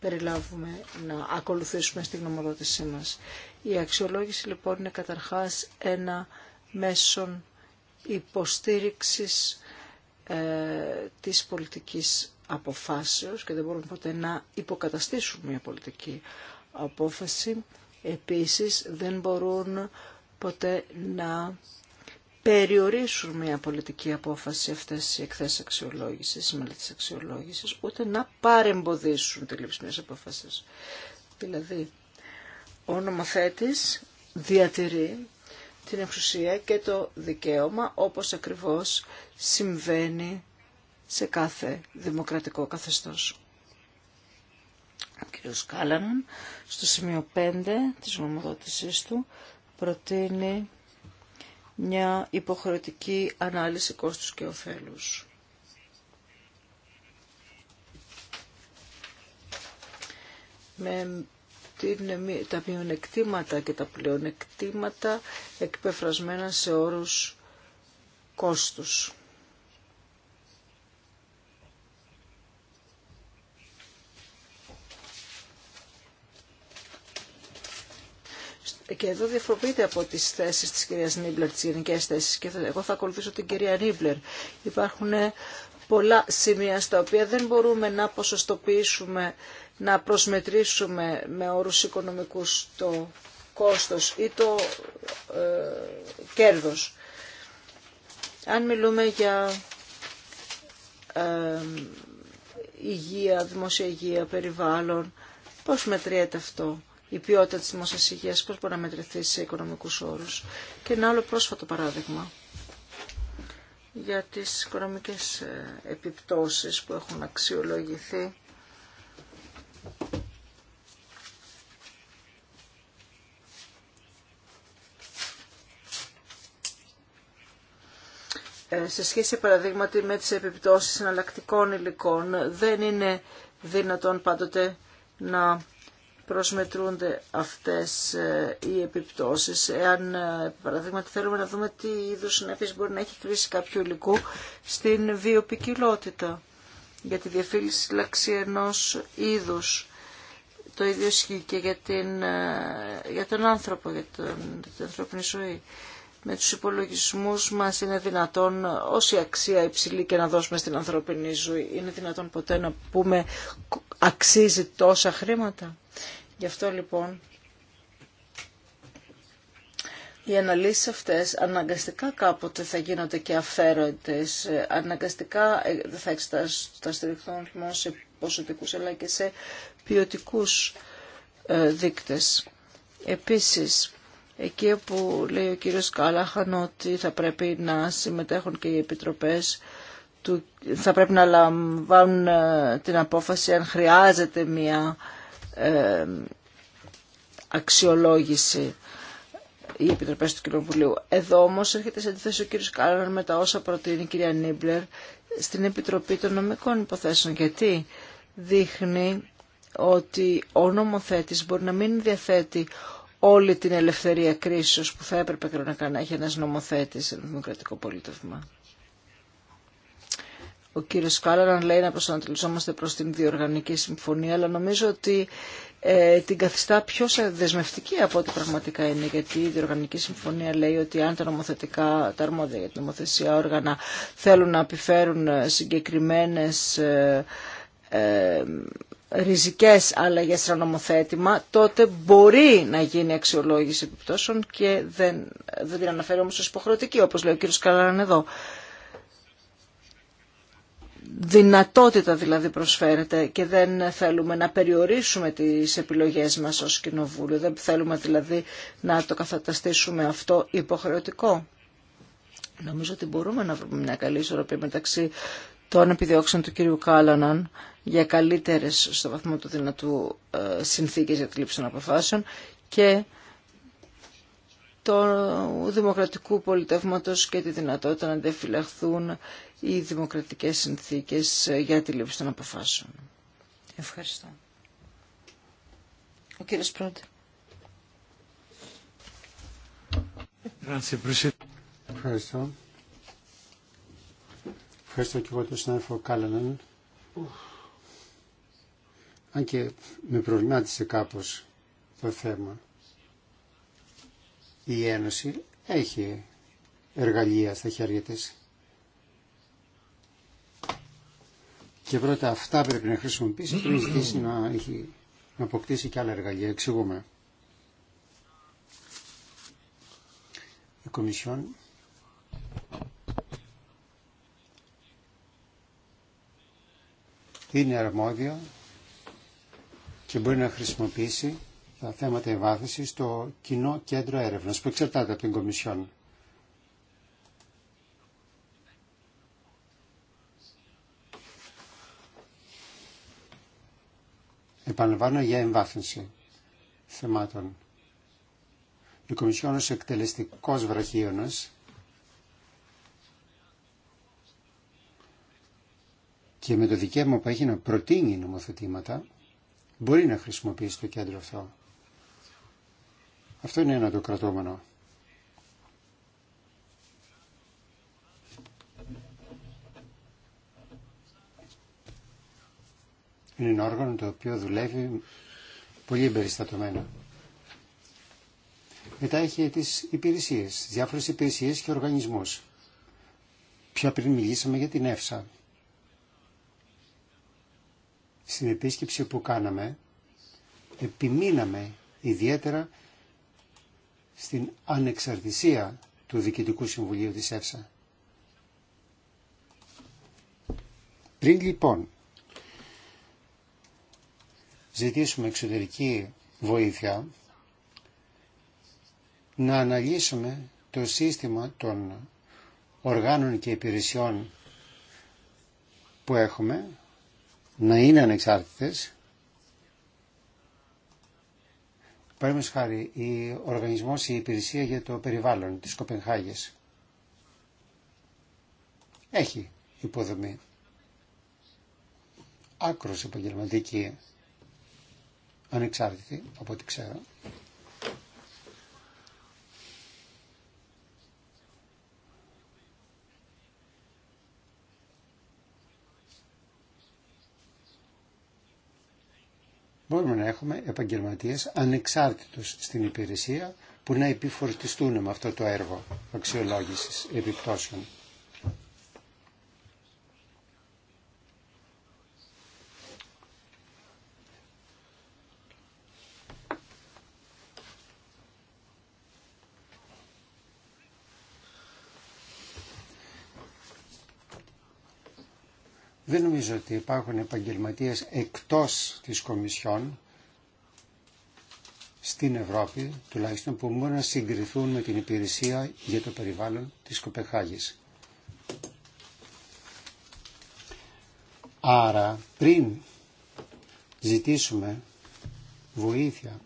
περιλάβουμε να ακολουθήσουμε στη γνωμοδότησή μας. Η αξιολόγηση λοιπόν είναι καταρχάς ένα μέσον υποστήριξης ε, της πολιτικής αποφάσεως και δεν μπορούν ποτέ να υποκαταστήσουν μια πολιτική απόφαση. Επίσης δεν μπορούν ποτέ να περιορίσουν μια πολιτική απόφαση αυτές οι εκθέσεις αξιολόγησης, οι μελέτες αξιολόγησης, ούτε να παρεμποδίσουν τη λήψη μιας απόφασης. Δηλαδή, ο νομοθέτης διατηρεί την εξουσία και το δικαίωμα, όπως ακριβώς συμβαίνει σε κάθε δημοκρατικό καθεστώς. Ο κ. στο σημείο 5 της νομοδότησής του, προτείνει μια υποχρεωτική ανάλυση κόστους και ωφέλους. Με τα μειονεκτήματα και τα πλεονεκτήματα εκπεφρασμένα σε όρους κόστους. Και εδώ διαφοροποιείται από τις θέσεις της κυρίας Νίμπλερ, τις γενικές θέσεις. Και εγώ θα ακολουθήσω την κυρία Νίμπλερ. Υπάρχουν ε, πολλά σημεία στα οποία δεν μπορούμε να ποσοστοποιήσουμε, να προσμετρήσουμε με όρους οικονομικούς το κόστος ή το ε, κέρδος. Αν μιλούμε για ε, υγεία, δημόσια υγεία, περιβάλλον, πώς μετριέται αυτό η ποιότητα της δημόσιας υγείας, πώς μπορεί να μετρηθεί σε οικονομικούς όρους. Και ένα άλλο πρόσφατο παράδειγμα για τις οικονομικές ε, επιπτώσεις που έχουν αξιολογηθεί ε, σε σχέση παραδείγματι με τις επιπτώσεις εναλλακτικών υλικών δεν είναι δυνατόν πάντοτε να προσμετρούνται αυτές ε, οι επιπτώσεις. Εάν, ε, παραδείγματι, θέλουμε να δούμε τι είδους συνέπειες μπορεί να έχει κρίση κάποιου υλικού στην βιοπικιλότητα για τη λαξία ενός είδους. Το ίδιο ισχύει και για, την, ε, για τον άνθρωπο, για, τον, για την ανθρώπινη ζωή. Με τους υπολογισμούς μας είναι δυνατόν, όση αξία υψηλή και να δώσουμε στην ανθρώπινη ζωή, είναι δυνατόν ποτέ να πούμε αξίζει τόσα χρήματα. Γι' αυτό λοιπόν οι αναλύσεις αυτές αναγκαστικά κάποτε θα γίνονται και αφαίρετες, ε, αναγκαστικά ε, θα, θα στηριχθούν μόνο σε ποσοτικούς αλλά και σε ποιοτικούς ε, δείκτες. Επίσης, εκεί που λέει ο κύριος Κάλαχαν ότι θα πρέπει να συμμετέχουν και οι επιτροπές του, θα πρέπει να λαμβάνουν την απόφαση αν χρειάζεται μια αξιολόγηση οι επιτροπέ του Κοινοβουλίου. Εδώ όμω έρχεται σε αντίθεση ο κ. Κάλλαν με τα όσα προτείνει η κυρία Νίμπλερ στην Επιτροπή των Νομικών Υποθέσεων. Γιατί δείχνει ότι ο νομοθέτης μπορεί να μην διαθέτει όλη την ελευθερία κρίσεως που θα έπρεπε να έχει ένας νομοθέτης σε δημοκρατικό πολίτευμα ο κύριος Κάλλαραν λέει να προσανατολισόμαστε προς την διοργανική συμφωνία, αλλά νομίζω ότι ε, την καθιστά πιο δεσμευτική από ό,τι πραγματικά είναι, γιατί η διοργανική συμφωνία λέει ότι αν τα νομοθετικά, τα αρμόδια για την νομοθεσία όργανα θέλουν να επιφέρουν ε, συγκεκριμένες ε, ε, ριζικές αλλαγές στο νομοθέτημα, τότε μπορεί να γίνει αξιολόγηση επιπτώσεων και δεν, δεν την αναφέρει όμως ως υποχρεωτική, όπως λέει ο κύριος Καλάραν εδώ δυνατότητα δηλαδή προσφέρεται και δεν θέλουμε να περιορίσουμε τις επιλογές μας ως κοινοβούλιο. Δεν θέλουμε δηλαδή να το καθαταστήσουμε αυτό υποχρεωτικό. Νομίζω ότι μπορούμε να βρούμε μια καλή ισορροπία μεταξύ των επιδιώξεων του κυρίου Κάλαναν για καλύτερες στο βαθμό του δυνατού ε, συνθήκες για τη λήψη των αποφάσεων και του δημοκρατικού πολιτεύματος και τη δυνατότητα να διαφυλαχθούν οι δημοκρατικές συνθήκες ε, για τη λήψη των αποφάσεων. Ευχαριστώ. Ο κύριος Πρόντε. Ευχαριστώ. Ευχαριστώ και εγώ τον συνάδελφο Κάλλαναν. Αν και με προβλημάτισε κάπως το θέμα. Η Ένωση έχει εργαλεία στα χέρια της Και πρώτα αυτά πρέπει να χρησιμοποιήσει και ζητήσει να, έχει, να αποκτήσει και άλλα εργαλεία. Εξηγούμε. Η Κομισιόν είναι αρμόδια και μπορεί να χρησιμοποιήσει τα θέματα εμβάθυνση στο κοινό κέντρο έρευνας που εξαρτάται από την Κομισιόν. επαναλαμβάνω για εμβάθυνση θεμάτων. Η Κομισιόν ως εκτελεστικός βραχίωνας και με το δικαίωμα που έχει να προτείνει νομοθετήματα μπορεί να χρησιμοποιήσει το κέντρο αυτό. Αυτό είναι ένα το κρατόμενο. Είναι ένα όργανο το οποίο δουλεύει πολύ εμπεριστατωμένο. Μετά έχει τις υπηρεσίες, διάφορες υπηρεσίες και οργανισμούς. Πιο πριν μιλήσαμε για την ΕΦΣΑ. Στην επίσκεψη που κάναμε, επιμείναμε ιδιαίτερα στην ανεξαρτησία του Διοικητικού Συμβουλίου της ΕΦΣΑ. Πριν λοιπόν ζητήσουμε εξωτερική βοήθεια, να αναλύσουμε το σύστημα των οργάνων και υπηρεσιών που έχουμε, να είναι ανεξάρτητες. Παραδείγματος χάρη, ο οργανισμός, η υπηρεσία για το περιβάλλον της Κοπενχάγης έχει υποδομή άκρος επαγγελματική ανεξάρτητη από ό,τι ξέρω. Μπορούμε να έχουμε επαγγελματίες ανεξάρτητους στην υπηρεσία που να επιφορτιστούν με αυτό το έργο αξιολόγησης επιπτώσεων. Δεν νομίζω ότι υπάρχουν επαγγελματίες εκτός της Κομισιόν στην Ευρώπη, τουλάχιστον που μπορούν να συγκριθούν με την υπηρεσία για το περιβάλλον της Κοπεχάγης. Άρα πριν ζητήσουμε βοήθεια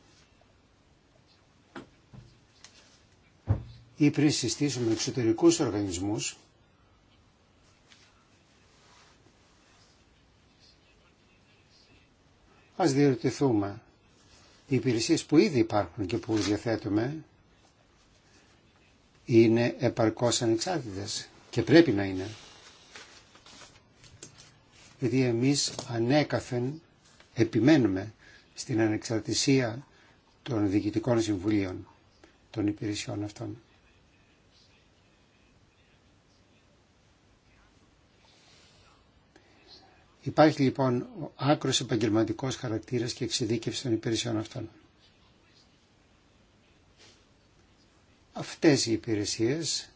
ή πριν συστήσουμε εξωτερικούς οργανισμούς μας διερωτηθούμε οι υπηρεσίες που ήδη υπάρχουν και που διαθέτουμε είναι επαρκώς ανεξάρτητες και πρέπει να είναι. Γιατί εμείς ανέκαθεν επιμένουμε στην ανεξαρτησία των διοικητικών συμβουλίων των υπηρεσιών αυτών. Υπάρχει λοιπόν ο άκρος επαγγελματικός χαρακτήρας και εξειδίκευση των υπηρεσιών αυτών. Αυτές οι υπηρεσίες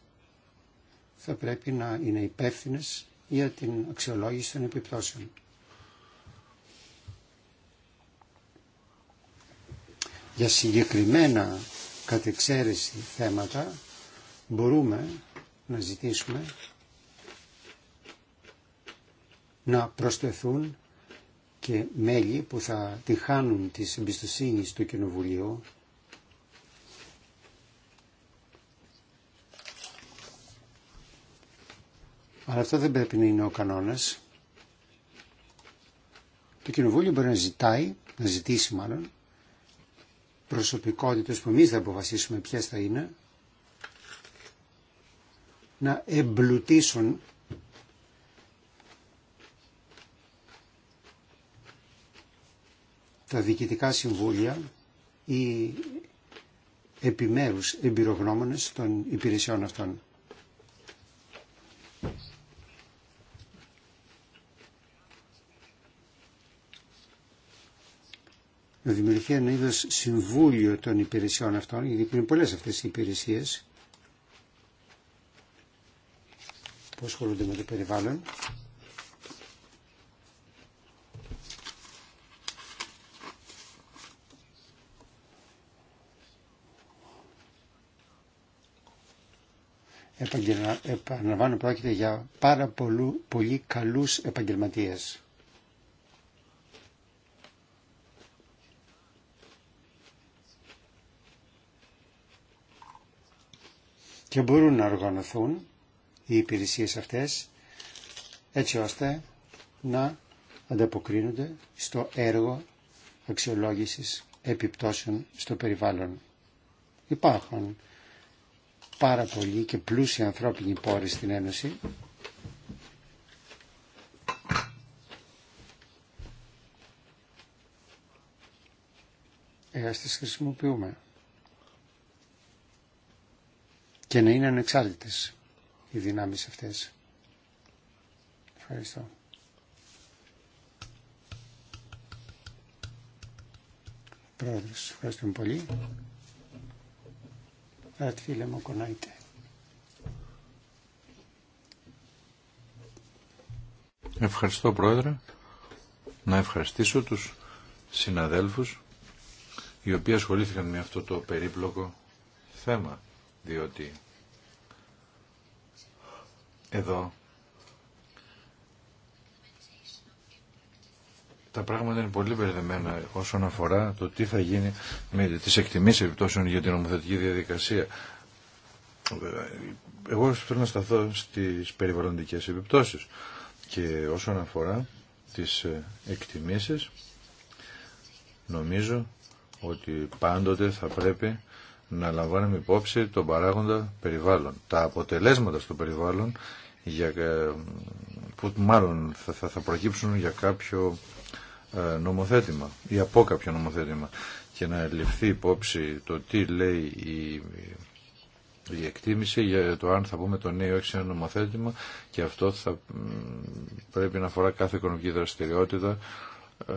θα πρέπει να είναι υπεύθυνε για την αξιολόγηση των επιπτώσεων. Για συγκεκριμένα κατεξαίρεση θέματα μπορούμε να ζητήσουμε να προσθεθούν και μέλη που θα τη χάνουν της εμπιστοσύνη του Κοινοβουλίου Αλλά αυτό δεν πρέπει να είναι ο κανόνας. Το Κοινοβούλιο μπορεί να ζητάει, να ζητήσει μάλλον, προσωπικότητες που εμεί θα αποφασίσουμε ποιες θα είναι, να εμπλουτίσουν τα διοικητικά συμβούλια ή επιμέρους εμπειρογνώμονες των υπηρεσιών αυτών. Να δημιουργεί ένα είδος συμβούλιο των υπηρεσιών αυτών, γιατί είναι πολλές αυτές οι υπηρεσίες που ασχολούνται με το περιβάλλον επαναλαμβάνω πρόκειται για πάρα πολλού, πολύ καλούς επαγγελματίες. Και μπορούν να οργανωθούν οι υπηρεσίες αυτές έτσι ώστε να ανταποκρίνονται στο έργο αξιολόγησης επιπτώσεων στο περιβάλλον. Υπάρχουν πάρα πολύ και πλούσιοι ανθρώπινοι πόροι στην Ένωση. Ε, ας τις χρησιμοποιούμε. Και να είναι ανεξάρτητες οι δυνάμεις αυτές. Ευχαριστώ. Πρόεδρος, ευχαριστούμε πολύ. Ευχαριστώ Πρόεδρε να ευχαριστήσω τους συναδέλφους οι οποίοι ασχολήθηκαν με αυτό το περίπλοκο θέμα διότι εδώ τα πράγματα είναι πολύ μπερδεμένα όσον αφορά το τι θα γίνει με τις εκτιμήσεις επιπτώσεων για την νομοθετική διαδικασία. Εγώ θέλω να σταθώ στις περιβαλλοντικές επιπτώσεις και όσον αφορά τις ε, εκτιμήσεις νομίζω ότι πάντοτε θα πρέπει να λαμβάνουμε υπόψη τον παράγοντα περιβάλλον. Τα αποτελέσματα στο περιβάλλον για ε, που μάλλον θα, θα, προκύψουν για κάποιο ε, νομοθέτημα ή από κάποιο νομοθέτημα και να ληφθεί υπόψη το τι λέει η, εκτίμηση για το αν θα πούμε το νέο έξι ένα νομοθέτημα και αυτό θα πρέπει να αφορά κάθε οικονομική δραστηριότητα. Ε,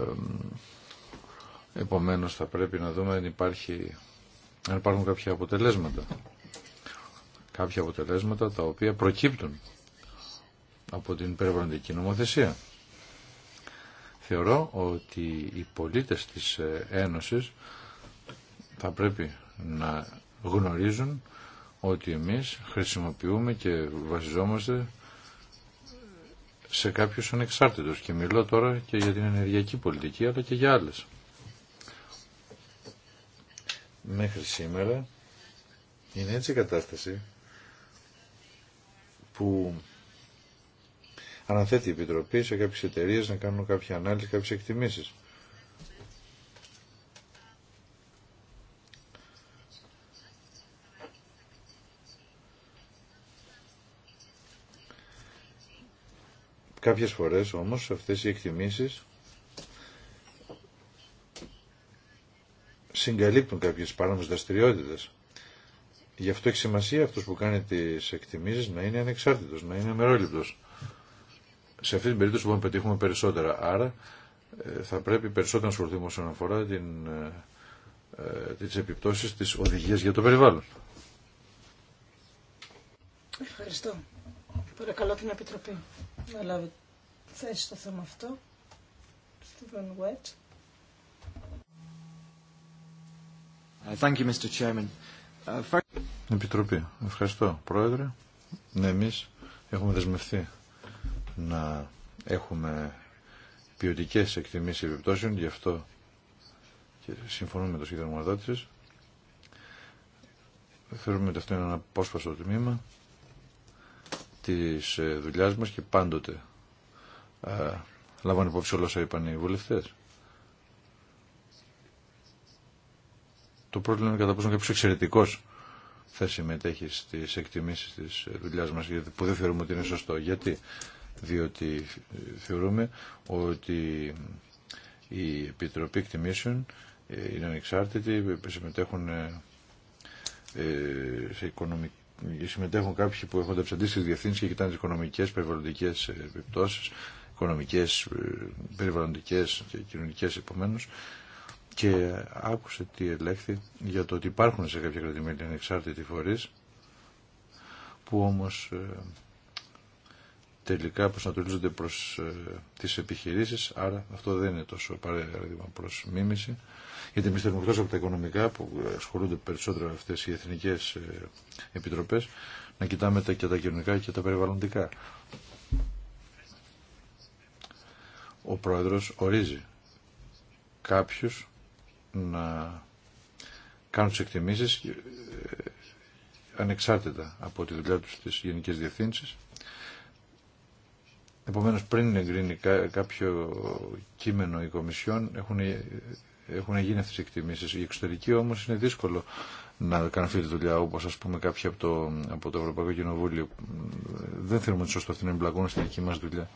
επομένως θα πρέπει να δούμε αν, υπάρχει, αν υπάρχουν κάποια αποτελέσματα. Κάποια αποτελέσματα τα οποία προκύπτουν από την περιβαλλοντική νομοθεσία. Θεωρώ ότι οι πολίτες της ε, Ένωσης θα πρέπει να γνωρίζουν ότι εμείς χρησιμοποιούμε και βασιζόμαστε σε κάποιους ανεξάρτητους και μιλώ τώρα και για την ενεργειακή πολιτική αλλά και για άλλες. Μέχρι σήμερα είναι έτσι η κατάσταση που αναθέτει η Επιτροπή σε κάποιε εταιρείε να κάνουν κάποια ανάλυση, κάποιε εκτιμήσει. Κάποιες φορές όμως αυτές οι εκτιμήσεις συγκαλύπτουν κάποιες παράνομες δραστηριότητε. Γι' αυτό έχει σημασία αυτός που κάνει τις εκτιμήσεις να είναι ανεξάρτητος, να είναι αμερόληπτος σε αυτή την περίπτωση μπορούμε να πετύχουμε περισσότερα. Άρα ε, θα πρέπει περισσότερο να ασχοληθούμε όσον αφορά την, ε, ε, τις επιπτώσεις της οδηγίας για το περιβάλλον. Ευχαριστώ. Παρακαλώ την Επιτροπή να λάβει θέση στο θέμα αυτό. Ε, thank you, Mr. Chairman. Επιτροπή. Ευχαριστώ, Πρόεδρε. Ναι, εμείς έχουμε δεσμευτεί να έχουμε ποιοτικέ εκτιμήσει επιπτώσεων, γι' αυτό και συμφωνούμε με το σχέδιο νομοδότηση. Θεωρούμε ότι αυτό είναι ένα απόσπαστο τμήμα τη ε, δουλειά μα και πάντοτε ε, λαμβάνει λάβανε υπόψη όλα όσα είπαν οι βουλευτέ. Το πρόβλημα είναι κατά πόσο κάποιο εξαιρετικό θα συμμετέχει στι εκτιμήσει τη ε, δουλειά μα, που δεν θεωρούμε ότι είναι σωστό. Γιατί διότι θεωρούμε ότι η Επιτροπή Εκτιμήσεων ε, είναι ανεξάρτητη, ε, συμμετέχουν, ε, σε οικονομικ... συμμετέχουν κάποιοι που έχουν ταψαντήσει τις διευθύνσεις και κοιτάνε τις οικονομικές, περιβαλλοντικές επιπτώσεις, οικονομικές, περιβαλλοντικές και κοινωνικές επομένως και άκουσε τι ελέγχθη για το ότι υπάρχουν σε κάποια κρατημέλη ανεξάρτητοι φορείς που όμως τελικά προσανατολίζονται προς ε, τις επιχειρήσεις, άρα αυτό δεν είναι τόσο παράδειγμα προς μίμηση, γιατί εμείς θέλουμε από τα οικονομικά που ασχολούνται περισσότερο αυτές οι εθνικές ε, επιτροπές, να κοιτάμε τα, και τα κοινωνικά και τα περιβαλλοντικά. Ο πρόεδρος ορίζει κάποιους να κάνουν τις εκτιμήσεις ε, ανεξάρτητα από τη δουλειά τους της γενικές διευθύνσεις Επομένως πριν εγκρίνει κάποιο κείμενο η Κομισιόν έχουν, έχουν γίνει αυτέ οι εκτιμήσεις. Η εξωτερική όμως είναι δύσκολο να κάνουν αυτή τη δουλειά όπως ας πούμε κάποιοι από το, από το Ευρωπαϊκό Κοινοβούλιο. Δεν θέλουμε του σωστό να εμπλακούν στην δική μας δουλειά.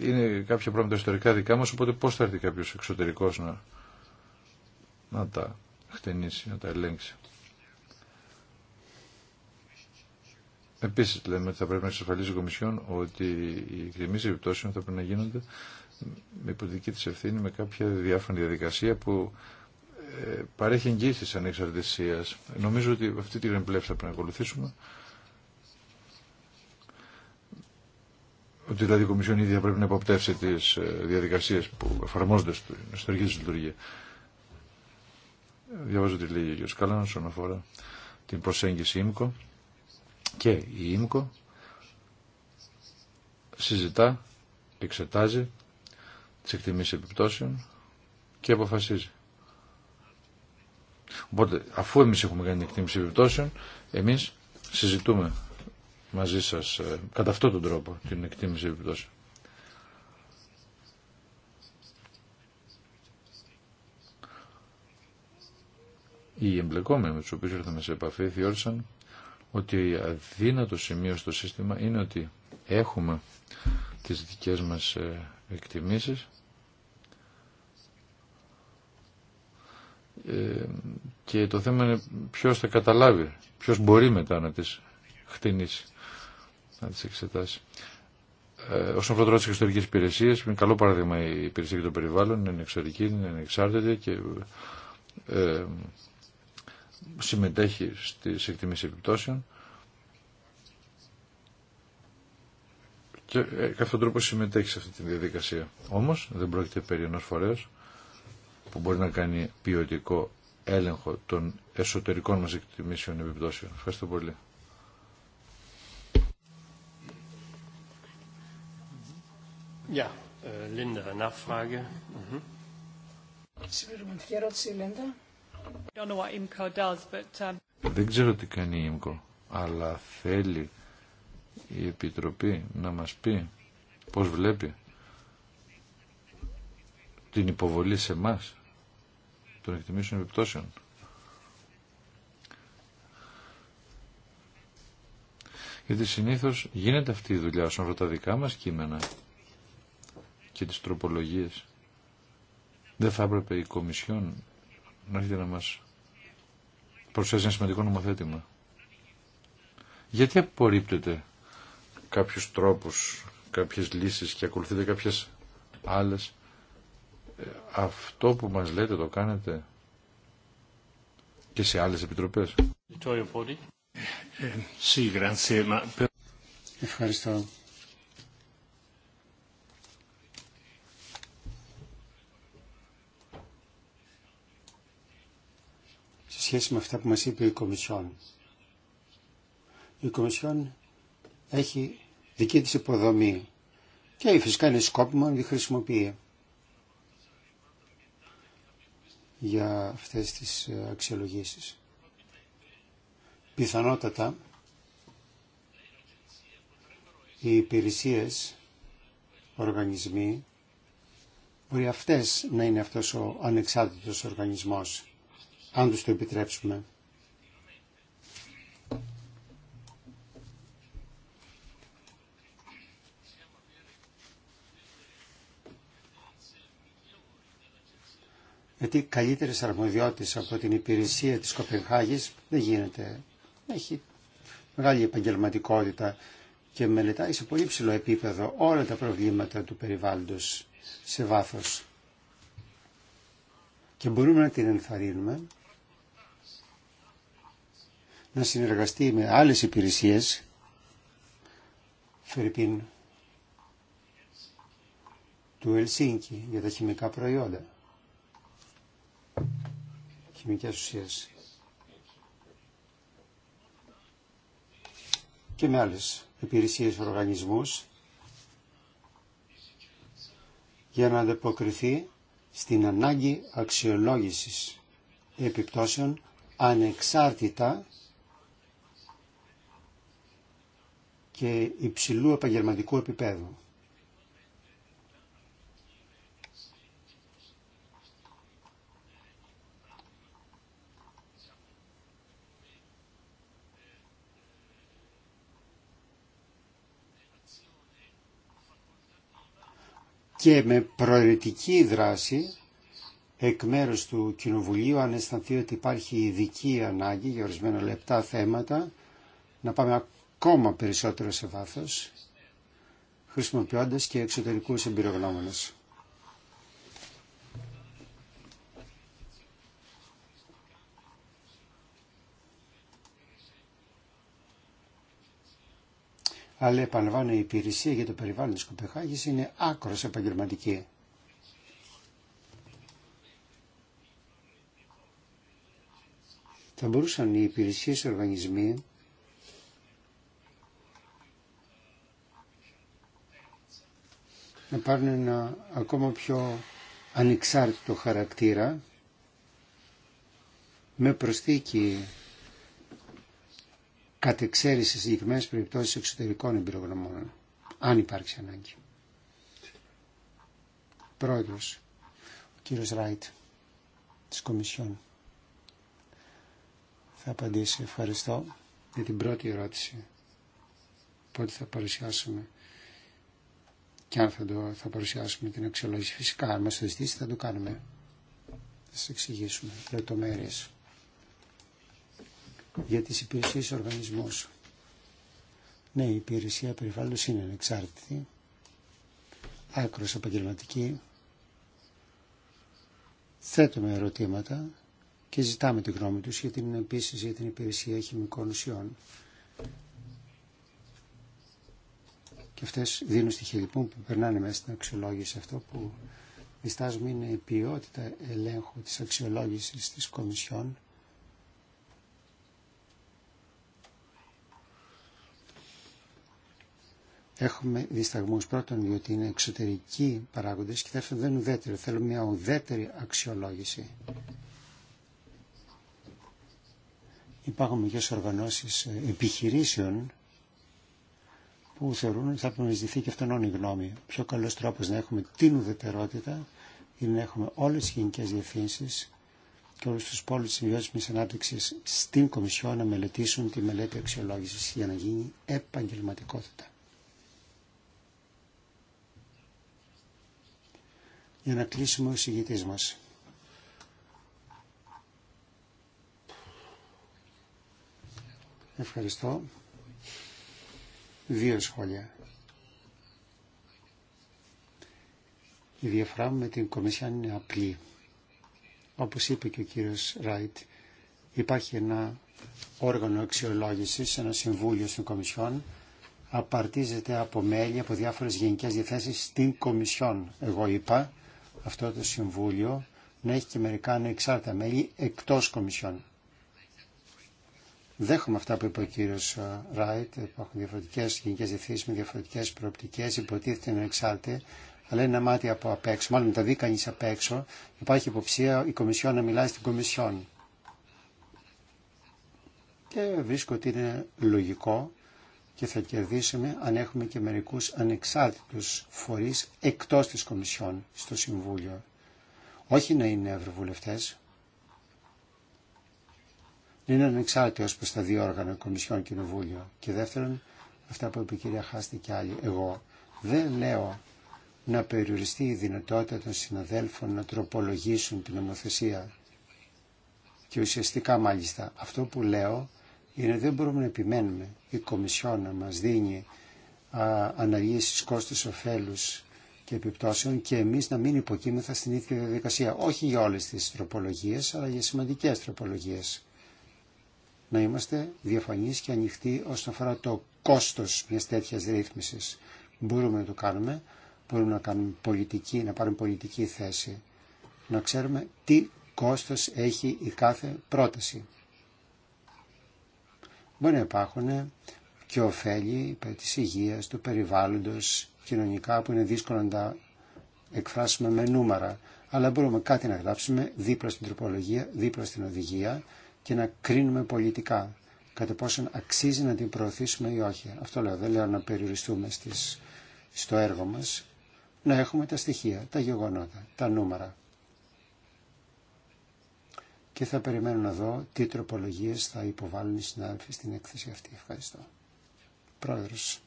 είναι κάποια πράγματα ιστορικά δικά μας, οπότε πώ θα έρθει κάποιο εξωτερικό να, να τα χτενίσει, να τα ελέγξει. Επίση λέμε ότι θα πρέπει να εξασφαλίζει η Κομισιόν ότι οι εκτιμήσεις επιπτώσεων θα πρέπει να γίνονται με υποδική τη ευθύνη με κάποια διάφορα διαδικασία που ε, παρέχει εγγύηση ανέξαρτησία. Νομίζω ότι αυτή τη γρεμπλέψη θα πρέπει να ακολουθήσουμε. Ότι δηλαδή η Κομισιόν ήδη θα πρέπει να υποπτεύσει τι ε, διαδικασίε που εφαρμόζονται στην ιστορική τη λειτουργία. Διαβάζω τι λέει ο κ. Κάλανο όσον αφορά την προσέγγιση ΙΜΚΟ και η ΙΜΚΟ συζητά, εξετάζει τις εκτιμήσεις επιπτώσεων και αποφασίζει. Οπότε, αφού εμείς έχουμε κάνει την εκτίμηση επιπτώσεων, εμείς συζητούμε μαζί σας ε, κατά αυτόν τον τρόπο την εκτίμηση επιπτώσεων. Οι εμπλεκόμενοι με τους οποίους ήρθαμε σε επαφή θεώρησαν ότι αδύνατο σημείο στο σύστημα είναι ότι έχουμε τις δικές μας ε, εκτιμήσεις ε, και το θέμα είναι ποιος θα καταλάβει, ποιος μπορεί μετά να τις χτινήσει, να τις εξετάσει. Ε, όσον αφορά τώρα τι εξωτερικέ υπηρεσίε, είναι καλό παράδειγμα η υπηρεσία για το περιβάλλον, είναι εξωτερική, είναι εξάρτητη και συμμετέχει στις εκτιμήσεις επιπτώσεων και κατά ε, τον τρόπο συμμετέχει σε αυτή τη διαδικασία. Όμως δεν πρόκειται περί ενός φορέως που μπορεί να κάνει ποιοτικό έλεγχο των εσωτερικών μας εκτιμήσεων επιπτώσεων. Ευχαριστώ πολύ. Ja, äh, Linda, Nachfrage. Mhm. stellen, Linda. Um, Δεν ξέρω τι κάνει η ΙΜΚΟ, αλλά θέλει η Επιτροπή να μας πει πώς βλέπει την υποβολή σε εμά των εκτιμήσεων επιπτώσεων. Γιατί συνήθως γίνεται αυτή η δουλειά όσον αφορά τα δικά μας κείμενα και τις τροπολογίες. Δεν θα έπρεπε η Κομισιόν να έρχεται να μας προσθέσει ένα σημαντικό νομοθέτημα. Γιατί απορρίπτεται κάποιους τρόπους, κάποιες λύσεις και ακολουθείτε κάποιες άλλες. Ε, αυτό που μας λέτε το κάνετε και σε άλλες επιτροπές. Ε, ε, Ευχαριστώ. σχέση με αυτά που μας είπε η Κομισιόν. Η Κομισιόν έχει δική της υποδομή και φυσικά είναι σκόπιμο να τη χρησιμοποιεί για αυτές τις ε, αξιολογήσεις. Πιθανότατα οι υπηρεσίες, οργανισμοί, μπορεί αυτές να είναι αυτός ο ανεξάρτητος οργανισμός αν τους το επιτρέψουμε. Γιατί καλύτερες αρμοδιότητες από την υπηρεσία της Κοπενχάγης δεν γίνεται. Έχει μεγάλη επαγγελματικότητα και μελετάει σε πολύ ψηλό επίπεδο όλα τα προβλήματα του περιβάλλοντος σε βάθος. Και μπορούμε να την ενθαρρύνουμε να συνεργαστεί με άλλες υπηρεσίες, Φερρυπίν του Ελσίνκη για τα χημικά προϊόντα, χημικές ουσίες και με άλλες υπηρεσίες οργανισμούς για να ανταποκριθεί στην ανάγκη αξιολόγησης επιπτώσεων ανεξάρτητα και υψηλού επαγγελματικού επίπεδου. και με προαιρετική δράση εκ μέρους του Κοινοβουλίου αν αισθανθεί ότι υπάρχει ειδική ανάγκη για ορισμένα λεπτά θέματα να πάμε ακόμα ακόμα περισσότερο σε βάθος, χρησιμοποιώντας και εξωτερικούς εμπειρογνώμονες. Αλλά επαναλαμβάνω η υπηρεσία για το περιβάλλον της Κοπεχάγης είναι άκρος επαγγελματική. Θα μπορούσαν οι υπηρεσίες οργανισμοί να πάρουν ένα ακόμα πιο ανεξάρτητο χαρακτήρα με προσθήκη κατεξαίρεση σε συγκεκριμένε περιπτώσει εξωτερικών εμπειρογνωμόνων, αν υπάρξει ανάγκη. Πρόεδρο, ο κύριο Ράιτ της Κομισιόν. Θα απαντήσει. Ευχαριστώ για την πρώτη ερώτηση που θα παρουσιάσουμε και αν θα, το, παρουσιάσουμε την αξιολόγηση. Φυσικά, αν μας το ζητήσει θα το κάνουμε. Θα σας εξηγήσουμε λεπτομέρειε. για τις υπηρεσίες οργανισμού. Ναι, η υπηρεσία περιβάλλοντος είναι ανεξάρτητη, άκρος επαγγελματική. Θέτουμε ερωτήματα και ζητάμε τη γνώμη τους για την επίσης για την υπηρεσία χημικών ουσιών. Και αυτές δίνουν στοιχεία λοιπόν που περνάνε μέσα στην αξιολόγηση. Αυτό που διστάζουμε είναι η ποιότητα ελέγχου της αξιολόγησης της Κομισιόν Έχουμε δισταγμού πρώτον διότι είναι εξωτερικοί παράγοντε και δεύτερον δεν είναι ουδέτερο. Θέλουμε μια ουδέτερη αξιολόγηση. Υπάρχουν μερικέ οργανώσει επιχειρήσεων που θεωρούν ότι θα ζητηθεί και αυτόν η γνώμη. πιο καλό τρόπο να έχουμε την ουδετερότητα είναι να έχουμε όλε τι γενικέ διευθύνσει και όλου του πόλου τη βιώσιμη ανάπτυξη στην Κομισιό να μελετήσουν τη μελέτη αξιολόγηση για να γίνει επαγγελματικότητα. Για να κλείσουμε ο συγγητή μα. Ευχαριστώ. Δύο σχόλια. Η διαφορά με την Κομισιόν είναι απλή. Όπως είπε και ο κύριος Ράιτ, υπάρχει ένα όργανο αξιολόγησης, ένα συμβούλιο στην Κομισιόν, απαρτίζεται από μέλη από διάφορες γενικές διαθέσεις στην Κομισιόν. Εγώ είπα αυτό το συμβούλιο να έχει και μερικά ανεξάρτητα μέλη εκτός Κομισιόν. Δέχομαι αυτά που είπε ο κύριο Ράιτ. Ε, που έχουν διαφορετικέ γενικέ διευθύνσει με διαφορετικέ προοπτικέ. Υποτίθεται να εξάρτηται. Αλλά είναι ένα μάτι από απ' έξω. Μάλλον τα δει κανεί απ' έξω. Υπάρχει υποψία η Κομισιόν να μιλάει στην Κομισιόν. Και βρίσκω ότι είναι λογικό και θα κερδίσουμε αν έχουμε και μερικού ανεξάρτητου φορεί εκτό τη Κομισιόν στο Συμβούλιο. Όχι να είναι ευρωβουλευτέ, είναι ανεξάρτητο προ τα δύο όργανα Κομισιόν και Κοινοβούλιο. Και δεύτερον, αυτά που είπε η κυρία Χάστη και άλλοι, εγώ δεν λέω να περιοριστεί η δυνατότητα των συναδέλφων να τροπολογήσουν την νομοθεσία. Και ουσιαστικά μάλιστα αυτό που λέω είναι δεν μπορούμε να επιμένουμε η Κομισιόν να μας δίνει αναλύσει, αναλύσεις κόστου-οφέλου ωφέλους και επιπτώσεων και εμείς να μην υποκείμεθα στην ίδια διαδικασία. Όχι για όλες τις τροπολογίε, αλλά για σημαντικέ τροπολογίες να είμαστε διαφανείς και ανοιχτοί όσον αφορά το κόστος μιας τέτοιας ρύθμισης. Μπορούμε να το κάνουμε, μπορούμε να, κάνουμε πολιτική, να πάρουμε πολιτική θέση, να ξέρουμε τι κόστος έχει η κάθε πρόταση. Μπορεί να υπάρχουν και ωφέλη τη υγεία του περιβάλλοντος, κοινωνικά που είναι δύσκολο να τα εκφράσουμε με νούμερα, αλλά μπορούμε κάτι να γράψουμε δίπλα στην τροπολογία, δίπλα στην οδηγία και να κρίνουμε πολιτικά κατά πόσον αξίζει να την προωθήσουμε ή όχι. Αυτό λέω, δεν λέω να περιοριστούμε στις, στο έργο μας, να έχουμε τα στοιχεία, τα γεγονότα, τα νούμερα. Και θα περιμένω να δω τι τροπολογίες θα υποβάλουν οι συνάδελφοι στην έκθεση αυτή. Ευχαριστώ. Πρόεδρος.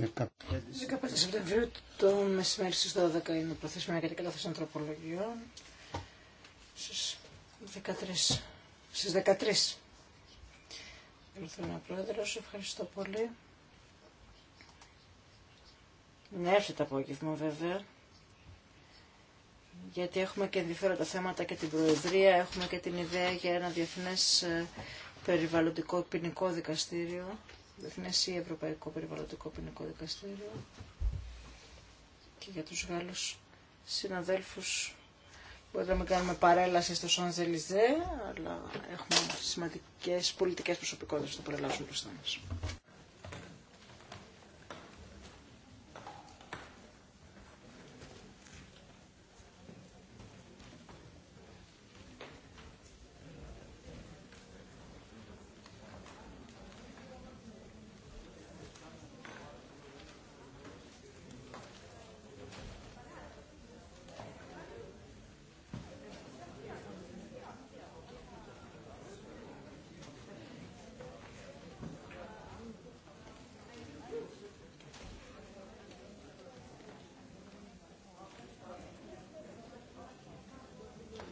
15 Σεπτεμβρίου το μεσημέρι στις 12 είναι προθεσμένα για την κατάθεση των Σας 13. Στις 13. Ελθόνα Πρόεδρος, ευχαριστώ πολύ. Να έρθει το απόγευμα βέβαια. Γιατί έχουμε και ενδιαφέροντα θέματα και την Προεδρία, έχουμε και την ιδέα για ένα διεθνές ε, περιβαλλοντικό ποινικό δικαστήριο, διεθνές ή ευρωπαϊκό περιβαλλοντικό ποινικό δικαστήριο και για τους Γάλλους συναδέλφους Μπορείτε να κάνουμε παρέλαση στο Σαν αλλά έχουμε σημαντικές πολιτικές προσωπικότητες που θα παρελάσουν μπροστά μας.